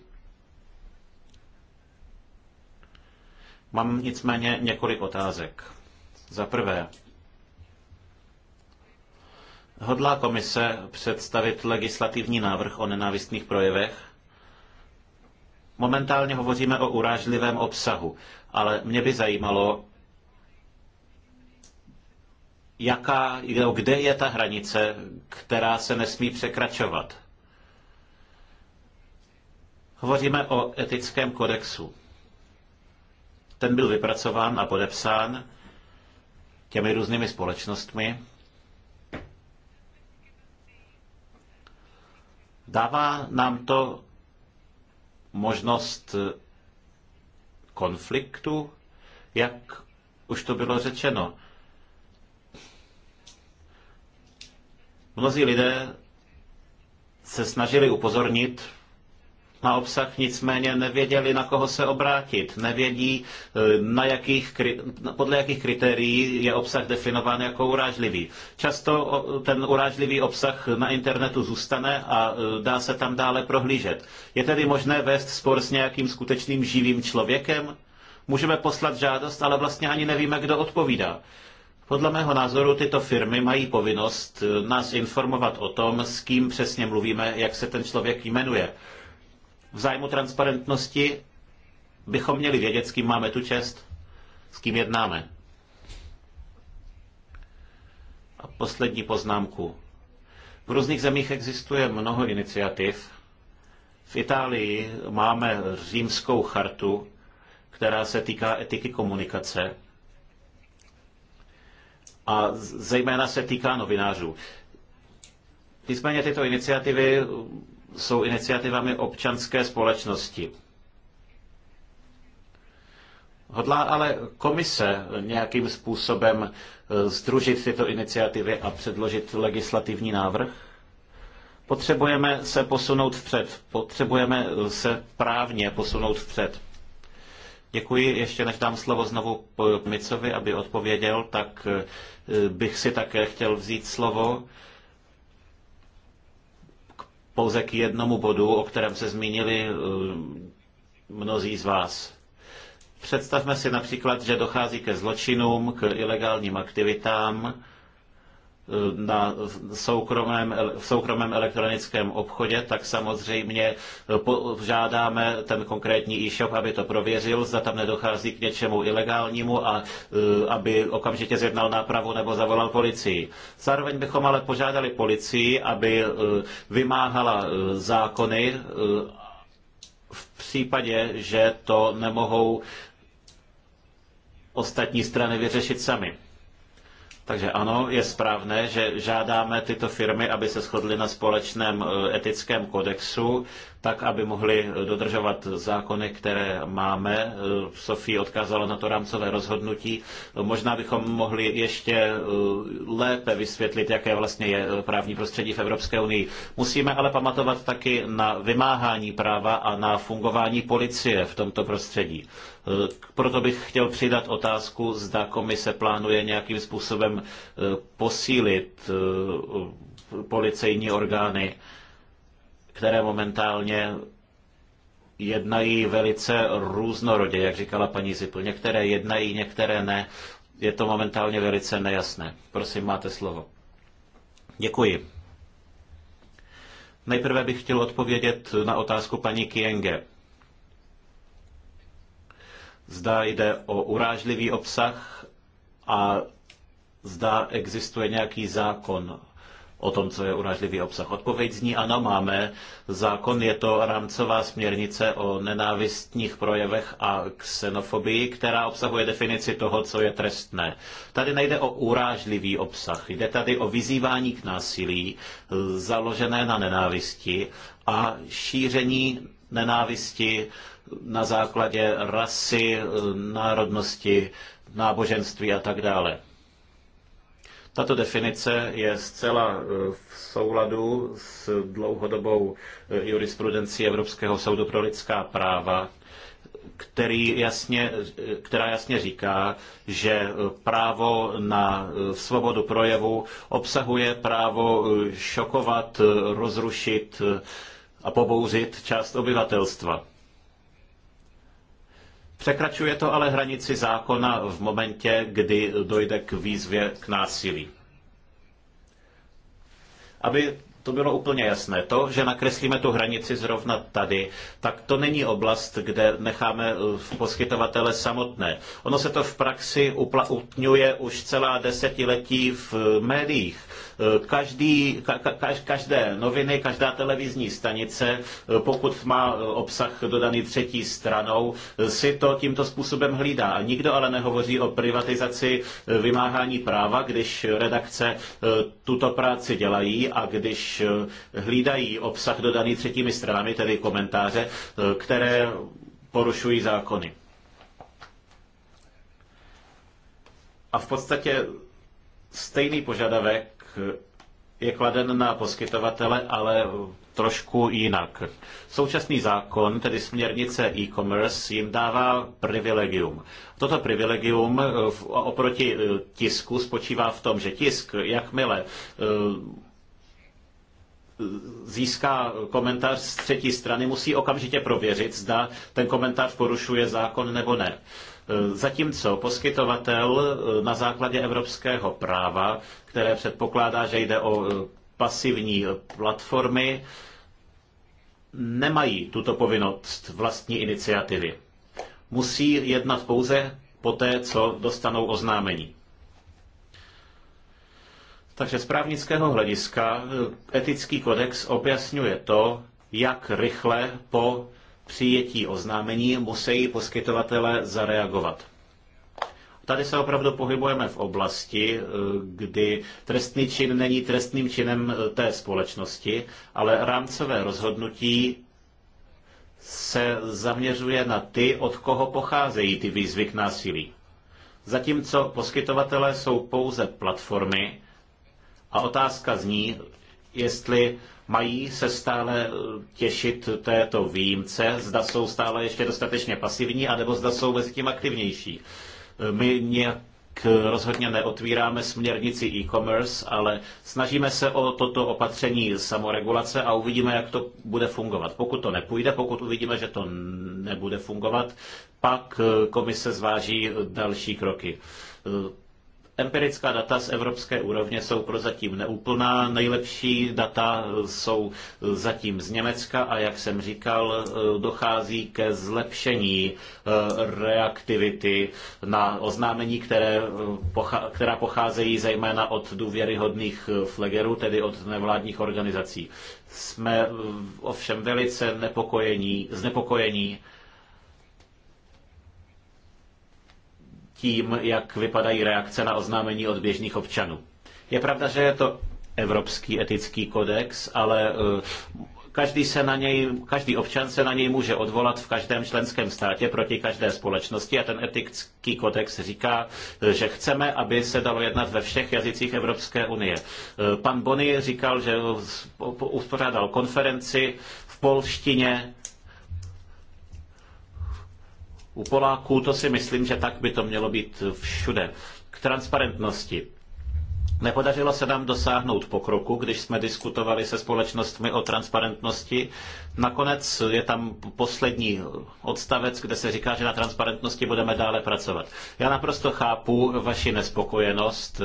Mám nicméně několik otázek. Za prvé, Hodlá komise představit legislativní návrh o nenávistných projevech? Momentálně hovoříme o urážlivém obsahu, ale mě by zajímalo, jaká, kde je ta hranice, která se nesmí překračovat. Hovoříme o etickém kodexu. Ten byl vypracován a podepsán těmi různými společnostmi. Dává nám to možnost eh, konfliktu, jak už to bylo řečeno. Mnozí lidé se snažili upozornit na obsah, nicméně nevěděli, na koho se obrátit. Nevědí, eh, na jakých, podle jakých kritérií je obsah definován jako urážlivý. Často ten urážlivý obsah na internetu zůstane a eh, dá se tam dále prohlížet. Je tedy možné vést spor s nějakým skutečným živým člověkem? Můžeme poslat žádost, ale vlastně ani nevíme, kdo odpovídá. Podle mého názoru tyto firmy mají povinnost eh, nás informovat o tom, s kým přesně mluvíme, jak se ten člověk jmenuje. V zájmu transparentnosti bychom měli vědět, s kým máme tu čest, s kým jednáme. A poslední poznámku. V různých zemích existuje mnoho iniciativ. V Itálii máme římskou chartu, která se týká etiky komunikace a zejména se týká novinářů. Nicméně tyto iniciativy jsou iniciativami občanské společnosti. Hodlá ale komise nějakým způsobem e, združit tyto iniciativy a předložit legislativní návrh? Potřebujeme se posunout vpřed. Potřebujeme se právně posunout vpřed. Děkuji. Ještě než dám slovo znovu Micovi, aby odpověděl, tak e, bych si také chtěl vzít slovo pouze k jednomu bodu, o kterém se zmínili eh, mnozí z vás. Představme si například, že dochází ke zločinům, k ilegálním aktivitám, Eh, na soukromém, v soukromém elektronickém obchodě, tak samozřejmě eh, požádáme ten konkrétní e-shop, aby to prověřil, zda tam nedochází k něčemu ilegálnímu a eh, aby okamžitě zjednal nápravu nebo zavolal policii. Zároveň bychom ale požádali policii, aby vymáhala zákony v případě, že to nemohou ostatní strany vyřešit sami. Takže ano, je správné, že žádáme tyto firmy, aby se shodly na společném eh, etickém kodexu, tak aby mohli dodržovat zákony, které máme. Sofie odkázala na to rámcové rozhodnutí. Možná bychom mohli ještě eh, lépe vysvětlit, jaké vlastně je právní prostředí v Evropské unii. Musíme ale pamatovat taky na vymáhání práva a na fungování policie v tomto prostředí. Eh, proto bych chtěl přidat otázku, zda komise plánuje nějakým způsobem eh, posílit policejní orgány které momentálně jednají velice různorodě, jak říkala paní Zipl. Některé jednají, některé ne. Je to momentálně velice nejasné. Prosím, máte slovo. Děkuji. Nejprve bych chtěl odpovědět na otázku paní Kienge. Zda jde o urážlivý obsah a zda existuje nějaký zákon o tom, co je urážlivý obsah. Odpověď zní ano, máme. Zákon je to rámcová směrnice o nenávistních projevech a xenofobii, která obsahuje definici toho, co je trestné. Tady nejde o urážlivý obsah, jde tady o vyzývání k násilí založené na nenávisti a šíření nenávisti na základě rasy, národnosti, náboženství a tak dále. Tato definice je zcela e, v souladu s dlouhodobou e, jurisprudencí Evropského soudu pro lidská práva, který jasně, e, která jasně říká, že právo na svobodu projevu obsahuje právo šokovat, rozrušit a pobouřit část obyvatelstva. Překračuje to ale hranici zákona v momentě, kdy dojde k výzvě k násilí. Aby to bylo úplně jasné. To, že nakreslíme tu hranici zrovna tady, tak to není oblast, kde necháme eh, poskytovatele samotné. Ono se to v praxi uplatňuje už celá desetiletí v eh, médiích. Eh, každý, ka, ka, každé noviny, každá televizní stanice, eh, pokud má eh, obsah dodaný třetí stranou, si to tímto způsobem hlídá. A nikdo ale nehovoří o privatizaci vymáhání práva, když redakce tuto práci dělají a když hlídají obsah dodaný třetími stranami, tedy komentáře, které porušují zákony. A v podstatě stejný požadavek je kladen na poskytovatele, ale trošku jinak. Současný zákon, tedy směrnice e-commerce, jim dává privilegium. Toto privilegium eh, oproti eh, tisku spočívá v tom, že tisk, jakmile eh, získá komentář z třetí strany, musí okamžitě prověřit, zda ten komentář porušuje zákon nebo ne. Eh, zatímco poskytovatel eh, na základě evropského práva, které předpokládá, že jde o eh, pasivní platformy, nemají tuto povinnost vlastní iniciativy. Musí jednat pouze poté, co dostanou oznámení. Takže z právnického hlediska etický kodex objasňuje to, jak rychle po přijetí oznámení musí poskytovatele zareagovat. Tady se opravdu pohybujeme v oblasti, eh, kdy trestný čin není trestným činem eh, té společnosti, ale rámcové rozhodnutí se zaměřuje na ty, od koho pocházejí ty výzvy k násilí. Zatímco poskytovatelé jsou pouze platformy a otázka zní, jestli mají se stále eh, těšit této výjimce, zda jsou stále ještě dostatečně pasivní, anebo zda jsou mezi tím aktivnější. Eh, my nějak eh, rozhodně neotvíráme směrnici e-commerce, ale snažíme se o toto opatření samoregulace a uvidíme, jak to bude fungovat. Pokud to nepůjde, pokud uvidíme, že to nebude fungovat, pak komise zváží další kroky. Empirická data z evropské úrovně jsou prozatím neúplná. Nejlepší data jsou zatím z Německa a jak jsem říkal, dochází ke zlepšení eh, reaktivity na oznámení, které, eh, která pocházejí zejména od důvěryhodných eh, flegerů, tedy od nevládních organizací. Jsme ovšem velice nepokojení, znepokojení tím, jak vypadají reakce na oznámení od běžných občanů. Je pravda, že je to evropský etický kodex, ale eh, každý, se na něj, každý občan se na něj může odvolat v každém členském státě proti každé společnosti a ten etický kodex říká, eh, že chceme, aby se dalo jednat ve všech jazycích Evropské unie. Eh, pan Bony říkal, že uspořádal konferenci v polštině u Poláků, to si myslím, že tak by to mělo být všude. K transparentnosti. Nepodařilo se nám dosáhnout pokroku, když jsme diskutovali se společnostmi o transparentnosti. Nakonec je tam poslední odstavec, kde se říká, že na transparentnosti budeme dále pracovat. Já naprosto chápu vaši nespokojenost.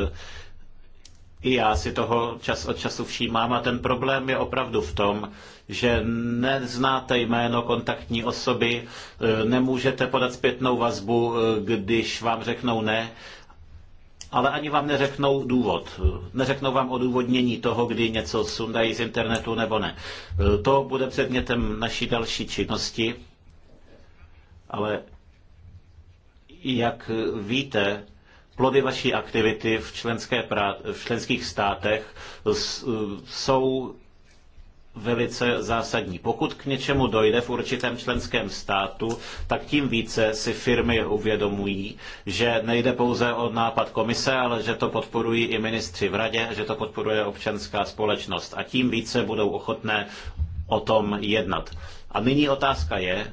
I já si toho čas od času všímám a ten problém je opravdu v tom, že neznáte jméno kontaktní osoby, e, nemůžete podat zpětnou vazbu, e, když vám řeknou ne, ale ani vám neřeknou důvod. Neřeknou vám odůvodnění toho, kdy něco sundají z internetu nebo ne. E, to bude předmětem naší další činnosti, ale jak víte, plody vaší aktivity v, členské v členských státech jsou velice zásadní. Pokud k něčemu dojde v určitém členském státu, tak tím více si firmy uvědomují, že nejde pouze o nápad komise, ale že to podporují i ministři v radě, že to podporuje občanská společnost a tím více budou ochotné o tom jednat. A nyní otázka je,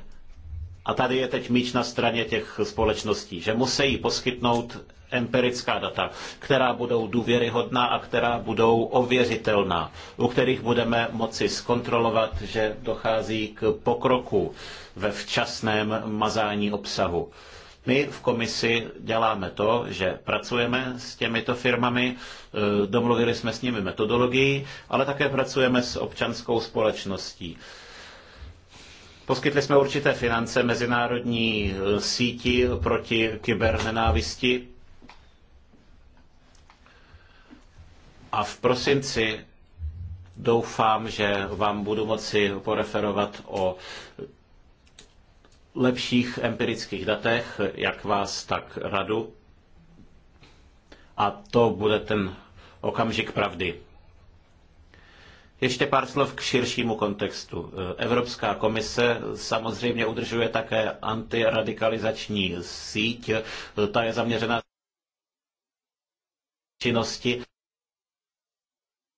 a tady je teď míč na straně těch společností, že musí poskytnout empirická data, která budou důvěryhodná a která budou ověřitelná, u kterých budeme moci zkontrolovat, že dochází k pokroku ve včasném mazání obsahu. My v komisi děláme to, že pracujeme s těmito firmami, e, domluvili jsme s nimi metodologii, ale také pracujeme s občanskou společností. Poskytli jsme určité finance mezinárodní e, síti proti kybernenávisti A v prosinci doufám, že vám budu moci poreferovat o lepších empirických datech, jak vás, tak radu. A to bude ten okamžik pravdy. Ještě pár slov k širšímu kontextu. Evropská komise samozřejmě udržuje také antiradikalizační síť. Ta je zaměřena činnosti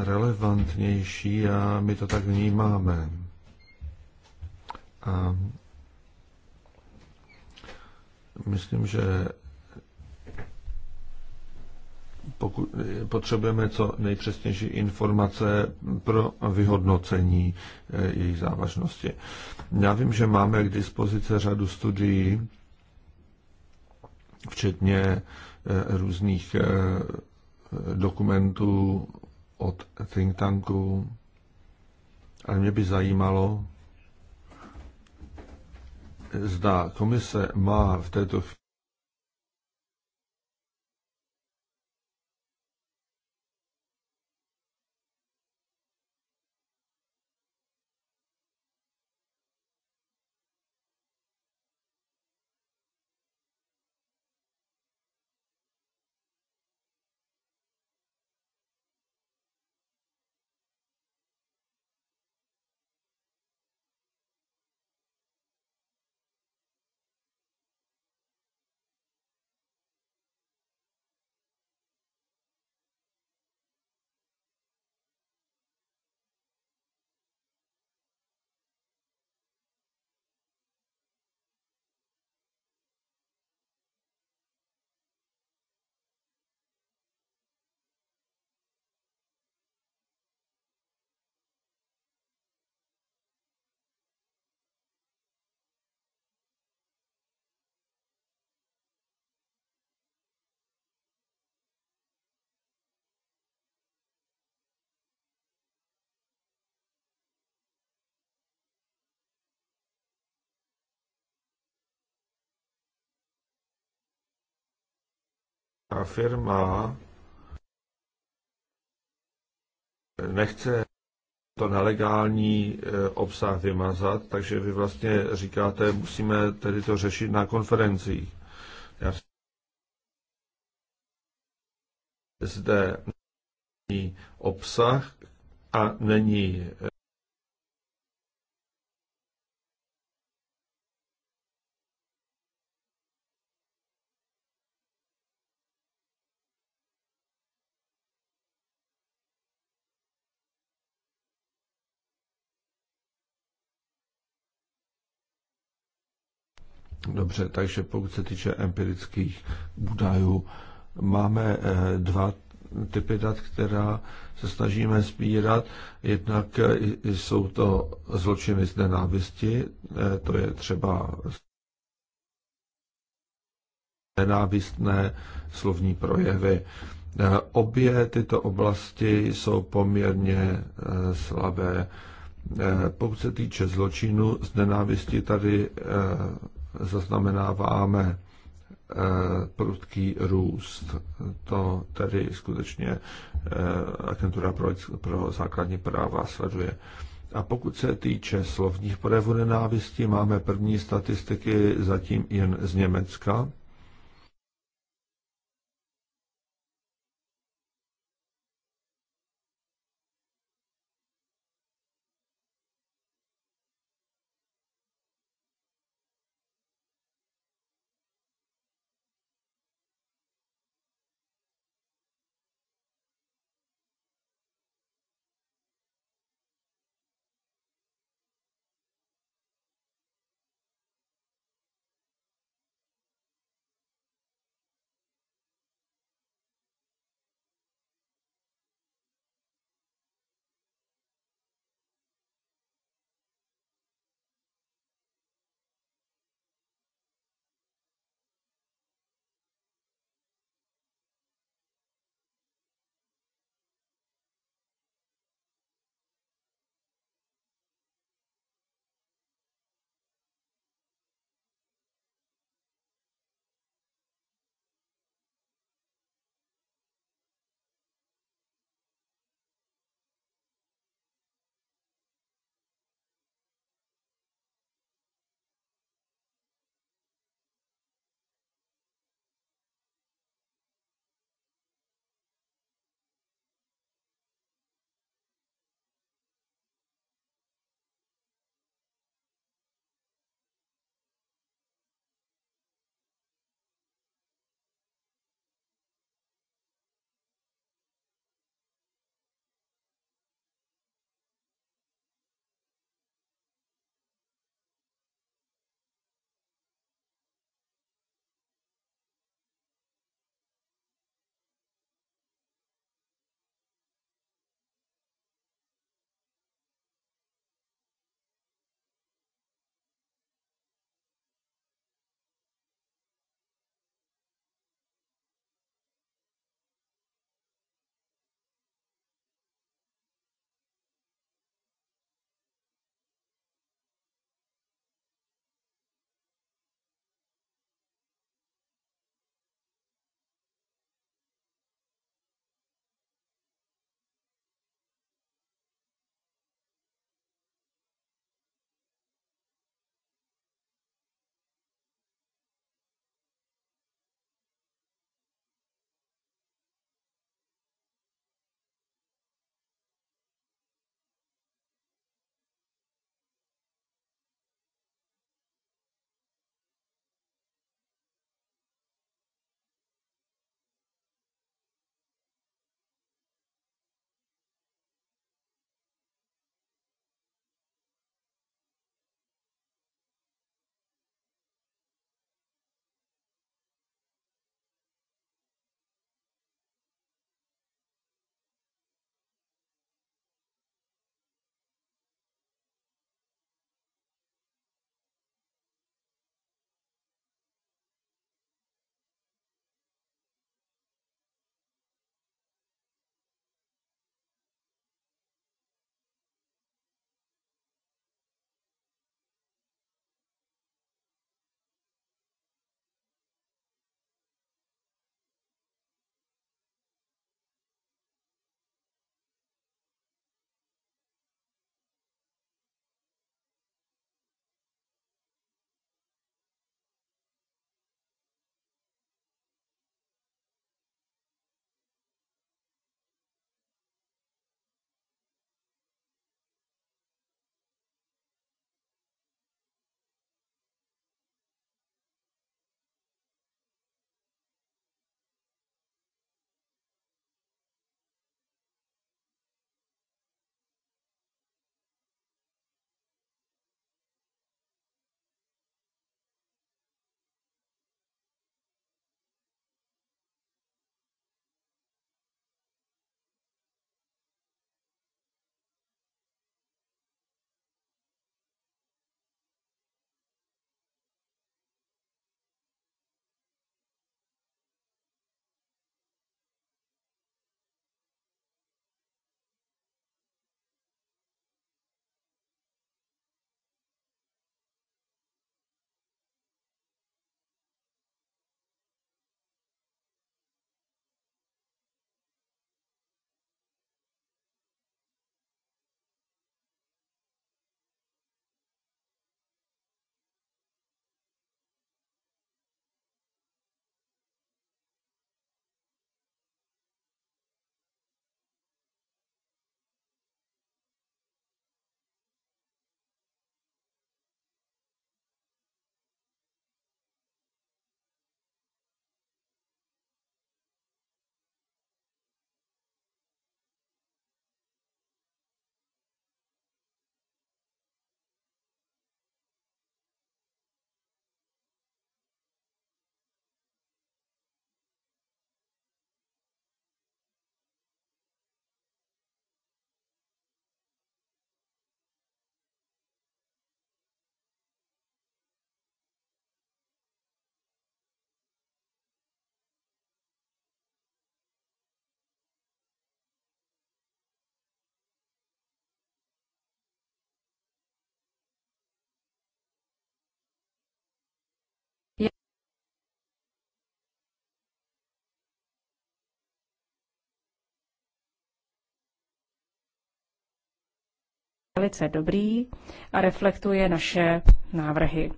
relevantnější a my to tak vnímáme. A myslím, že pokud potřebujeme co nejpřesnější informace pro vyhodnocení eh, jejich závažnosti. Já vím, že máme k dispozici řadu studií, včetně eh, různých eh, dokumentů od think tanku, ale mě by zajímalo, zda komise má v této chvíli firma nechce to nelegální e, obsah vymazat, takže vy vlastně říkáte, musíme tedy to řešit na konferencích. Já zde není obsah a není e, Dobře, takže pokud se týče empirických údajů, máme eh, dva typy dat, která se snažíme sbírat. Jednak eh, jsou to zločiny z nenávisti, eh, to je třeba nenávistné slovní projevy. Obě tyto oblasti jsou poměrně slabé. Pokud se týče zločinu z nenávisti, tady zaznamenáváme eh, prudký růst. To tedy skutečně eh, agentura pro, základní práva sleduje. A pokud se týče slovních projevů nenávisti, máme první statistiky zatím jen z Německa. velice dobrý a reflektuje naše návrhy.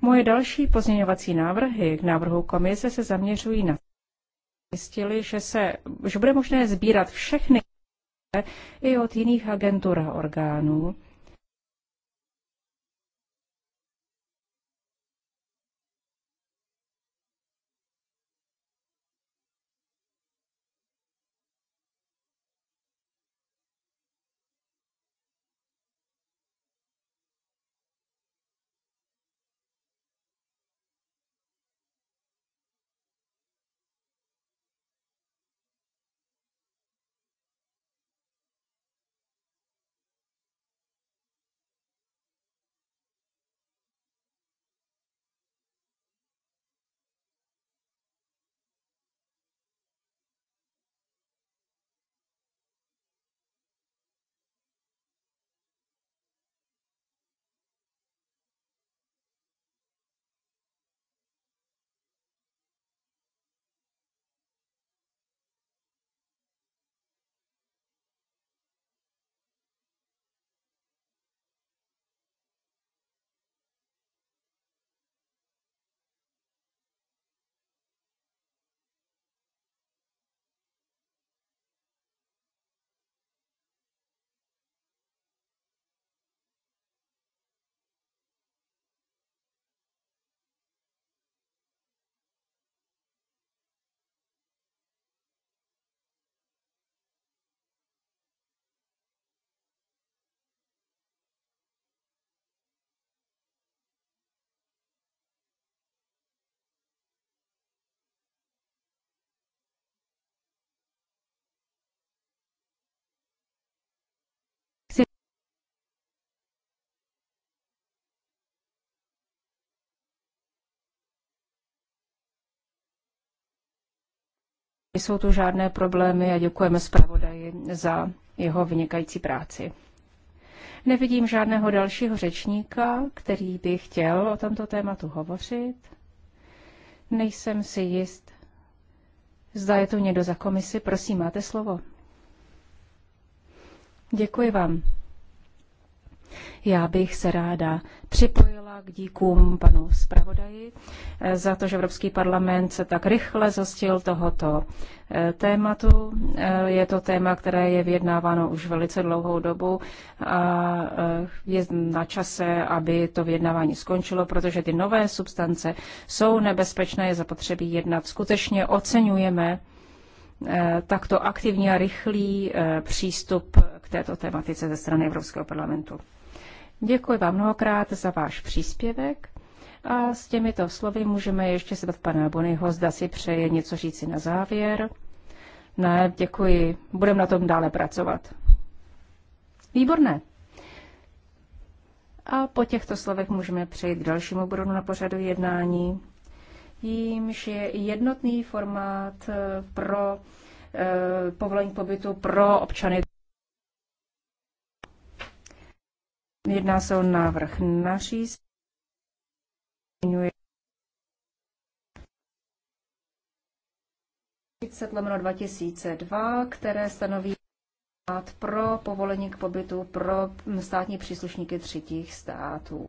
Moje další pozměňovací návrhy k návrhu komise se zaměřují na zjistili, že, se, že bude možné sbírat všechny i od jiných agentur a orgánů, Jsou tu žádné problémy a děkujeme zpravodaji za jeho vynikající práci. Nevidím žádného dalšího řečníka, který by chtěl o tomto tématu hovořit. Nejsem si jist. Zda je tu někdo za komisi, prosím, máte slovo. Děkuji vám. Já bych se ráda připojila k díkům panu zpravodaji eh, za to, že Evropský parlament se tak rychle zastil tohoto eh, tématu. Eh, je to téma, které je vyjednáváno už velice dlouhou dobu a je na čase, aby to vyjednávání skončilo, protože ty nové substance jsou nebezpečné, je zapotřebí jednat. Skutečně oceňujeme takto aktivní a rychlý přístup k této tematice ze strany Evropského parlamentu. Děkuji vám mnohokrát za váš příspěvek. A s těmito slovy můžeme ještě se pana Bonyho, zda si přeje něco říci na závěr. Ne, děkuji. Budeme na tom dále pracovat. Výborné. A po těchto slovech můžeme přejít k dalšímu bodu na pořadu jednání, jímž je jednotný formát eh, pro e, povolení pobytu pro občany. Jedná se o návrh nařízení 30 lomeno 2002, které stanoví pro povolení k pobytu pro státní příslušníky třetích států.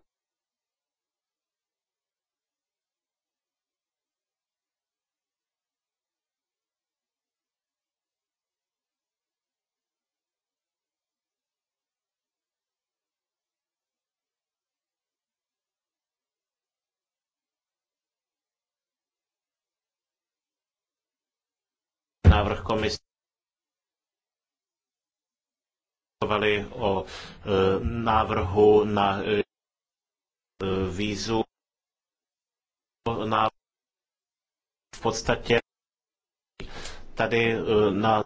návrh komise o e, návrhu na e, vízu na v podstatě tady e, na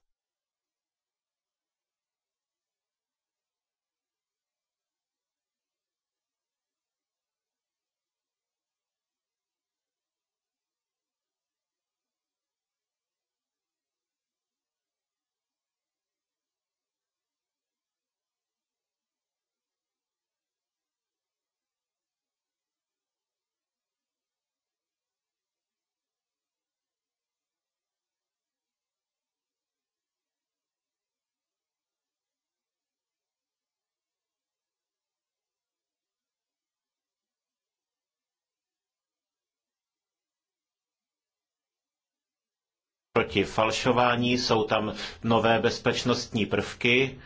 proti falšování, jsou tam nové bezpečnostní prvky,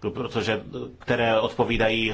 protože, které odpovídají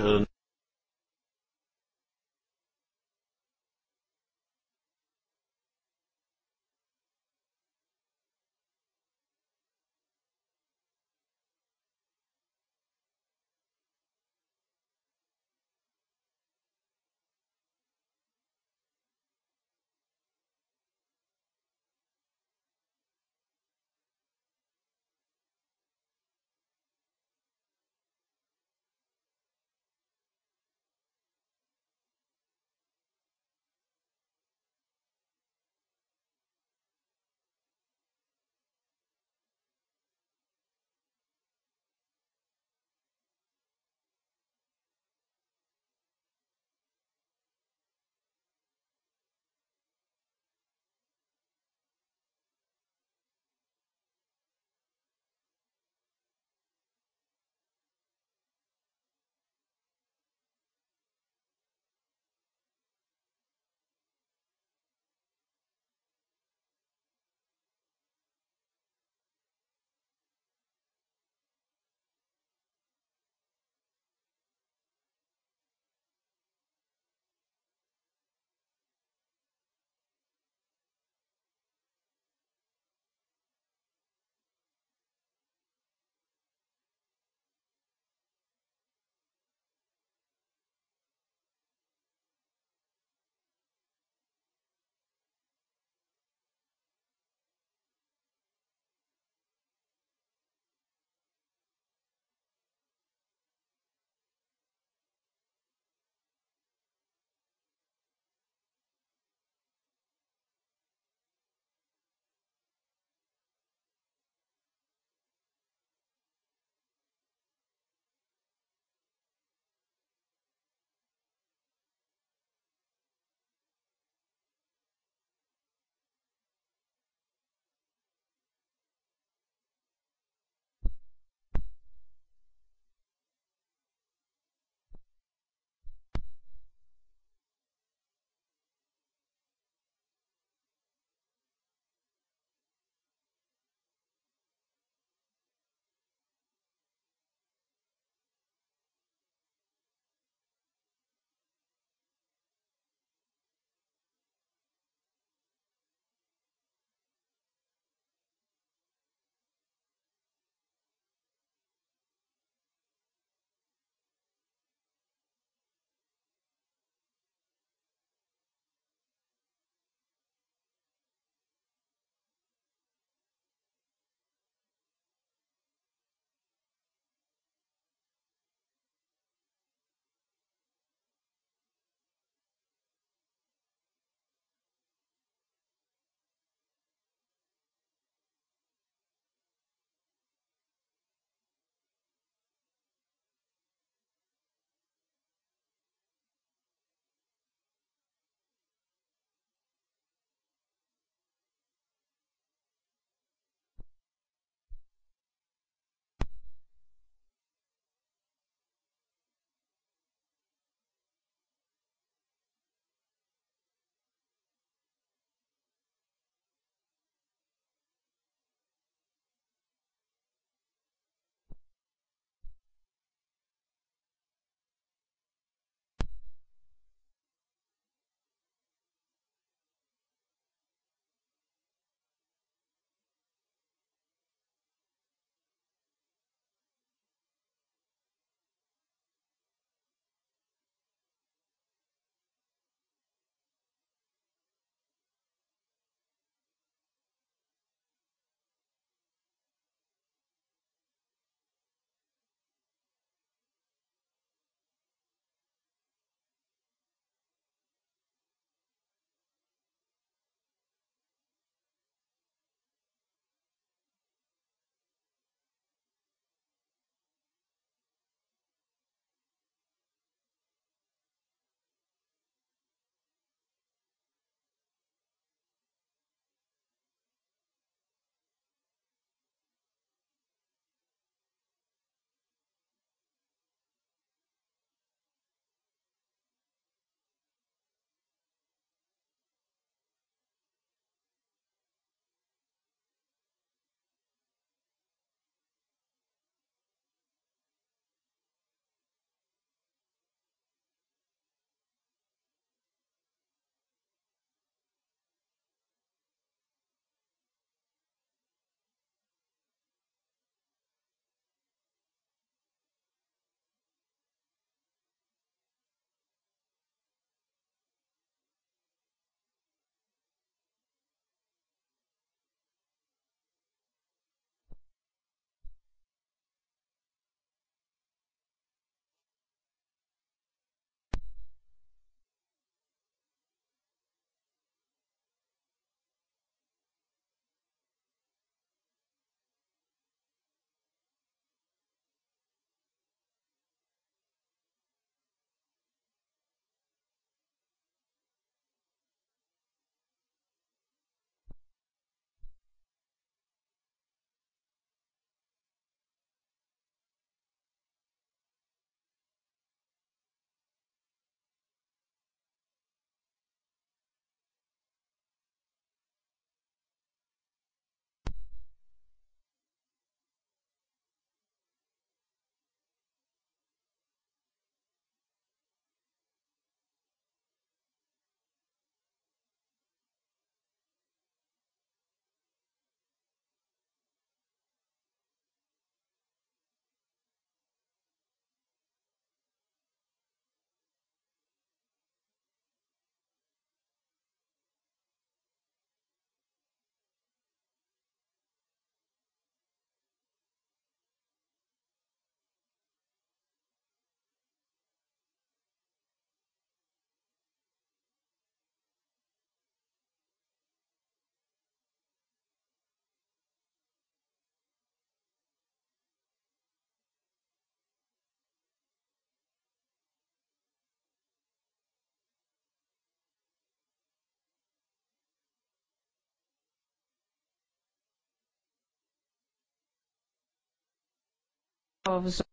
vzor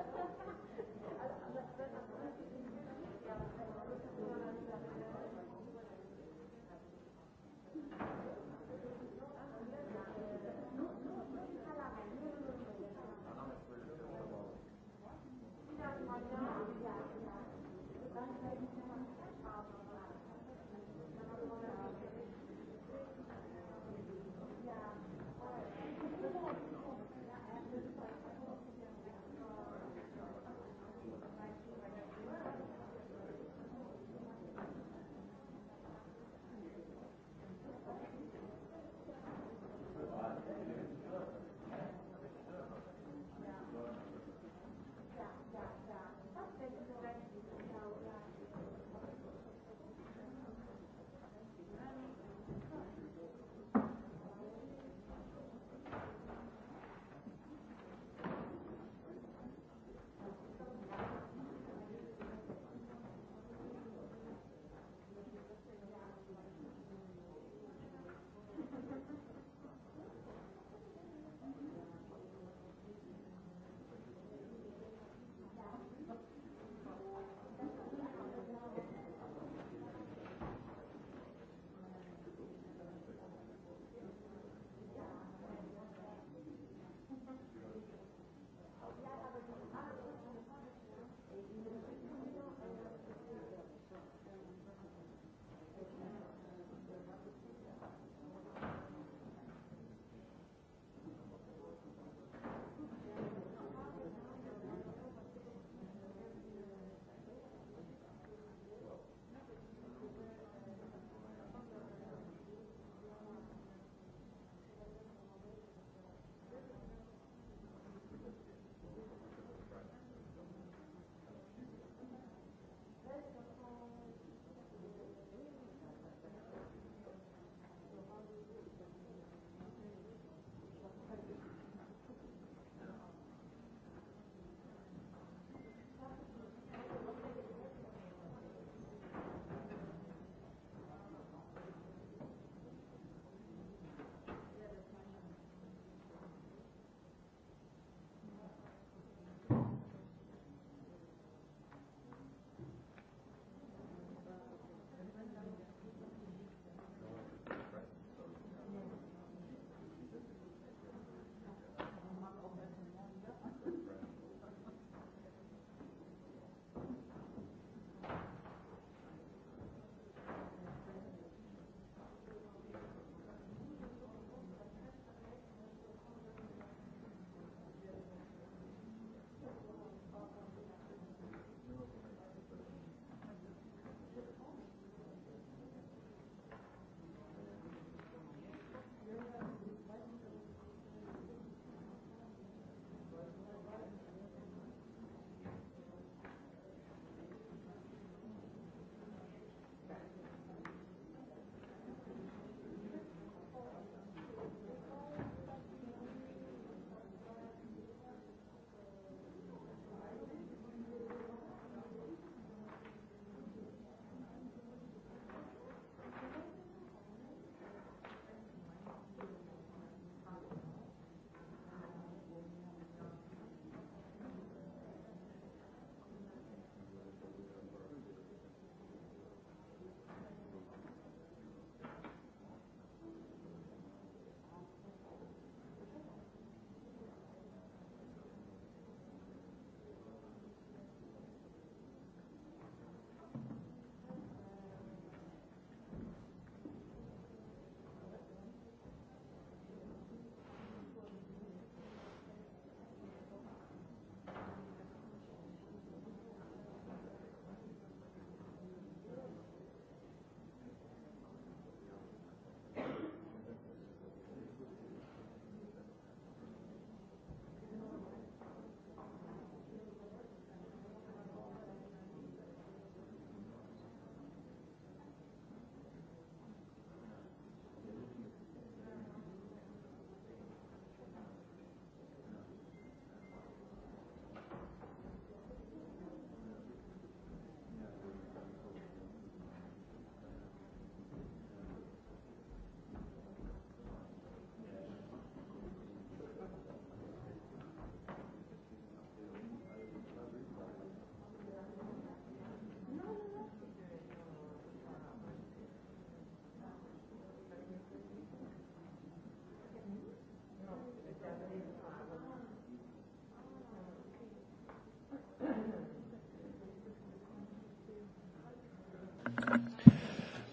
Thank [laughs] you.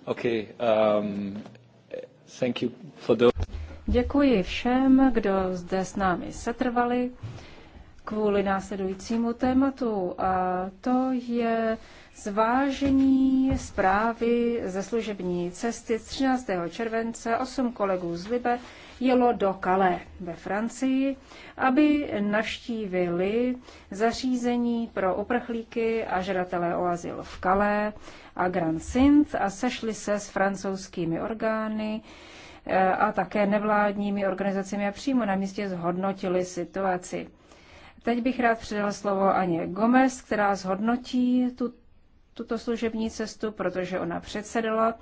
Um, Děkuji všem, kdo zde s námi setrvali kvůli následujícímu tématu. A to je zvážení zprávy ze služební cesty 13. července. Osm kolegů z Libe jelo do Calais ve Francii, aby navštívili zařízení pro uprchlíky a žadatelé o azyl v Calais a Grand Sint a sešli se s francouzskými orgány eh, a také nevládními organizacemi a přímo na místě zhodnotili situaci. Teď bych rád předal slovo Aně Gomez, která zhodnotí tu, tuto služební cestu, protože ona předsedala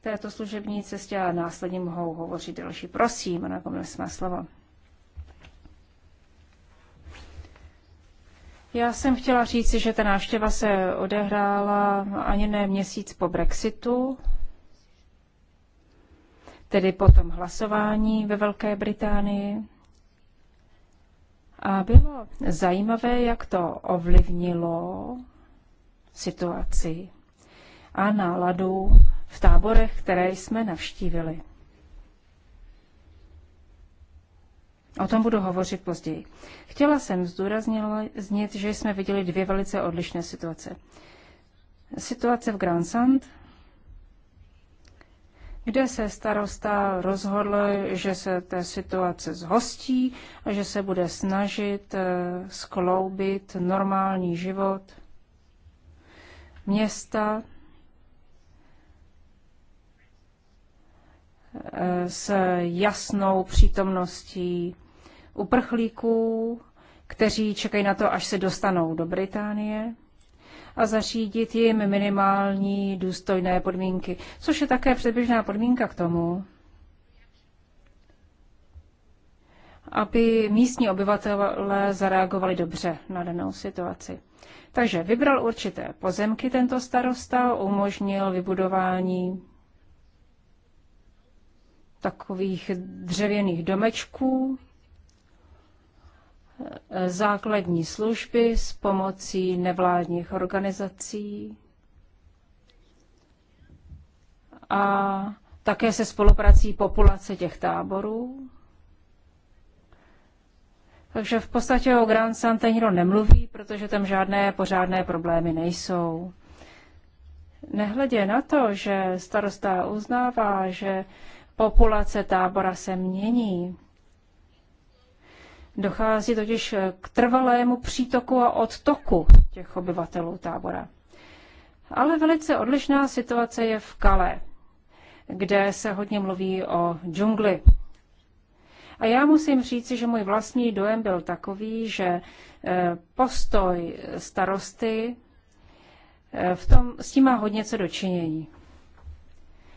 této služební cestě a následně mohou hovořit další. Prosím, ona komis má slovo. Já jsem chtěla říci, že ta návštěva se odehrála ani ne měsíc po Brexitu, tedy po tom hlasování ve Velké Británii. A bylo zajímavé, jak to ovlivnilo situaci a náladu v táborech, které jsme navštívili. O tom budu hovořit později. Chtěla jsem zdůraznit, že jsme viděli dvě velice odlišné situace. Situace v Grand Sand, kde se starosta rozhodl, že se té situace zhostí a že se bude snažit eh, skloubit normální život – města eh, s jasnou přítomností uprchlíků, kteří čekají na to, až se dostanou do Británie a zařídit jim minimální důstojné podmínky, což je také předběžná podmínka k tomu, aby místní obyvatelé zareagovali dobře na danou situaci. Takže vybral určité pozemky tento starosta, umožnil vybudování takových dřevěných domečků, základní služby s pomocí nevládních organizací a také se spoluprací populace těch táborů. Takže v podstatě o Grand Santé nikdo nemluví, protože tam žádné pořádné problémy nejsou. Nehledě na to, že starosta uznává, že populace tábora se mění, dochází totiž k trvalému přítoku a odtoku těch obyvatelů tábora. Ale velice odlišná situace je v Kale, kde se hodně mluví o džungli, a já musím říci, že můj vlastní dojem byl takový, že eh, postoj starosty eh, v tom, s tím má hodně co dočinění.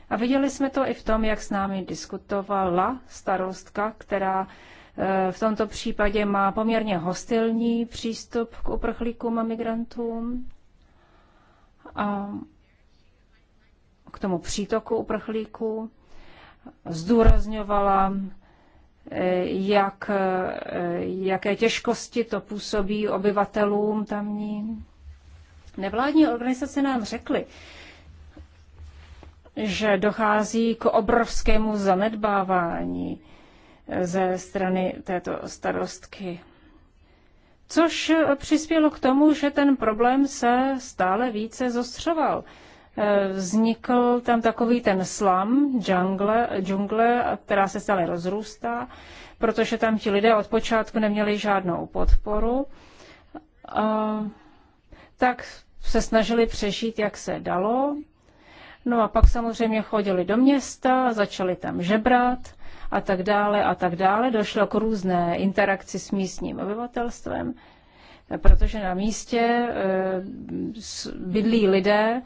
A viděli jsme to i v tom, jak s námi diskutovala starostka, která eh, v tomto případě má poměrně hostilní přístup k uprchlíkům a migrantům a k tomu přítoku uprchlíků. Zdůrazňovala Eh, jak, eh, jaké těžkosti to působí obyvatelům tamním. Nevládní organizace nám řekly, že dochází k obrovskému zanedbávání eh, ze strany této starostky. Což přispělo k tomu, že ten problém se stále více zostřoval. Eh, vznikl tam takový ten slam, džungle, džungle, která se stále rozrůstá, protože tam ti lidé od počátku neměli žádnou podporu. A, eh, tak se snažili přežít, jak se dalo. No a pak samozřejmě chodili do města, začali tam žebrat a tak dále a tak dále. Došlo k různé interakci s místním obyvatelstvem, protože na místě eh, bydlí lidé,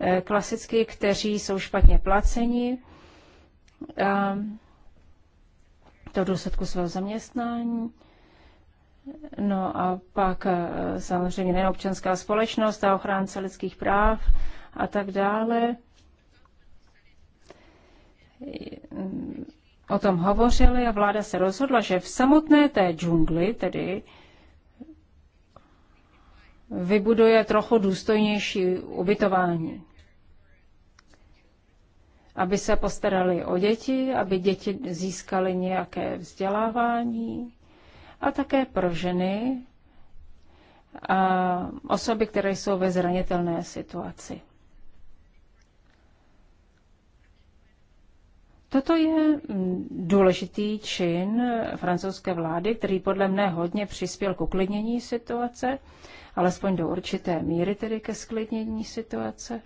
Eh, klasicky, kteří jsou špatně placeni. A to v důsledku svého zaměstnání. No a pak eh, samozřejmě neobčanská občanská společnost a ochránce lidských práv a tak dále. O tom hovořili a vláda se rozhodla, že v samotné té džungli, tedy vybuduje trochu důstojnější ubytování. Aby se postarali o děti, aby děti získaly nějaké vzdělávání a také pro ženy a osoby, které jsou ve zranitelné situaci. Toto je důležitý čin francouzské vlády, který podle mne hodně přispěl k uklidnění situace alespoň do určité míry tedy ke sklidnění situace.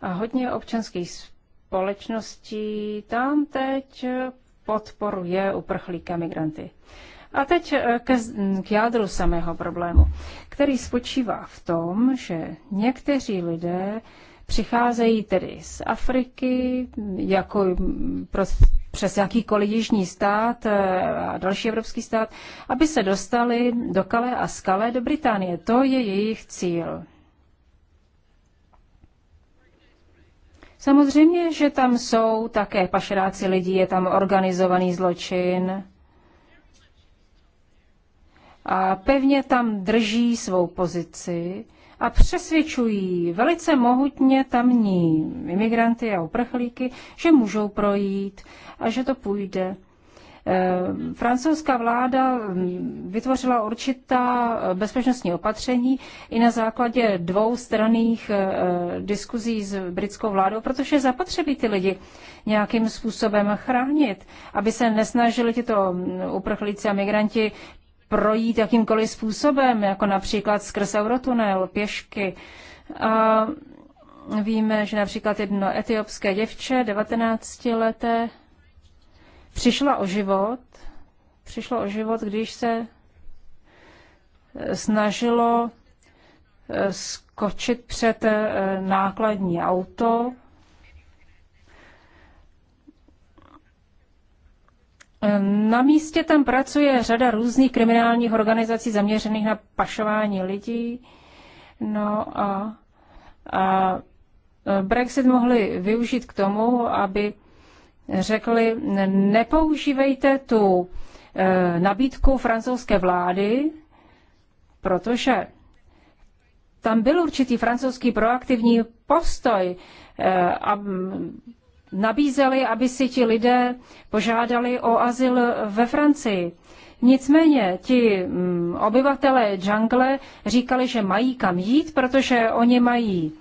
A hodně občanských společností tam teď podporuje uprchlíka migranty. A teď eh, k, k jádru samého problému, který spočívá v tom, že někteří lidé přicházejí tedy z Afriky jako prostě přes jakýkoliv jižní stát eh, a další evropský stát, aby se dostali do Kale a Skale do Británie. To je jejich cíl. Samozřejmě, že tam jsou také pašeráci lidí, je tam organizovaný zločin. A pevně tam drží svou pozici a přesvědčují velice mohutně tamní imigranty a uprchlíky, že můžou projít a že to půjde. Eh, francouzská vláda mm, vytvořila určitá eh, bezpečnostní opatření i na základě dvoustranných eh, diskuzí s britskou vládou, protože zapotřebí ty lidi nějakým způsobem chránit, aby se nesnažili tyto mm, uprchlíci a migranti projít jakýmkoliv způsobem, jako například skrz eurotunel, pěšky. A víme, že například jedno etiopské děvče, 19 leté, přišla o život, přišlo o život, když se eh, snažilo eh, skočit před eh, nákladní auto Na místě tam pracuje řada různých kriminálních organizací zaměřených na pašování lidí. No a, a e, Brexit mohli využít k tomu, aby řekli, nepoužívejte tu e, nabídku francouzské vlády, protože tam byl určitý francouzský proaktivní postoj e, a nabízeli, aby si ti lidé požádali o azyl ve Francii. Nicméně ti mm, obyvatelé džungle říkali, že mají kam jít, protože oni mají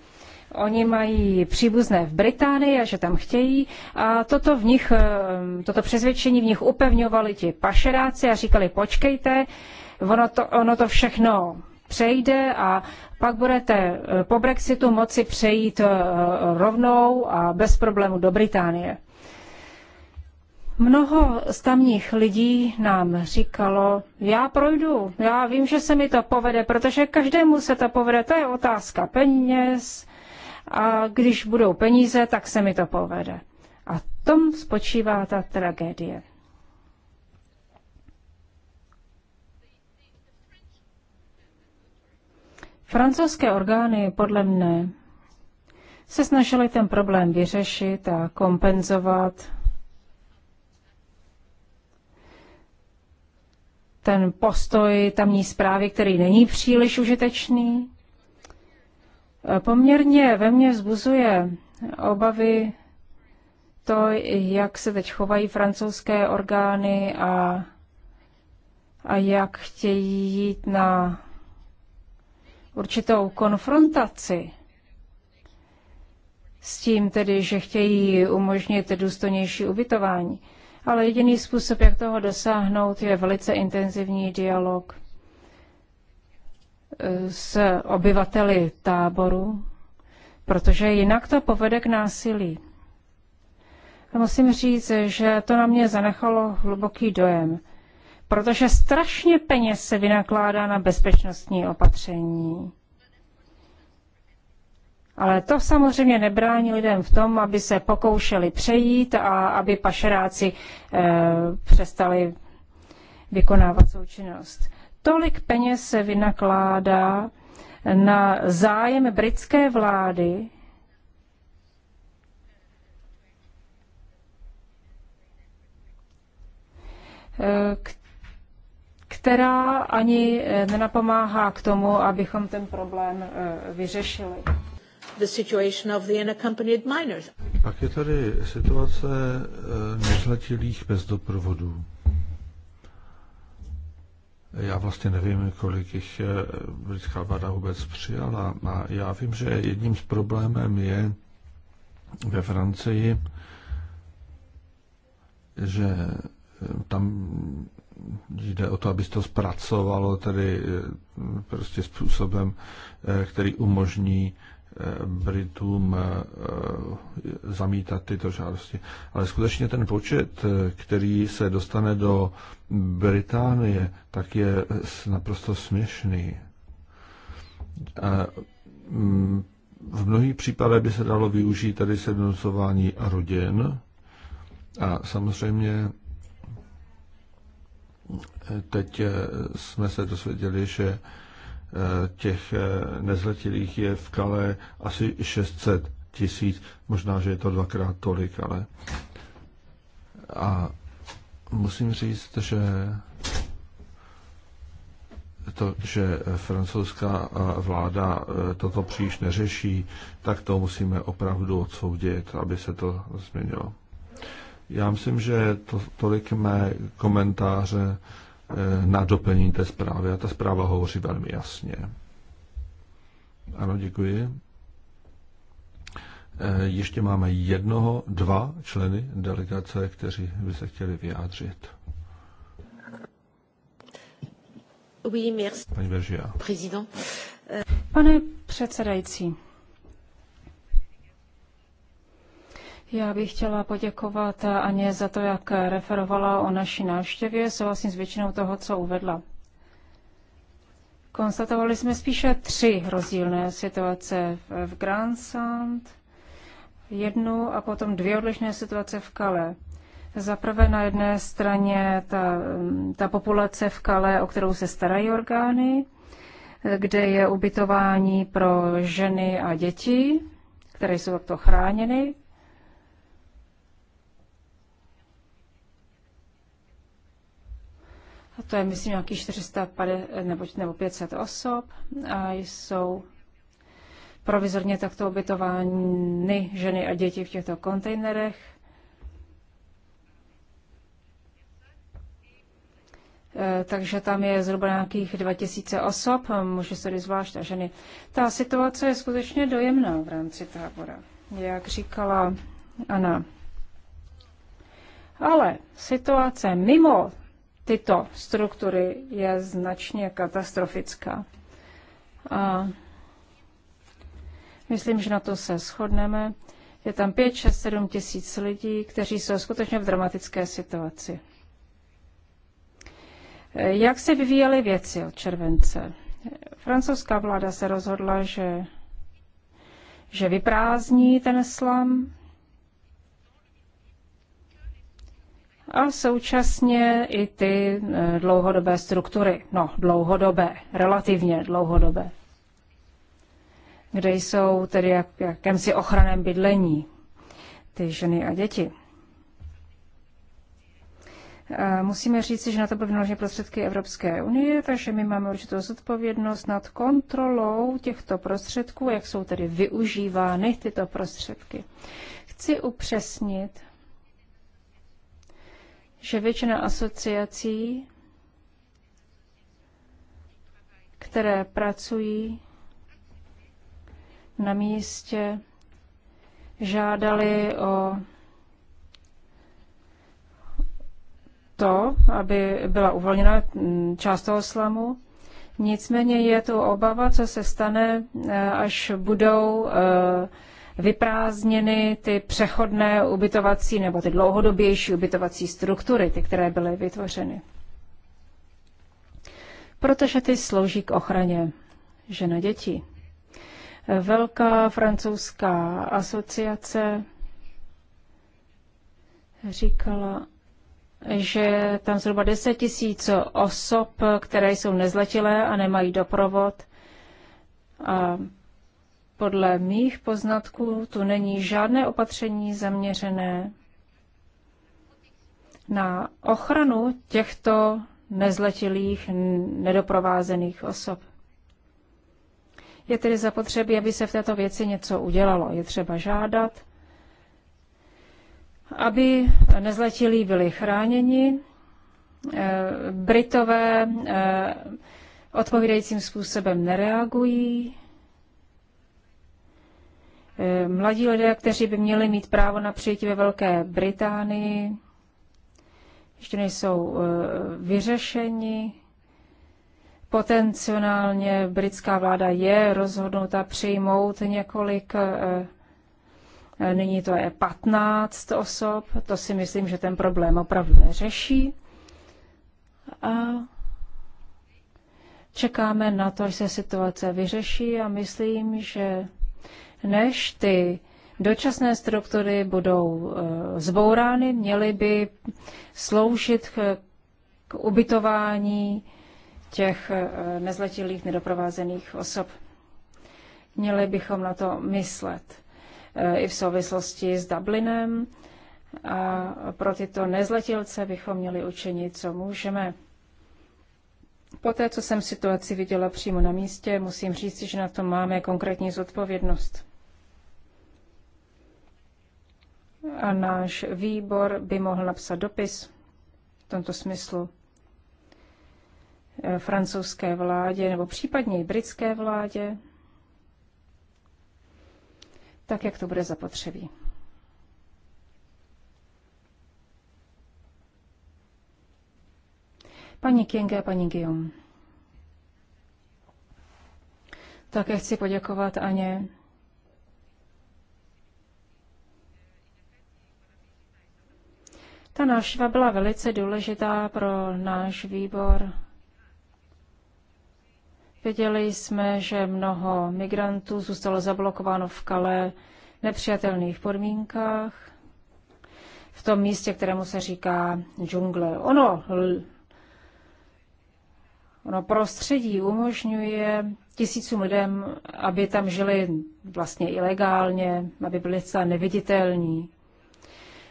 Oni mají příbuzné v Británii a že tam chtějí. A toto, v nich, mm, toto přesvědčení v nich upevňovali ti pašeráci a říkali, počkejte, ono to, ono to všechno přejde a pak budete eh, po Brexitu moci přejít eh, rovnou a bez problému do Británie. Mnoho z tamních lidí nám říkalo, já projdu, já vím, že se mi to povede, protože každému se to povede, to je otázka peněz a když budou peníze, tak se mi to povede. A tom spočívá ta tragédie. Francouzské orgány podle mne se snažili ten problém vyřešit a kompenzovat ten postoj tamní zprávy, který není příliš užitečný. Poměrně ve mně vzbuzuje obavy to, jak se teď chovají francouzské orgány a, a jak chtějí jít na určitou konfrontaci s tím tedy, že chtějí umožnit důstojnější ubytování. Ale jediný způsob, jak toho dosáhnout, je velice intenzivní dialog eh, s obyvateli táboru, protože jinak to povede k násilí. A musím říct, že to na mě zanechalo hluboký dojem protože strašně peněz se vynakládá na bezpečnostní opatření. Ale to samozřejmě nebrání lidem v tom, aby se pokoušeli přejít a aby pašeráci e, přestali vykonávat svou činnost. Tolik peněz se vynakládá na zájem britské vlády e, která ani eh, nenapomáhá k tomu, abychom ten problém eh, vyřešili. The situation of the unaccompanied minors. Pak je tady situace eh, nezletilých bez doprovodu. Já vlastně nevím, kolik jich britská vláda vůbec přijala. A já vím, že jedním z problémem je ve Francii, že tam jde o to, aby se to zpracovalo tedy eh, prostě způsobem, eh, který umožní eh, Britům zamítat tyto žádosti. Ale skutečně ten počet, který se dostane do Británie, tak je naprosto směšný. Mm, v mnohých případech by se dalo využít tady sednocování rodin a samozřejmě Teď eh, jsme se dozvěděli, že eh, těch eh, nezletilých je v Kale asi 600 tisíc, možná, že je to dvakrát tolik, ale a musím říct, že to, že francouzská vláda toto příliš neřeší, tak to musíme opravdu odsoudit, aby se to změnilo. Já myslím, že to, tolik mé komentáře eh, na doplnění té zprávy. A ta zpráva hovoří velmi jasně. Ano, děkuji. Eh, ještě máme jednoho, dva členy delegace, kteří by se chtěli vyjádřit. Oui, merci. Paní Beržia. Pane předsedající, Já bych chtěla poděkovat Aně za to, jak referovala o naší návštěvě. Souhlasím s většinou toho, co uvedla. Konstatovali jsme spíše tři rozdílné situace v Grand Sand, jednu a potom dvě odlišné situace v Kale. Zaprvé na jedné straně ta, ta populace v Kale, o kterou se starají orgány, kde je ubytování pro ženy a děti, které jsou takto chráněny. to je myslím nějakých 450 nebo, nebo 500 osob a jsou provizorně takto ubytovány ženy a děti v těchto kontejnerech. E, takže tam je zhruba nějakých 2000 osob, muži se zvlášť a ženy. Ta situace je skutečně dojemná v rámci tábora, jak říkala Ana. Ale situace mimo tyto struktury je značně katastrofická. A myslím, že na to se shodneme. Je tam 5, 6, 7 tisíc lidí, kteří jsou skutečně v dramatické situaci. Jak se vyvíjely věci od července? Francouzská vláda se rozhodla, že, že vyprázdní ten slam, a současně i ty eh, dlouhodobé struktury, no dlouhodobé, relativně dlouhodobé, kde jsou tedy jak, jakémsi ochranem bydlení ty ženy a děti. Musíme říct, že na to byly vynaložené prostředky Evropské unie, takže my máme určitou zodpovědnost nad kontrolou těchto prostředků, jak jsou tedy využívány tyto prostředky. Chci upřesnit, že většina asociací, které pracují na místě, žádali o to, aby byla uvolněna část toho slamu. Nicméně je to obava, co se stane, až budou eh, vyprázdněny ty přechodné ubytovací nebo ty dlouhodobější ubytovací struktury, ty, které byly vytvořeny. Protože ty slouží k ochraně žen a dětí. Velká francouzská asociace říkala, že tam zhruba 10 tisíc osob, které jsou nezletilé a nemají doprovod, a podle mých poznatků tu není žádné opatření zaměřené na ochranu těchto nezletilých nedoprovázených osob. Je tedy zapotřebí, aby se v této věci něco udělalo. Je třeba žádat, aby nezletilí byli chráněni, e, Britové e, odpovídajícím způsobem nereagují. Eh, mladí lidé, kteří by měli mít právo na přijetí ve Velké Británii, ještě nejsou eh, vyřešeni. Potenciálně britská vláda je rozhodnuta přijmout několik, eh, nyní to je 15 osob, to si myslím, že ten problém opravdu neřeší. A čekáme na to, že se situace vyřeší a myslím, že než ty dočasné struktury budou eh, zbourány, měly by sloužit k, ubytování těch eh, nezletilých nedoprovázených osob. Měli bychom na to myslet eh, i v souvislosti s Dublinem a pro tyto nezletilce bychom měli učinit, co můžeme. Poté, co jsem situaci viděla přímo na místě, musím říct, že na to máme konkrétní zodpovědnost. a náš výbor by mohl napsat dopis v tomto smyslu eh, francouzské vládě nebo případně i britské vládě, tak jak to bude zapotřebí. Paní Kienge a paní Guillaume. Také chci poděkovat Aně Ta návštěva byla velice důležitá pro náš výbor. Věděli jsme, že mnoho migrantů zůstalo zablokováno v Kale v nepřijatelných podmínkách, v tom místě, kterému se říká džungle. Ono, ono prostředí umožňuje tisícům lidem, aby tam žili vlastně ilegálně, aby byli zcela neviditelní.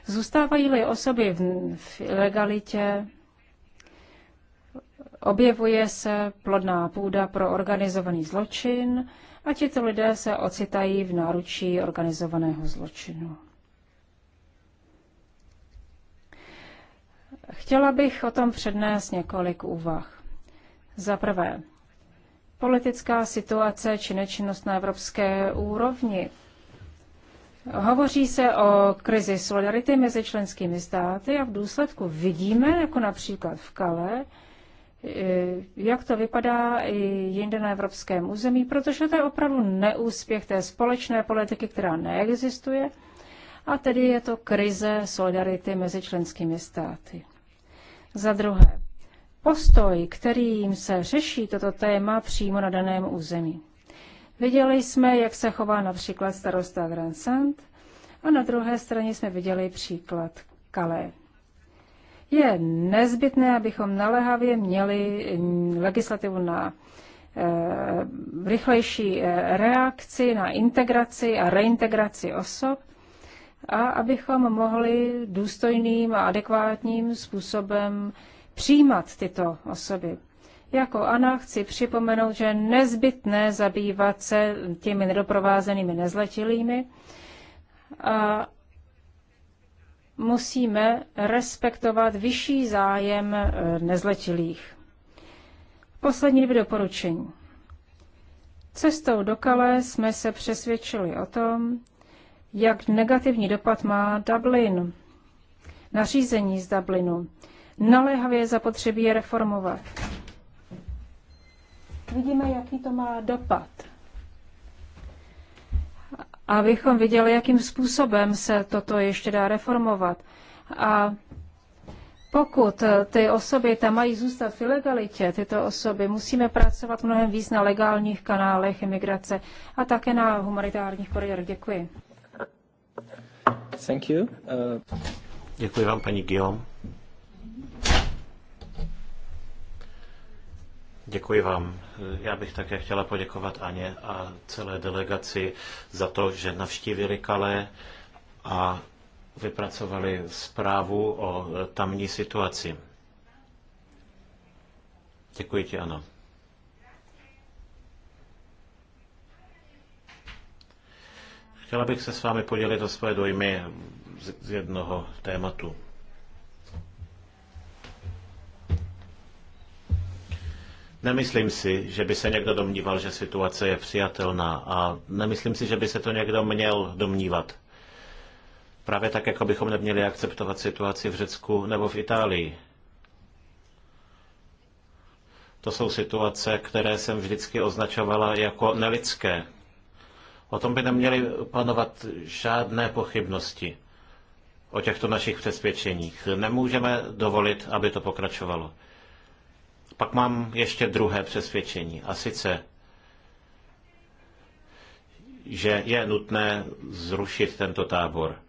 Zůstávají-li osoby v, v ilegalitě, objevuje se plodná půda pro organizovaný zločin a tito lidé se ocitají v náručí organizovaného zločinu. Chtěla bych o tom přednést několik úvah. Za prvé, politická situace či nečinnost na evropské úrovni Hovoří se o krizi solidarity mezi členskými státy a v důsledku vidíme, jako například v Kale, eh, jak to vypadá i jinde na evropském území, protože to je opravdu neúspěch té společné politiky, která neexistuje, a tedy je to krize solidarity mezi členskými státy. Za druhé, postoj, kterým se řeší toto téma přímo na daném území. Viděli jsme, jak se chová například starosta Vincent a na druhé straně jsme viděli příklad Kalé. Je nezbytné, abychom naléhavě měli mm, legislativu na eh, rychlejší eh, reakci na integraci a reintegraci osob a abychom mohli důstojným a adekvátním způsobem přijímat tyto osoby. Jako Ana chci připomenout, že nezbytné zabývat se těmi nedoprovázenými nezletilými a musíme respektovat vyšší zájem e, nezletilých. Poslední dvě doporučení. Cestou do Kale jsme se přesvědčili o tom, jak negativní dopad má Dublin, nařízení z Dublinu. Naléhavě zapotřebí je reformovat vidíme, jaký to má dopad. Abychom viděli, jakým způsobem se toto ještě dá reformovat. A pokud ty osoby tam mají zůstat v ilegalitě, tyto osoby, musíme pracovat mnohem víc na legálních kanálech imigrace a také na humanitárních koridorech. Děkuji. Thank you. Uh... Děkuji vám, paní Guillaume. Děkuji vám. Já bych také chtěla poděkovat Aně a celé delegaci za to, že navštívili Kale a vypracovali zprávu o tamní situaci. Děkuji ti, Ano. Chtěla bych se s vámi podělit o své dojmy z jednoho tématu. Nemyslím si, že by se někdo domníval, že situace je přijatelná a nemyslím si, že by se to někdo měl domnívat. Právě tak, jako bychom neměli akceptovat situaci v Řecku nebo v Itálii. To jsou situace, které jsem vždycky označovala jako nelidské. O tom by neměly panovat žádné pochybnosti o těchto našich přesvědčeních. Nemůžeme dovolit, aby to pokračovalo. Pak mám ještě druhé přesvědčení, a sice, že je nutné zrušit tento tábor,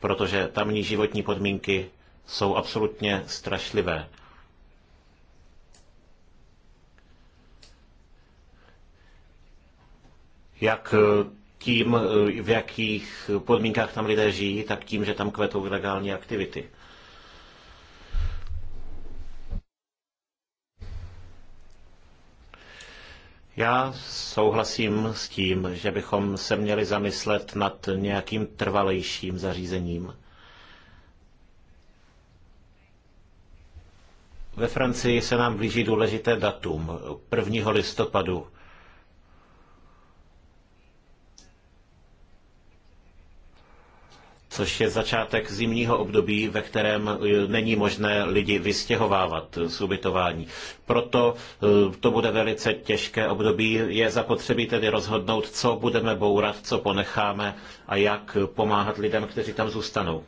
protože tamní životní podmínky jsou absolutně strašlivé. Jak eh, tím, eh, v jakých podmínkách tam lidé žijí, tak tím, že tam kvetou ilegální aktivity. Já souhlasím s tím, že bychom se měli zamyslet nad nějakým trvalejším zařízením. Ve Francii se nám blíží důležité datum 1. listopadu což je začátek zimního období, ve kterém eh, není možné lidi vystěhovávat eh, z ubytování. Proto eh, to bude velice těžké období. Je zapotřebí tedy rozhodnout, co budeme bourat, co ponecháme a jak pomáhat lidem, kteří tam zůstanou.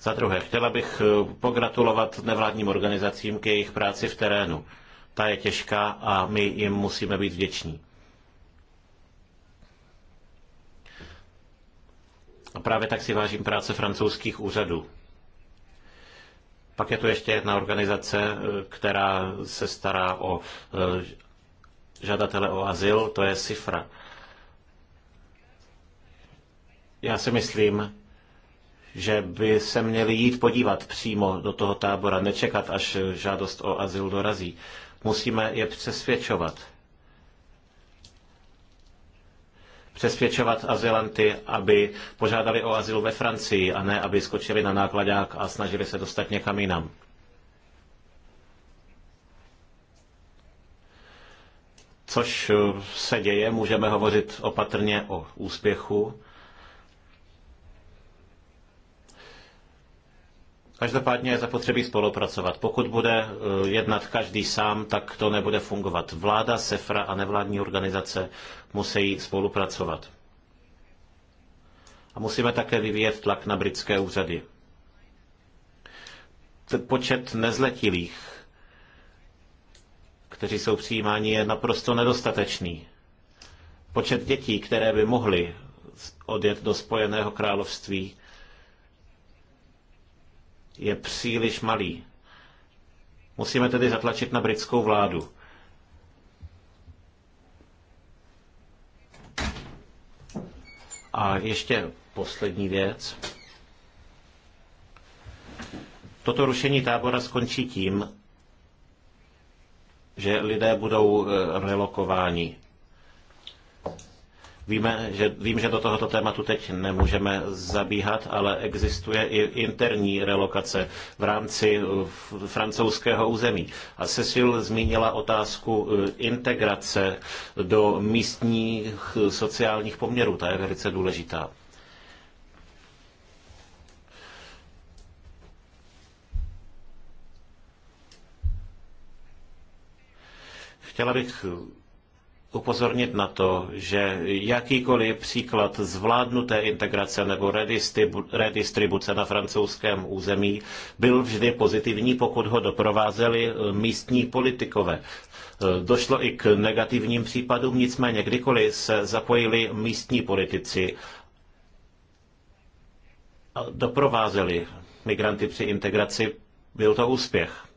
Za druhé, chtěla bych pogratulovat nevládním organizacím k jejich práci v terénu. Ta je těžká a my jim musíme být vděční. A právě tak si vážím práce francouzských úřadů. Pak je tu ještě jedna organizace, e, která se stará o e, žadatele o azyl, to je SIFRA. Já si myslím, že by se měli jít podívat přímo do toho tábora, nečekat, až žádost o azyl dorazí. Musíme je přesvědčovat. přesvědčovat azylanty, aby požádali o azyl ve Francii a ne, aby skočili na nákladák a snažili se dostat někam jinam. Což se děje, můžeme hovořit opatrně o úspěchu, Každopádně je zapotřebí spolupracovat. Pokud bude eh, jednat každý sám, tak to nebude fungovat. Vláda, SEFRA a nevládní organizace musí spolupracovat. A musíme také vyvíjet tlak na britské úřady. Počet nezletilých, kteří jsou přijímáni, je naprosto nedostatečný. Počet dětí, které by mohly odjet do Spojeného království, je příliš malý. Musíme tedy zatlačit na britskou vládu. A ještě poslední věc. Toto rušení tábora skončí tím, že lidé budou eh, relokováni. Víme, že, vím, že do tohoto tématu teď nemůžeme zabíhat, ale existuje i interní relokace v rámci eh, francouzského území. A Cecil zmínila otázku eh, integrace do místních eh, sociálních poměrů. Ta je velice důležitá. Chtěla bych upozornit na to, že jakýkoliv příklad zvládnuté integrace nebo redistribuce na francouzském území byl vždy pozitivní, pokud ho doprovázeli eh, místní politikové. Eh, došlo i k negativním případům, nicméně kdykoliv se zapojili místní politici a doprovázeli migranty při integraci, byl to úspěch.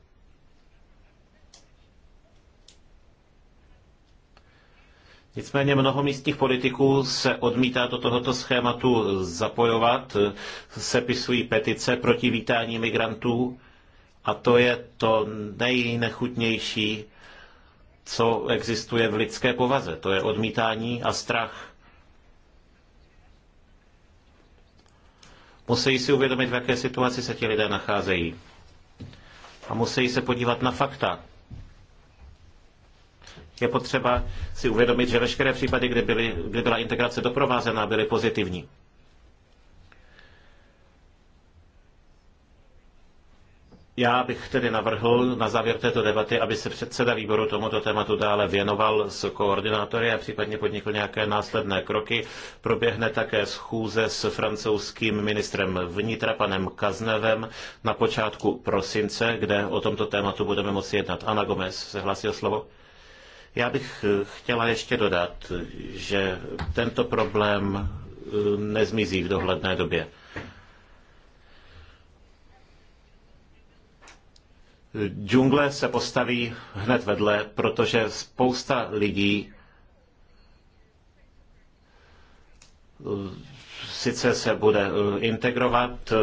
Nicméně mnoho místních politiků se odmítá do tohoto schématu zapojovat, sepisují petice proti vítání migrantů a to je to nejnechutnější, co existuje v lidské povaze. To je odmítání a strach. Musí si uvědomit, v jaké situaci se ti lidé nacházejí. A musí se podívat na fakta. Je potřeba si uvědomit, že veškeré případy, kdy, byly, kdy byla integrace doprovázena, byly pozitivní. Já bych tedy navrhl na závěr této debaty, aby se předseda výboru tomuto tématu dále věnoval s koordinátory a případně podnikl nějaké následné kroky. Proběhne také schůze s francouzským ministrem vnitra, panem Kaznevem, na počátku prosince, kde o tomto tématu budeme moci jednat. Ana Gomez se hlásí o slovo. Já bych eh, chtěla ještě dodat, že tento problém eh, nezmizí v dohledné době. Džungle se postaví hned vedle, protože spousta lidí eh, sice se bude integrovat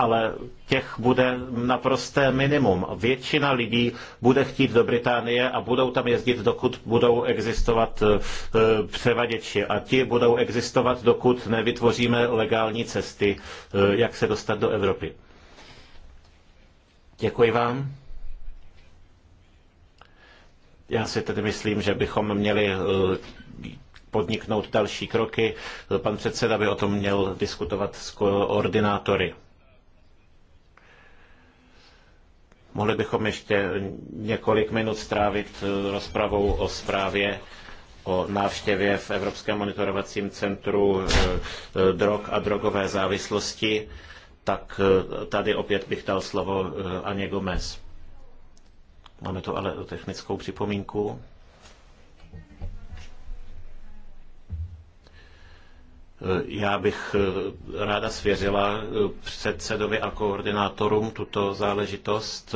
ale těch bude naprosté minimum. Většina lidí bude chtít do Británie a budou tam jezdit, dokud budou existovat e, převaděči. A ti budou existovat, dokud nevytvoříme legální cesty, e, jak se dostat do Evropy. Děkuji vám. Já si tedy myslím, že bychom měli e, podniknout další kroky. Pan předseda by o tom měl diskutovat s koordinátory. Mohli bychom ještě několik minut strávit eh, rozpravou o zprávě o návštěvě v Evropském monitorovacím centru eh, eh, drog a drogové závislosti, tak tady opět bych dal slovo Aně Gomez. Máme tu ale technickou připomínku. Já bych eh, ráda svěřila eh, předsedovi a koordinátorům tuto záležitost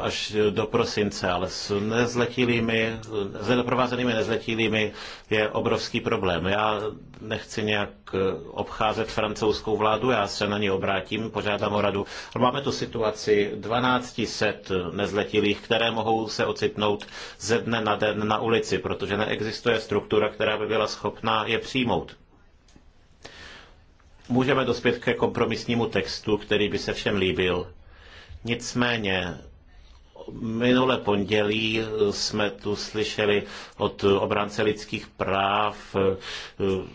až do prosince, ale s nezletilými, s nedoprovázenými nezletilými je obrovský problém. Já nechci nějak eh, obcházet francouzskou vládu, já se na ní obrátím, požádám o radu. Máme tu situaci 1200 nezletilých, které mohou se ocitnout ze dne na den na ulici, protože neexistuje struktura, která by byla schopná je přijmout. Můžeme dospět ke kompromisnímu textu, který by se všem líbil. Nicméně Minule pondělí jsme tu slyšeli od obránce lidských práv eh,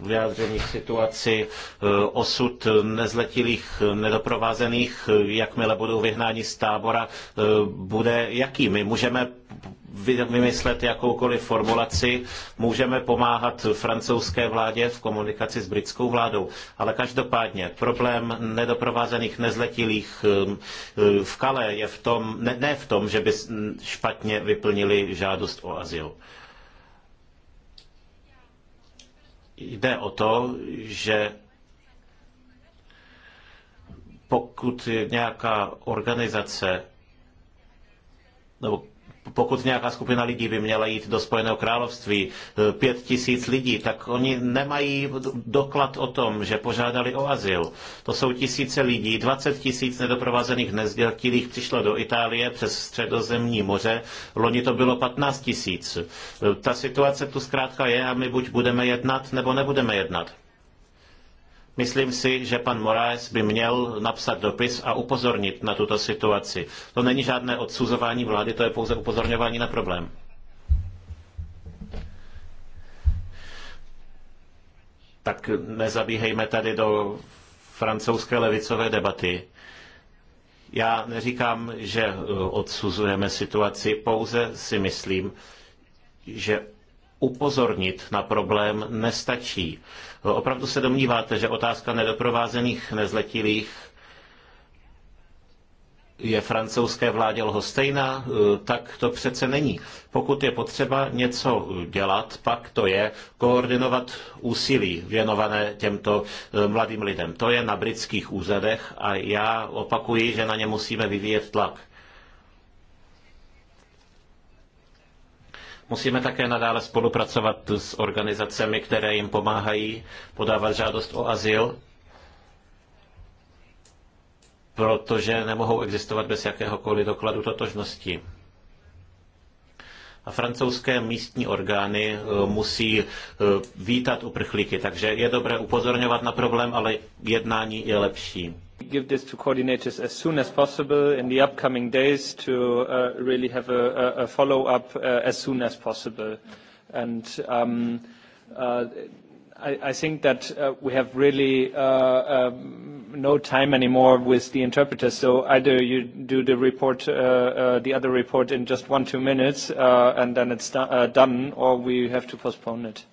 vyjádření k situaci, e, osud nezletilých nedoprovázených, jakmile budou vyhnáni z tábora, e, bude jaký? My můžeme vymyslet jakoukoliv formulaci, můžeme pomáhat francouzské vládě v komunikaci s britskou vládou. Ale každopádně problém nedoprovázených nezletilých e, v Kale je v tom, ne, ne v tom, že by špatně vyplnili žádost o azyl. Jde o to, že pokud nějaká organizace nebo pokud nějaká skupina lidí by měla jít do Spojeného království, eh, pět tisíc lidí, tak oni nemají doklad o tom, že požádali o azyl. To jsou tisíce lidí, 20 tisíc nedoprovázených nezděltilých přišlo do Itálie přes středozemní moře, loni to bylo 15 tisíc. Eh, ta situace tu zkrátka je a my buď budeme jednat, nebo nebudeme jednat. Myslím si, že pan Moraes by měl napsat dopis a upozornit na tuto situaci. To není žádné odsuzování vlády, to je pouze upozorňování na problém. Tak nezabíhejme tady do francouzské levicové debaty. Já neříkám, že odsuzujeme situaci, pouze si myslím, že upozornit na problém nestačí. Opravdu se domníváte, že otázka nedoprovázených nezletilých je francouzské vládě lhostejná, tak to přece není. Pokud je potřeba něco dělat, pak to je koordinovat úsilí věnované těmto eh, mladým lidem. To je na britských úřadech a já opakuji, že na ně musíme vyvíjet tlak. Musíme také nadále spolupracovat s organizacemi, které jim pomáhají podávat žádost o azyl, protože nemohou existovat bez jakéhokoliv dokladu totožnosti. A francouzské místní orgány e, musí e, vítat uprchlíky, takže je dobré upozorňovat na problém, ale jednání je lepší give this to coordinators as soon as possible in the upcoming days to uh, really have a, a follow-up uh, as soon as possible. And um, uh, I, I think that uh, we have really uh, um, no time anymore with the interpreters, so either you do the report, uh, uh, the other report in just one, two minutes, uh, and then it's do uh, done, or we have to postpone it.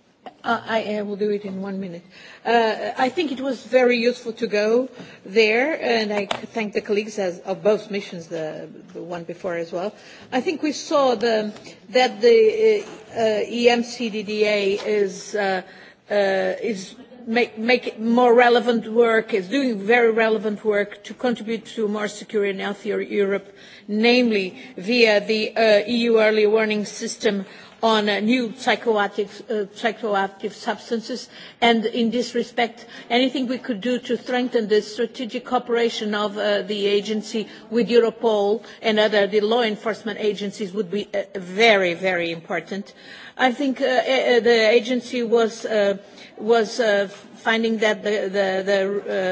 I, I will do it in one minute. Uh, I think it was very useful to go there, and I thank the colleagues as, of both missions, the, the one before as well. I think we saw the, that the uh, uh EMCDDA is, uh, uh, is make, make it more relevant work, is doing very relevant work to contribute to a more secure and healthier Europe, namely via the uh, EU early warning system on uh, new psychoactive, uh, psychoactive substances. And in this respect, anything we could do to strengthen the strategic cooperation of uh, the agency with Europol and other the law enforcement agencies would be uh, very, very important. I think uh, uh, the agency was, uh, was uh, finding that the, the, the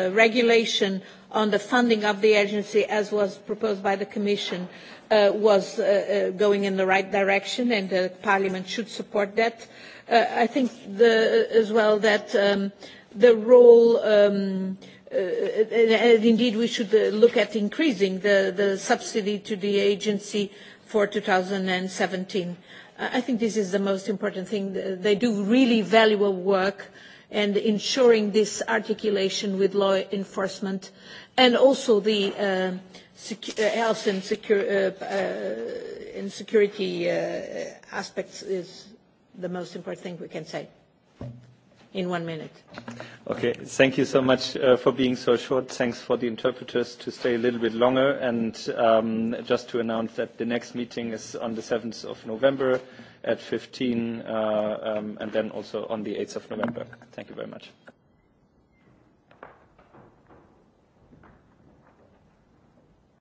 uh, regulation on the funding of the agency, as was proposed by the Commission, uh, uh, was uh, uh, going in the right direction, and the Parliament should support that. Uh, I think the, uh, as well that um, the role, um, uh, uh and indeed we should uh, look at increasing the, the subsidy to the agency for 2017. I think this is the most important thing. They do really valuable work and ensuring this articulation with law enforcement and also the uh, Uh, health and, uh, uh, and security uh, aspects is the most important thing we can say in one minute. Okay, thank you so much uh, for being so short. Thanks for the interpreters to stay a little bit longer. And um, just to announce that the next meeting is on the 7th of November at 15, uh, um, and then also on the 8th of November. Thank you very much.